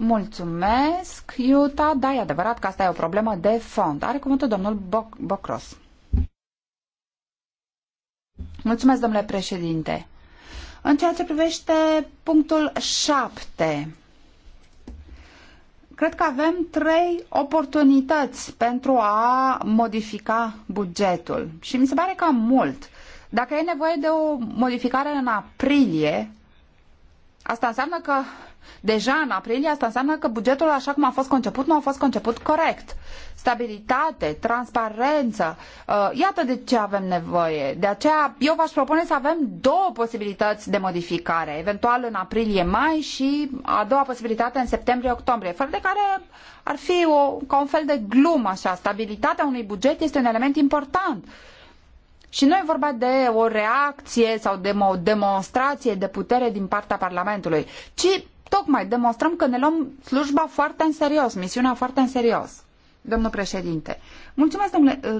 Mulțumesc, Iuta. Da, e adevărat că asta e o problemă de fond. Are cuvântul domnul Boc- Bocros. Mulțumesc, domnule președinte. În ceea ce privește punctul 7, cred că avem trei oportunități pentru a modifica bugetul. Și mi se pare cam mult. Dacă e nevoie de o modificare în aprilie, asta înseamnă că deja în aprilie, asta înseamnă că bugetul așa cum a fost conceput nu a fost conceput corect. Stabilitate, transparență, uh, iată de ce avem nevoie. De aceea eu v-aș propune să avem două posibilități de modificare, eventual în aprilie-mai și a doua posibilitate în septembrie-octombrie, fără de care ar fi o, ca un fel de glumă așa. Stabilitatea unui buget este un element important. Și nu e vorba de o reacție sau de o demonstrație de putere din partea Parlamentului, ci tocmai demonstrăm că ne luăm slujba foarte în serios, misiunea foarte în serios. Domnul președinte, mulțumesc domnule, eh,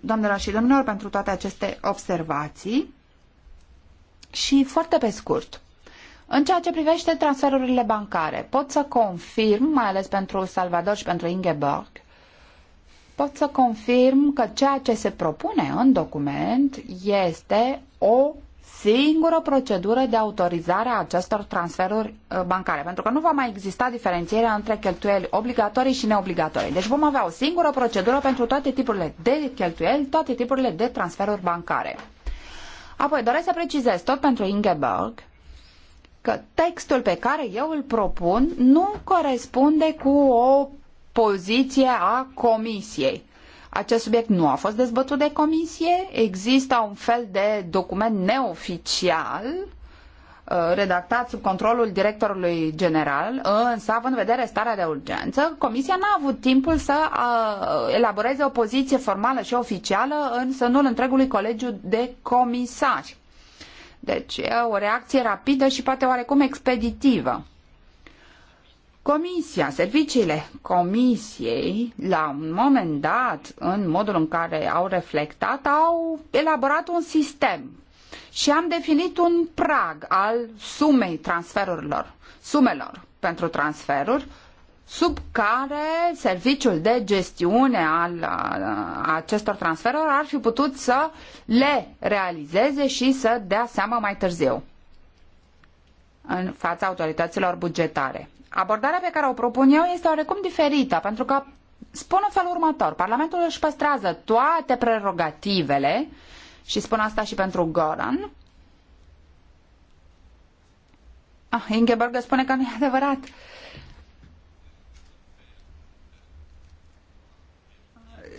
doamnelor și domnilor pentru toate aceste observații și foarte pe scurt. În ceea ce privește transferurile bancare, pot să confirm, mai ales pentru Salvador și pentru Ingeborg, pot să confirm că ceea ce se propune în document este o singură procedură de autorizare a acestor transferuri uh, bancare, pentru că nu va mai exista diferențierea între cheltuieli obligatorii și neobligatorii. Deci vom avea o singură procedură pentru toate tipurile de cheltuieli, toate tipurile de transferuri bancare. Apoi doresc să precizez tot pentru Ingeborg că textul pe care eu îl propun nu corespunde cu o poziție a comisiei. Acest subiect nu a fost dezbătut de comisie, există un fel de document neoficial uh, redactat sub controlul directorului general, însă, având în vedere starea de urgență, Comisia n-a avut timpul să uh, elaboreze o poziție formală și oficială în sânul întregului colegiu de comisari. Deci, o reacție rapidă și poate oarecum expeditivă. Comisia, serviciile Comisiei, la un moment dat, în modul în care au reflectat, au elaborat un sistem și am definit un prag al sumei transferurilor, sumelor pentru transferuri, sub care serviciul de gestiune al a, uh, acestor transferuri ar fi putut să le realizeze și să dea seama mai târziu în fața autorităților bugetare abordarea pe care o propun eu este oarecum diferită, pentru că spun în felul următor. Parlamentul își păstrează toate prerogativele și spun asta și pentru Goran. Ah, Ingeborg spune că nu e adevărat. Uh,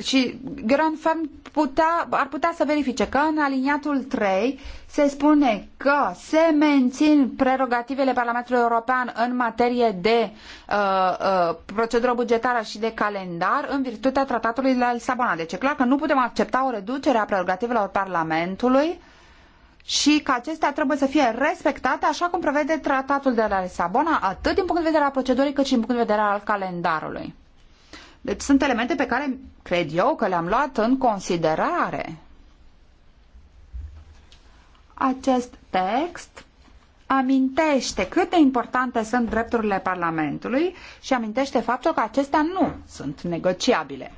și Grenfern putea, ar putea să verifice că în aliniatul 3 se spune că se mențin prerogativele Parlamentului European în materie de uh, uh, procedură bugetară și de calendar în virtutea tratatului de la Lisabona. Deci e clar că nu putem accepta o reducere a prerogativelor Parlamentului și că acestea trebuie să fie respectate așa cum prevede tratatul de la Lisabona, atât din punct de vedere al procedurii cât și din punct de vedere al calendarului. Deci sunt elemente pe care cred eu că le-am luat în considerare. Acest text amintește cât de importante sunt drepturile Parlamentului și amintește faptul că acestea nu sunt negociabile.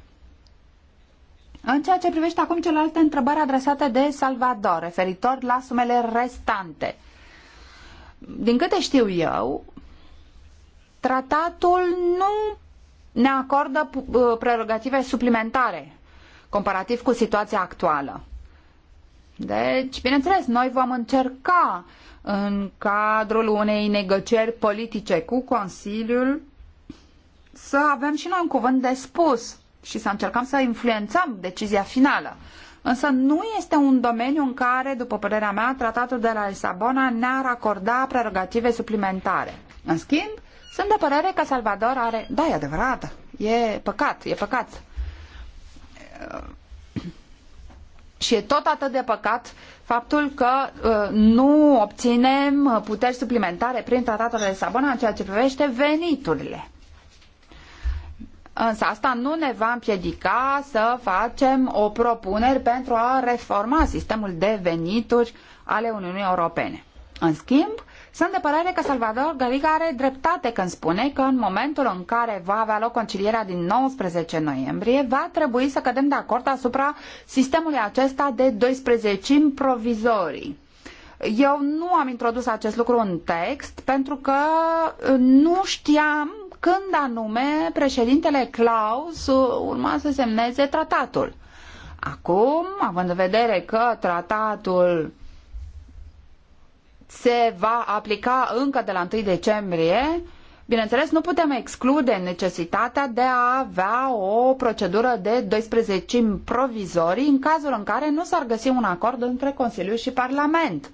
În ceea ce privește acum celelalte întrebări adresate de Salvador, referitor la sumele restante. Din câte știu eu, tratatul nu ne acordă uh, prerogative suplimentare comparativ cu situația actuală. Deci, bineînțeles, noi vom încerca în cadrul unei negocieri politice cu Consiliul să avem și noi un cuvânt de spus și să încercăm să influențăm decizia finală. Însă nu este un domeniu în care, după părerea mea, tratatul de la Lisabona ne-ar acorda prerogative suplimentare. În schimb, sunt de părere că Salvador are... Da, e adevărat. E păcat, e păcat. Și e tot atât de păcat faptul că uh, nu obținem puteri suplimentare prin tratatul de Sabona în ceea ce privește veniturile. Însă asta nu ne va împiedica să facem o propunere pentru a reforma sistemul de venituri ale Uniunii Europene. În schimb, sunt de părere că Salvador Garriga are dreptate când spune că în momentul în care va avea loc concilierea din 19 noiembrie, va trebui să cădem de acord asupra sistemului acesta de 12 provizorii. Eu nu am introdus acest lucru în text pentru că nu știam când anume președintele Klaus urma să semneze tratatul. Acum, având în vedere că tratatul se va aplica încă de la 1 decembrie, bineînțeles nu putem exclude necesitatea de a avea o procedură de 12 provizorii în cazul în care nu s-ar găsi un acord între Consiliu și Parlament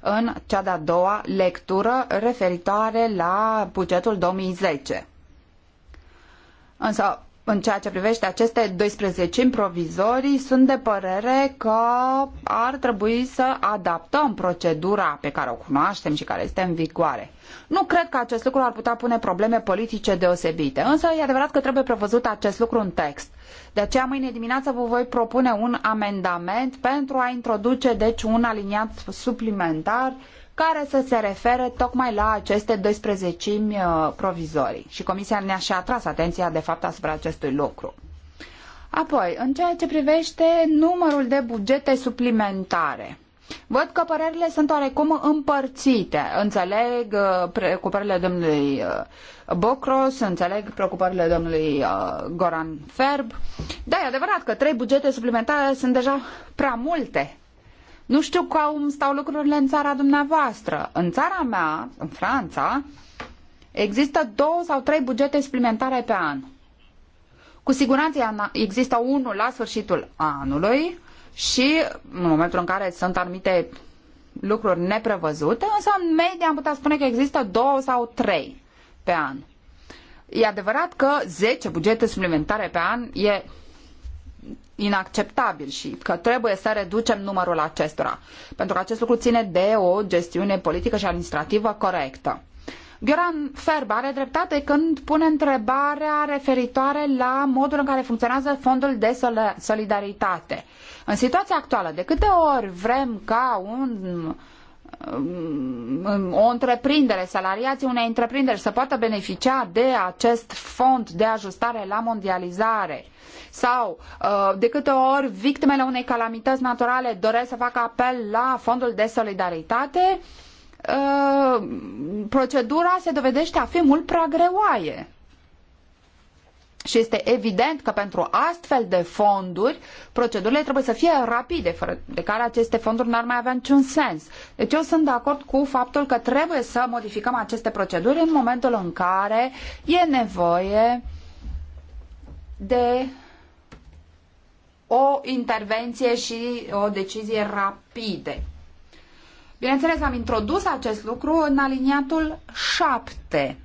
în cea de-a doua lectură referitoare la bugetul 2010. Însă în ceea ce privește aceste 12 provizorii, sunt de părere că ar trebui să adaptăm procedura pe care o cunoaștem și care este în vigoare. Nu cred că acest lucru ar putea pune probleme politice deosebite, însă e adevărat că trebuie prevăzut acest lucru în text. De aceea mâine dimineață vă voi propune un amendament pentru a introduce deci un aliniat suplimentar care să se refere tocmai la aceste 12 uh, provizorii. Și Comisia ne-a și atras atenția, de fapt, asupra acestui lucru. Apoi, în ceea ce privește numărul de bugete suplimentare, Văd că părerile sunt oarecum împărțite. Înțeleg uh, preocupările domnului uh, Bocros, înțeleg preocupările domnului Goran Ferb. Da, e adevărat că trei bugete suplimentare sunt deja prea multe. Nu știu cum stau lucrurile în țara dumneavoastră. În țara mea, în Franța, există două sau trei bugete suplimentare pe an. Cu siguranță există unul la sfârșitul anului și în momentul în care sunt anumite lucruri neprevăzute, însă în media am putea spune că există două sau trei pe an. E adevărat că 10 bugete suplimentare pe an e inacceptabil și că trebuie să reducem numărul acestora, pentru că acest lucru ține de o gestiune politică și administrativă corectă. Gioran Ferb are dreptate când pune întrebarea referitoare la modul în care funcționează fondul de solidaritate. În situația actuală, de câte ori vrem ca un Um, o întreprindere, salariații unei întreprinderi să poată beneficia de acest fond de ajustare la mondializare sau uh, de câte ori victimele unei calamități naturale doresc să facă apel la fondul de solidaritate, uh, procedura se dovedește a fi mult prea greoaie. Și este evident că pentru astfel de fonduri, procedurile trebuie să fie rapide, fără de care aceste fonduri n-ar mai avea niciun sens. Deci eu sunt de acord cu faptul că trebuie să modificăm aceste proceduri în momentul în care e nevoie de o intervenție și o decizie rapide. Bineînțeles, am introdus acest lucru în aliniatul 7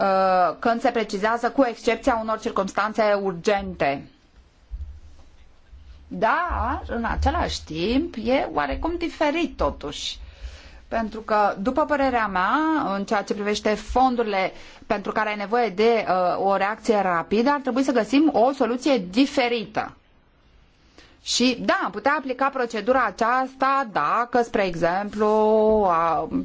Uh, când se precizează cu excepția unor circunstanțe urgente. Dar, în același timp, e oarecum diferit totuși. Pentru că, după părerea mea, în ceea ce privește fondurile pentru care ai nevoie de uh, o reacție rapidă, ar trebui să găsim o soluție diferită. Și da, am putea aplica procedura aceasta dacă, spre exemplu,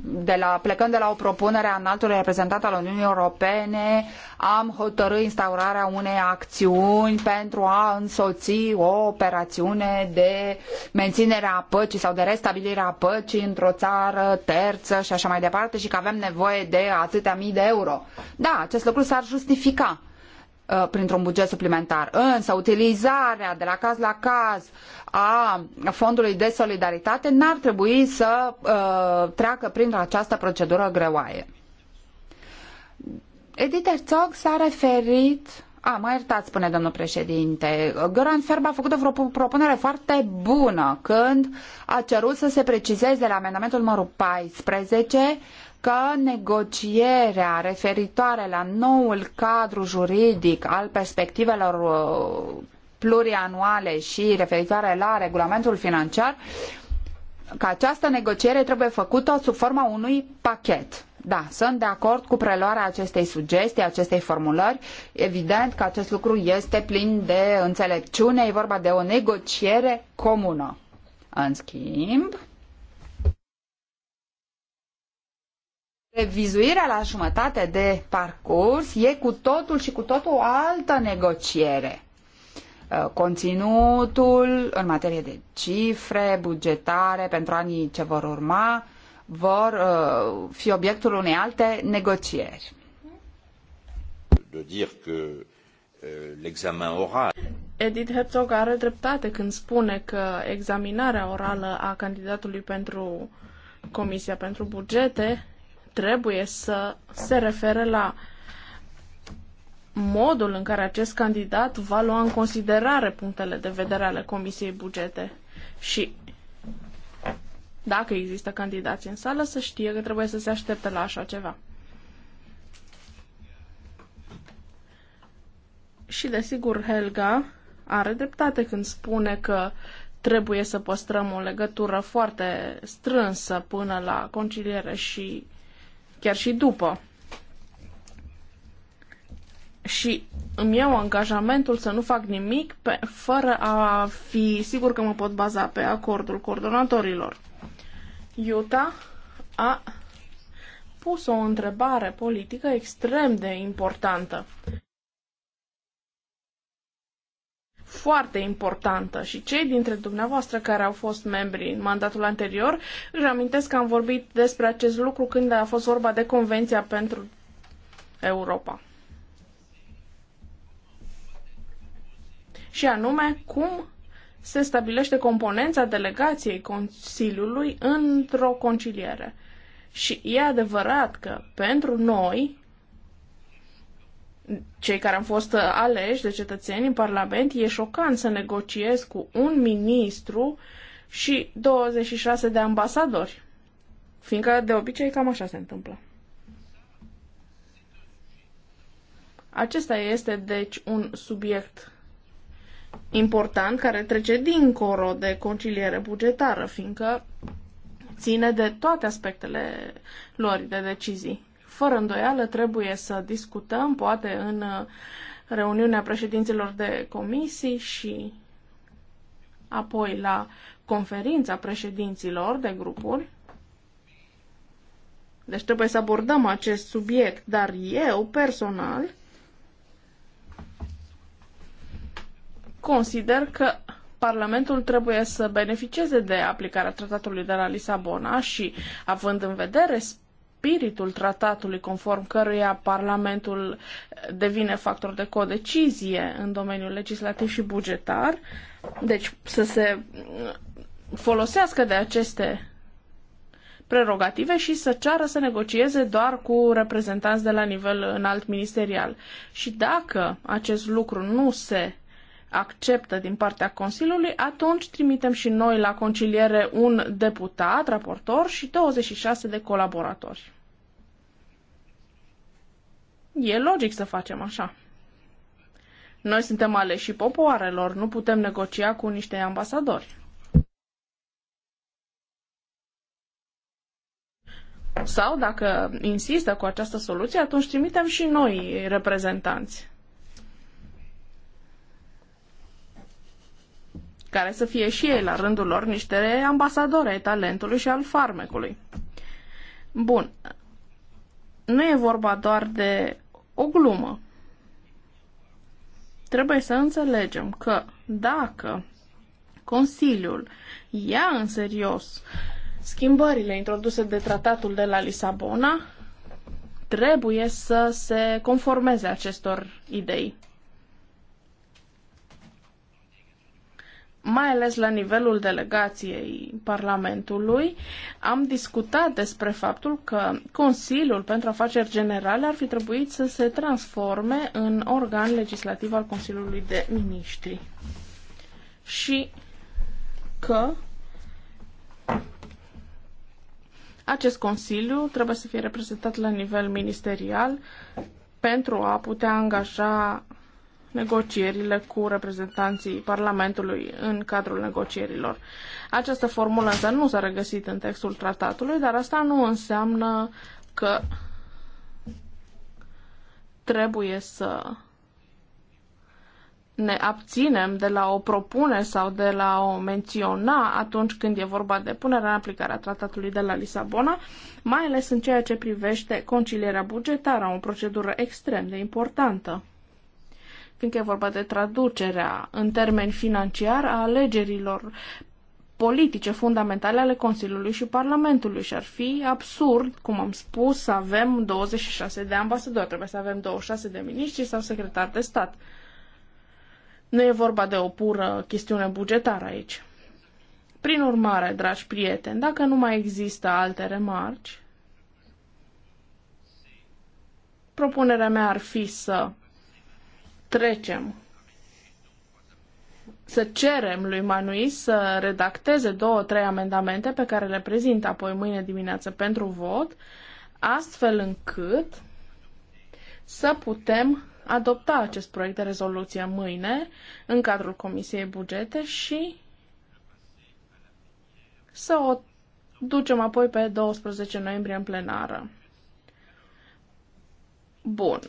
de la, plecând de la o propunere a înaltului reprezentant al Uniunii Europene, am hotărât instaurarea unei acțiuni pentru a însoți o operațiune de menținere a păcii sau de restabilire a păcii într-o țară terță și așa mai departe și că avem nevoie de atâtea mii de euro. Da, acest lucru s-ar justifica. Uh, printr-un buget suplimentar. Însă utilizarea de la caz la caz a fondului de solidaritate n-ar trebui să uh, treacă prin această procedură greoaie. Edith Herzog s-a referit a, mă iertați, spune domnul președinte. Göran Ferb a făcut o propunere foarte bună când a cerut să se precizeze la amendamentul numărul 14 că negocierea referitoare la noul cadru juridic al perspectivelor uh, plurianuale și referitoare la regulamentul financiar, că această negociere trebuie făcută sub forma unui pachet. Da, sunt de acord cu preluarea acestei sugestii, acestei formulări. Evident că acest lucru este plin de înțelepciune, e vorba de o negociere comună. În schimb, Revizuirea la jumătate de parcurs e cu totul și cu totul o altă negociere. Uh, conținutul în materie de cifre, bugetare pentru anii ce vor urma, vor uh, fi obiectul unei alte negocieri. De dire că uh, l'examen oral. Edith Herzog are dreptate când spune că examinarea orală a candidatului pentru Comisia pentru Bugete trebuie să se refere la modul în care acest candidat va lua în considerare punctele de vedere ale Comisiei Bugete și dacă există candidați în sală, să știe că trebuie să se aștepte la așa ceva. Și desigur, Helga are dreptate când spune că trebuie să păstrăm o legătură foarte strânsă până la conciliere și chiar și după. Și îmi iau angajamentul să nu fac nimic pe, fără a fi sigur că mă pot baza pe acordul coordonatorilor. Iuta a pus o întrebare politică extrem de importantă. foarte importantă și cei dintre dumneavoastră care au fost membri în mandatul anterior, își amintesc că am vorbit despre acest lucru când a fost vorba de Convenția pentru Europa. Și anume, cum se stabilește componența delegației Consiliului într-o conciliere. Și e adevărat că pentru noi cei care am fost uh, aleși de cetățeni în Parlament, e șocant să negociez cu un ministru și 26 de ambasadori. Fiindcă de obicei cam așa se întâmplă. Acesta este, deci, un subiect important care trece dincolo de conciliere bugetară, fiindcă ține de toate aspectele lor de decizii. Fără îndoială trebuie să discutăm, poate în uh, reuniunea președinților de comisii și apoi la conferința președinților de grupuri. Deci trebuie să abordăm acest subiect, dar eu personal consider că Parlamentul trebuie să beneficieze de aplicarea tratatului de la Lisabona și, având în vedere spiritul tratatului conform căruia Parlamentul devine factor de codecizie în domeniul legislativ și bugetar, deci să se folosească de aceste prerogative și să ceară să negocieze doar cu reprezentanți de la nivel înalt ministerial. Și dacă acest lucru nu se acceptă din partea Consiliului, atunci trimitem și noi la conciliere un deputat, raportor și 26 de colaboratori. E logic să facem așa. Noi suntem aleși popoarelor, nu putem negocia cu niște ambasadori. Sau, dacă insistă cu această soluție, atunci trimitem și noi reprezentanți. care să fie și ei la rândul lor niște ambasadori ai talentului și al farmecului. Bun. Nu e vorba doar de o glumă. Trebuie să înțelegem că dacă Consiliul ia în serios schimbările introduse de tratatul de la Lisabona, trebuie să se conformeze acestor idei. mai ales la nivelul delegației Parlamentului, am discutat despre faptul că Consiliul pentru Afaceri Generale ar fi trebuit să se transforme în organ legislativ al Consiliului de Ministri. Și că acest Consiliu trebuie să fie reprezentat la nivel ministerial pentru a putea angaja negocierile cu reprezentanții Parlamentului în cadrul negocierilor. Această formulă însă nu s-a regăsit în textul tratatului, dar asta nu înseamnă că trebuie să ne abținem de la o propune sau de la o menționa atunci când e vorba de punerea în aplicare a tratatului de la Lisabona, mai ales în ceea ce privește concilierea bugetară, o procedură extrem de importantă fiindcă e vorba de traducerea în termeni financiar a alegerilor politice fundamentale ale Consiliului și Parlamentului și ar fi absurd, cum am spus, să avem 26 de ambasadori, trebuie să avem 26 de miniștri sau secretari de stat. Nu e vorba de o pură chestiune bugetară aici. Prin urmare, dragi prieteni, dacă nu mai există alte remarci, propunerea mea ar fi să trecem să cerem lui Manui să redacteze două, trei amendamente pe care le prezint apoi mâine dimineață pentru vot, astfel încât să putem adopta acest proiect de rezoluție mâine în cadrul Comisiei Bugete și să o ducem apoi pe 12 noiembrie în plenară. Bun.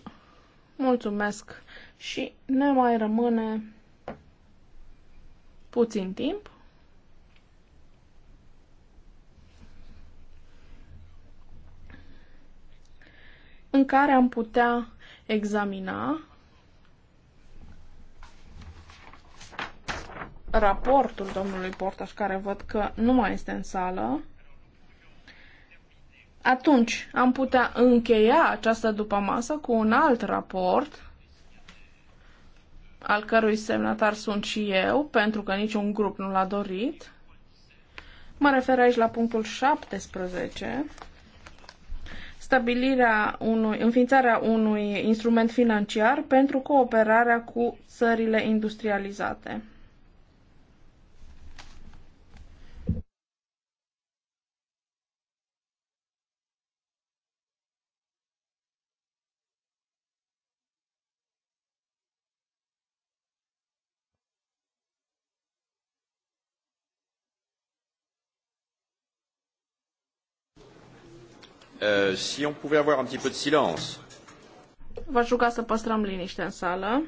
Mulțumesc și ne mai rămâne puțin timp. în care am putea examina raportul domnului Portaș, care văd că nu mai este în sală, atunci am putea încheia această dupămasă cu un alt raport al cărui semnatar sunt și eu, pentru că niciun grup nu l-a dorit. Mă refer aici la punctul 17, stabilirea unui, înființarea unui instrument financiar pentru cooperarea cu țările industrializate. Euh, si on pouvait avoir un petit peu de silence. V-aș ruga să păstrăm liniște în sală.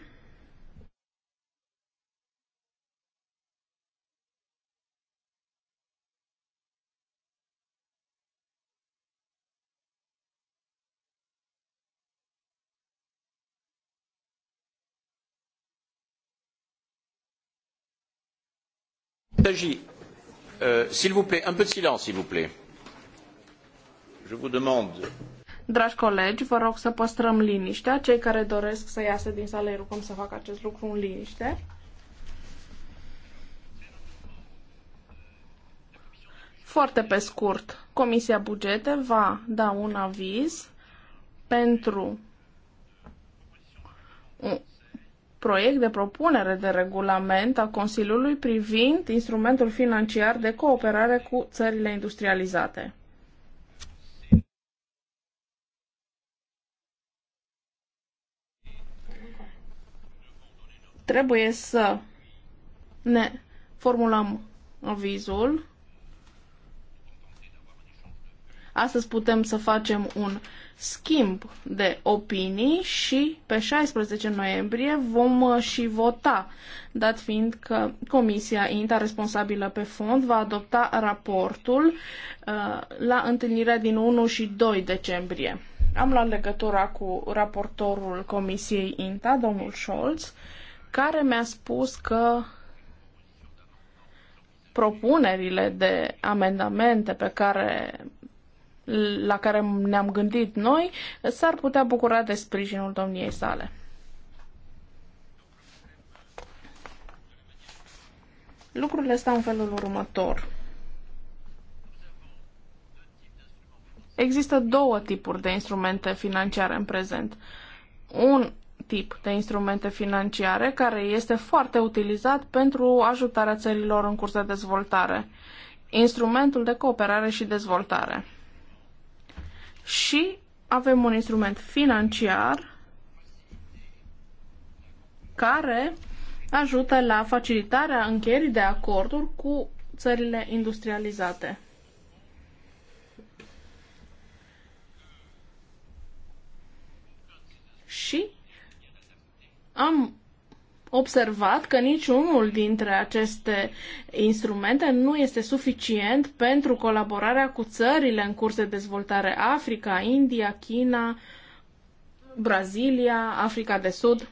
Euh, s'il vous plaît, un peu de silence, s'il vous plaît. Je vous demande... Dragi colegi, vă rog să păstrăm liniștea. Cei care doresc să iasă din sală, rugăm să facă acest lucru în liniște. Foarte pe scurt, Comisia Bugete va da un aviz pentru un proiect de propunere de regulament a Consiliului privind instrumentul financiar de cooperare cu țările industrializate. Trebuie să ne formulăm avizul. Astăzi putem să facem un schimb de opinii și pe 16 noiembrie vom uh, și vota, dat fiind că Comisia INTA responsabilă pe fond va adopta raportul uh, la întâlnirea din 1 și 2 decembrie. Am luat legătura cu raportorul Comisiei INTA, domnul Scholz, uh, care mi-a spus că propunerile de amendamente pe care la care ne-am gândit noi s-ar putea bucura de sprijinul domniei sale. Lucrurile stau în felul următor. Există două tipuri de instrumente financiare în prezent. Un tip de instrumente financiare care este foarte utilizat pentru ajutarea țărilor în curs de dezvoltare. Instrumentul de cooperare și dezvoltare. Și avem un instrument financiar care ajută la facilitarea încheierii de acorduri cu țările industrializate. Și am observat că niciunul dintre aceste instrumente nu este suficient pentru colaborarea cu țările în curs de dezvoltare Africa, India, China, Brazilia, Africa de Sud,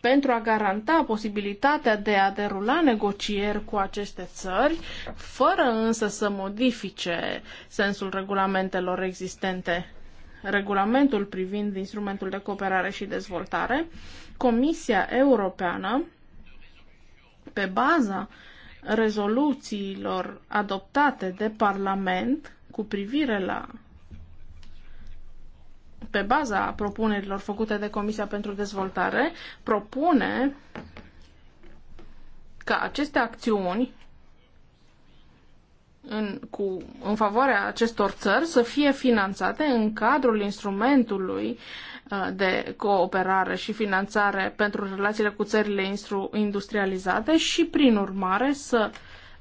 pentru a garanta posibilitatea de a derula negocieri cu aceste țări, fără însă să modifice sensul regulamentelor existente regulamentul privind instrumentul de cooperare și dezvoltare, Comisia Europeană, pe baza rezoluțiilor adoptate de Parlament cu privire la pe baza propunerilor făcute de Comisia pentru Dezvoltare, propune ca aceste acțiuni în, cu, în favoarea acestor țări să fie finanțate în cadrul instrumentului uh, de cooperare și finanțare pentru relațiile cu țările industrializate și, prin urmare, să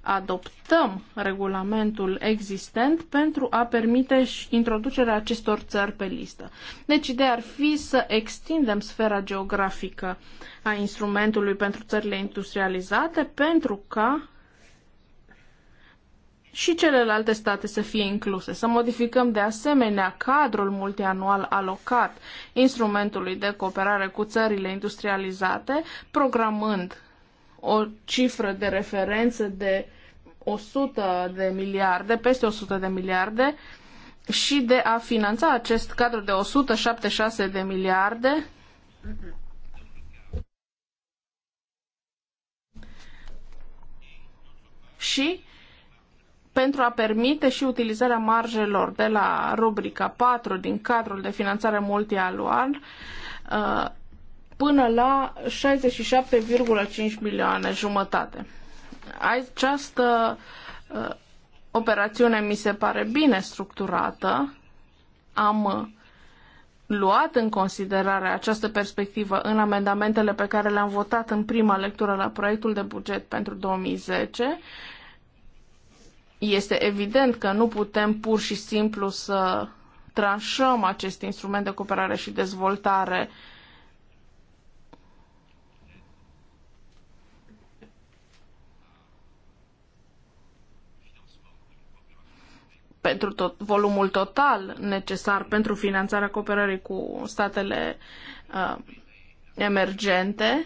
adoptăm regulamentul existent pentru a permite introducerea acestor țări pe listă. Deci ideea ar fi să extindem sfera geografică a instrumentului pentru țările industrializate pentru ca și celelalte state să fie incluse. Să modificăm de asemenea cadrul multianual alocat instrumentului de cooperare cu țările industrializate, programând o cifră de referență de 100 de miliarde, peste 100 de miliarde, și de a finanța acest cadru de 176 de miliarde și pentru a permite și utilizarea marjelor de la rubrica 4 din cadrul de finanțare multianual uh, până la 67,5 milioane jumătate. Această uh, operațiune mi se pare bine structurată. Am uh, luat în considerare această perspectivă în amendamentele pe care le-am votat în prima lectură la proiectul de buget pentru 2010 este evident că nu putem pur și simplu să tranșăm acest instrument de cooperare și dezvoltare pentru tot, volumul total necesar pentru finanțarea cooperării cu statele uh, emergente,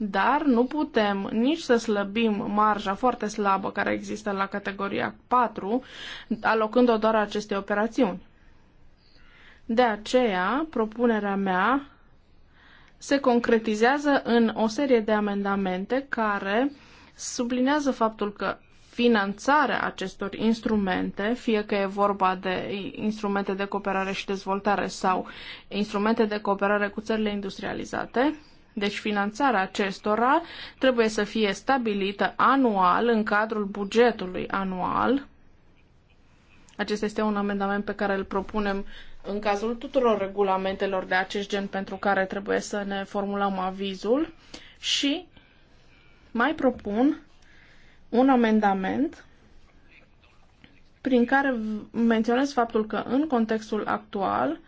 dar nu putem nici să slăbim marja foarte slabă care există la categoria 4, alocând-o doar aceste operațiuni. De aceea, propunerea mea se concretizează în o serie de amendamente care sublinează faptul că finanțarea acestor instrumente, fie că e vorba de instrumente de cooperare și dezvoltare sau instrumente de cooperare cu țările industrializate, deci finanțarea acestora trebuie să fie stabilită anual în cadrul bugetului anual. Acesta este un amendament pe care îl propunem în cazul tuturor regulamentelor de acest gen pentru care trebuie să ne formulăm avizul și mai propun un amendament prin care menționez faptul că în contextul actual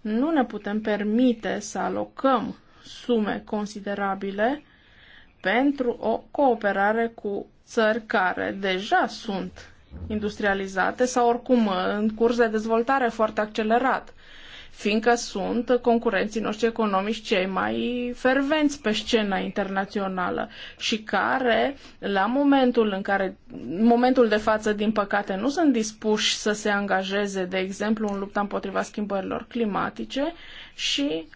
nu ne putem permite să alocăm sume considerabile pentru o cooperare cu țări care deja sunt industrializate sau oricum în curs de dezvoltare foarte accelerat, fiindcă sunt concurenții noștri economici cei mai fervenți pe scena internațională și care, la momentul în care, momentul de față, din păcate, nu sunt dispuși să se angajeze, de exemplu, în lupta împotriva schimbărilor climatice și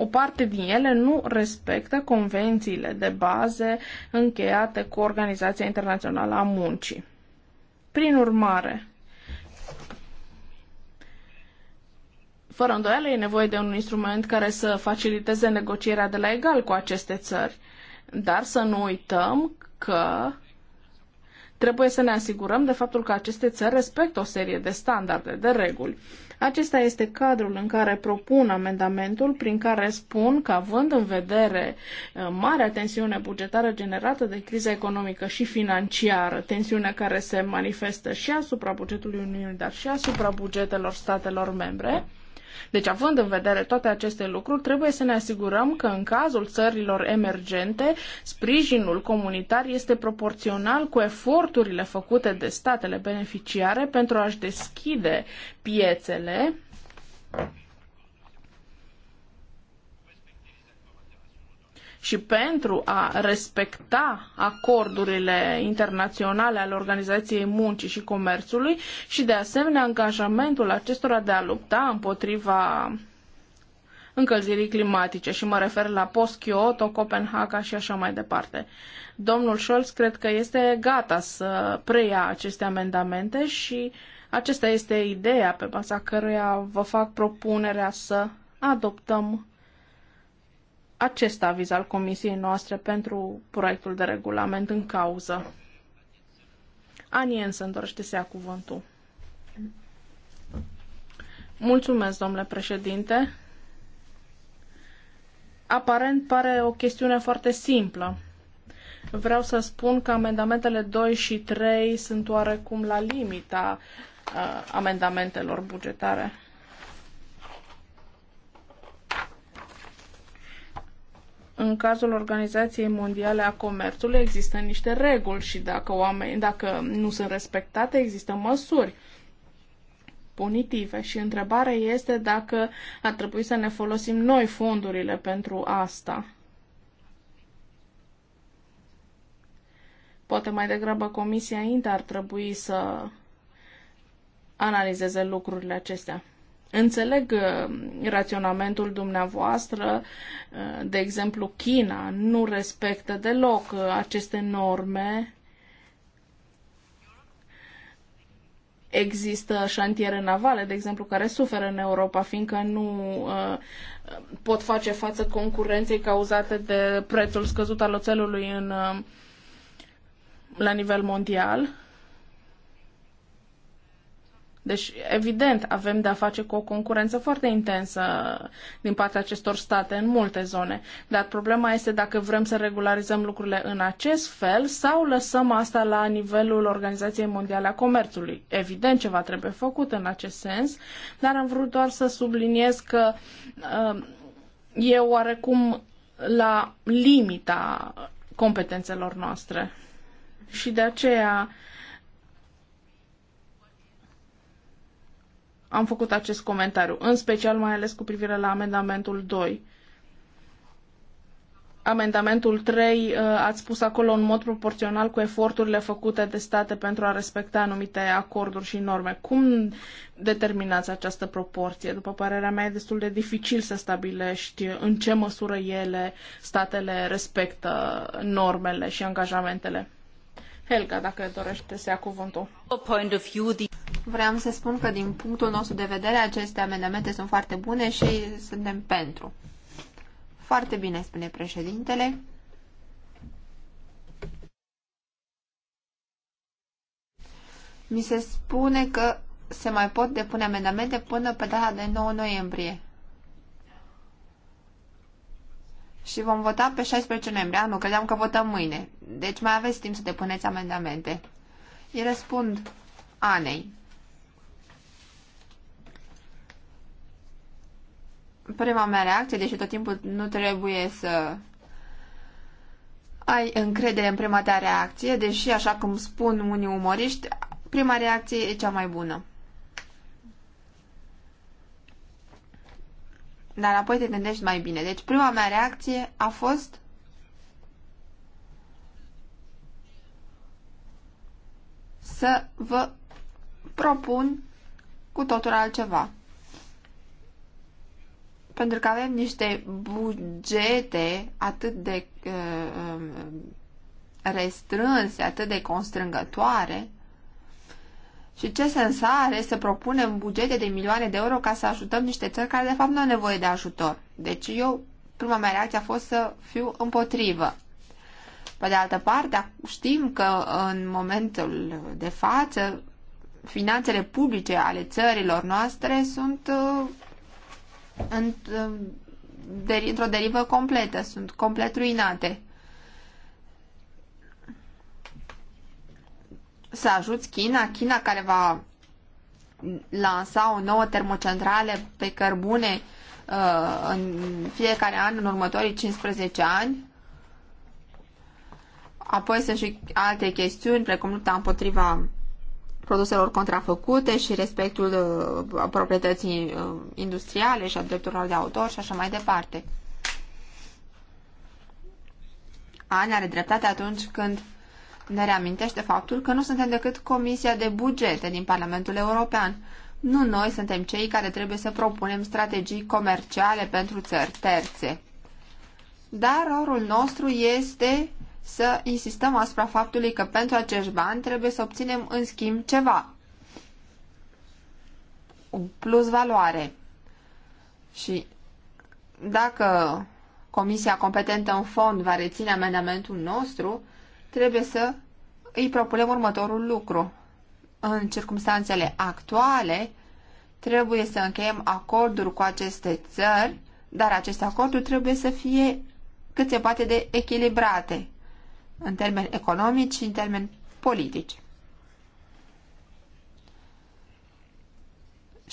o parte din ele nu respectă convențiile de baze încheiate cu Organizația Internațională a Muncii. Prin urmare, fără îndoială e nevoie de un instrument care să faciliteze negocierea de la egal cu aceste țări, dar să nu uităm că trebuie să ne asigurăm de faptul că aceste țări respectă o serie de standarde, de reguli. Acesta este cadrul în care propun amendamentul prin care spun că având în vedere uh, marea tensiune bugetară generată de criza economică și financiară, tensiunea care se manifestă și asupra bugetului Uniunii, dar și asupra bugetelor statelor membre, deci, având în vedere toate aceste lucruri, trebuie să ne asigurăm că în cazul țărilor emergente, sprijinul comunitar este proporțional cu eforturile făcute de statele beneficiare pentru a-și deschide piețele și pentru a respecta acordurile internaționale ale Organizației Muncii și Comerțului și de asemenea angajamentul acestora de a lupta împotriva încălzirii climatice și mă refer la post-Kyoto, Copenhaga și așa mai departe. Domnul Scholz cred că este gata să preia aceste amendamente și acesta este ideea pe baza căruia vă fac propunerea să adoptăm acest aviz al comisiei noastre pentru proiectul de regulament în cauză. Anien se dorește să ia cuvântul. Mulțumesc, domnule președinte. Aparent pare o chestiune foarte simplă. Vreau să spun că amendamentele 2 și 3 sunt oarecum la limita uh, amendamentelor bugetare. în cazul Organizației Mondiale a Comerțului există niște reguli și dacă, oameni, dacă nu sunt respectate, există măsuri punitive și întrebarea este dacă ar trebui să ne folosim noi fondurile pentru asta. Poate mai degrabă Comisia Inter ar trebui să analizeze lucrurile acestea. Înțeleg uh, raționamentul dumneavoastră, uh, de exemplu, China nu respectă deloc uh, aceste norme. Există șantiere navale, de exemplu, care suferă în Europa, fiindcă nu pot face față concurenței cauzate de prețul scăzut al oțelului în, la nivel mondial deci, evident, avem de-a face cu o concurență foarte intensă din partea acestor state în multe zone. Dar problema este dacă vrem să regularizăm lucrurile în acest fel sau lăsăm asta la nivelul Organizației Mondiale a Comerțului. Evident, ceva trebuie făcut în acest sens, dar am vrut doar să subliniez că uh, e oarecum la limita competențelor noastre. Și de aceea am făcut acest comentariu, în special mai ales cu privire la amendamentul 2. Amendamentul 3 uh, ați spus acolo în mod proporțional cu eforturile făcute de state pentru a respecta anumite acorduri și norme. Cum determinați această proporție? După părerea mea, e destul de dificil să stabilești în ce măsură ele, statele, respectă normele și angajamentele. Helga, dacă dorește să ia cuvântul. Vreau să spun că din punctul nostru de vedere aceste amendamente sunt foarte bune și suntem pentru. Foarte bine, spune președintele. Mi se spune că se mai pot depune amendamente până pe data de 9 noiembrie. și vom vota pe 16 noiembrie. Ah, nu, credeam că votăm mâine. Deci mai aveți timp să depuneți amendamente. Îi răspund Anei. Prima mea reacție, deși tot timpul nu trebuie să ai încredere în prima ta reacție, deși, așa cum spun unii umoriști, prima reacție e cea mai bună. dar apoi te gândești mai bine. Deci prima mea reacție a fost să vă propun cu totul altceva. Pentru că avem niște bugete atât de uh, um, restrânse, atât de constrângătoare, și ce sens are să propunem bugete de milioane de euro ca să ajutăm niște țări care de fapt nu au nevoie de ajutor? Deci eu, prima mea reacție a fost să fiu împotrivă. Pe de altă parte, știm că în momentul de față finanțele publice ale țărilor noastre sunt uh, uh, într-o derivă completă, sunt complet ruinate. să ajuți China, China care va lansa o nouă termocentrală pe cărbune uh, în fiecare an în următorii 15 ani. Apoi sunt și alte chestiuni, precum lupta împotriva produselor contrafăcute și respectul uh, proprietății uh, industriale și a drepturilor de autor și așa mai departe. Ani are dreptate atunci când ne reamintește faptul că nu suntem decât Comisia de Bugete din Parlamentul European. Nu noi suntem cei care trebuie să propunem strategii comerciale pentru țări terțe. Dar rolul nostru este să insistăm asupra faptului că pentru acești bani trebuie să obținem în schimb ceva. O plus valoare. Și dacă Comisia competentă în fond va reține amendamentul nostru, trebuie să îi propunem următorul lucru. În circumstanțele actuale, trebuie să încheiem acorduri cu aceste țări, dar aceste acorduri trebuie să fie cât se poate de echilibrate în termeni economici și în termeni politici.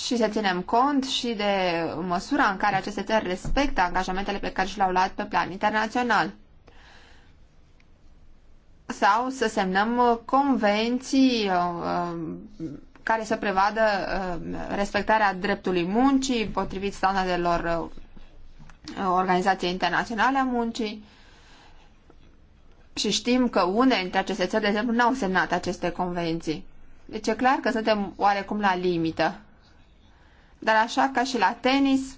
și să ținem cont și de măsura în care aceste țări respectă angajamentele pe care și le-au luat pe plan internațional sau să semnăm uh, convenții uh, uh, care să prevadă respectarea dreptului muncii potrivit standardelor Organizației Internaționale a Muncii. Și știm că unele dintre aceste țări, de exemplu, n-au semnat aceste convenții. Deci e clar că suntem oarecum la limită. Dar așa ca și la tenis,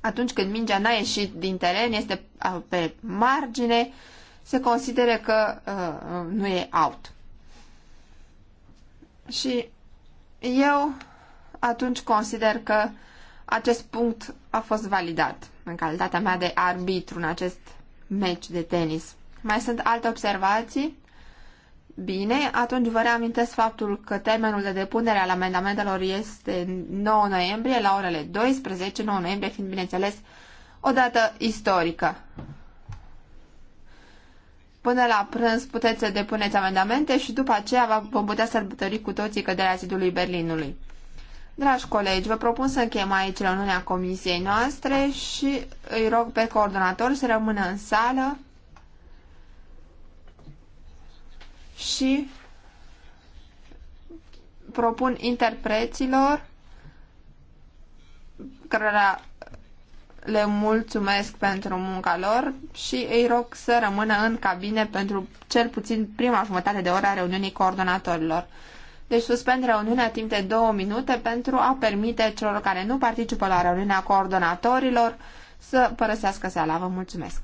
atunci când mingea n-a ieșit din teren, este pe margine, se considere că uh, nu e out. Și eu atunci consider că acest punct a fost validat în calitatea mea de arbitru în acest meci de tenis. Mai sunt alte observații? Bine, atunci vă reamintesc faptul că termenul de depunere al amendamentelor este 9 noiembrie la orele 12, 9 noiembrie fiind, bineînțeles, o dată istorică. Până la prânz puteți să depuneți amendamente și după aceea vom putea sărbători cu toții căderea zidului Berlinului. Dragi colegi, vă propun să încheiem aici reuniunea comisiei noastre și îi rog pe coordonator să rămână în sală și propun interpreților cărora le mulțumesc pentru munca lor și îi rog să rămână în cabine pentru cel puțin prima jumătate de oră a reuniunii coordonatorilor. Deci suspend reuniunea timp de două minute pentru a permite celor care nu participă la reuniunea coordonatorilor să părăsească sala. Vă mulțumesc!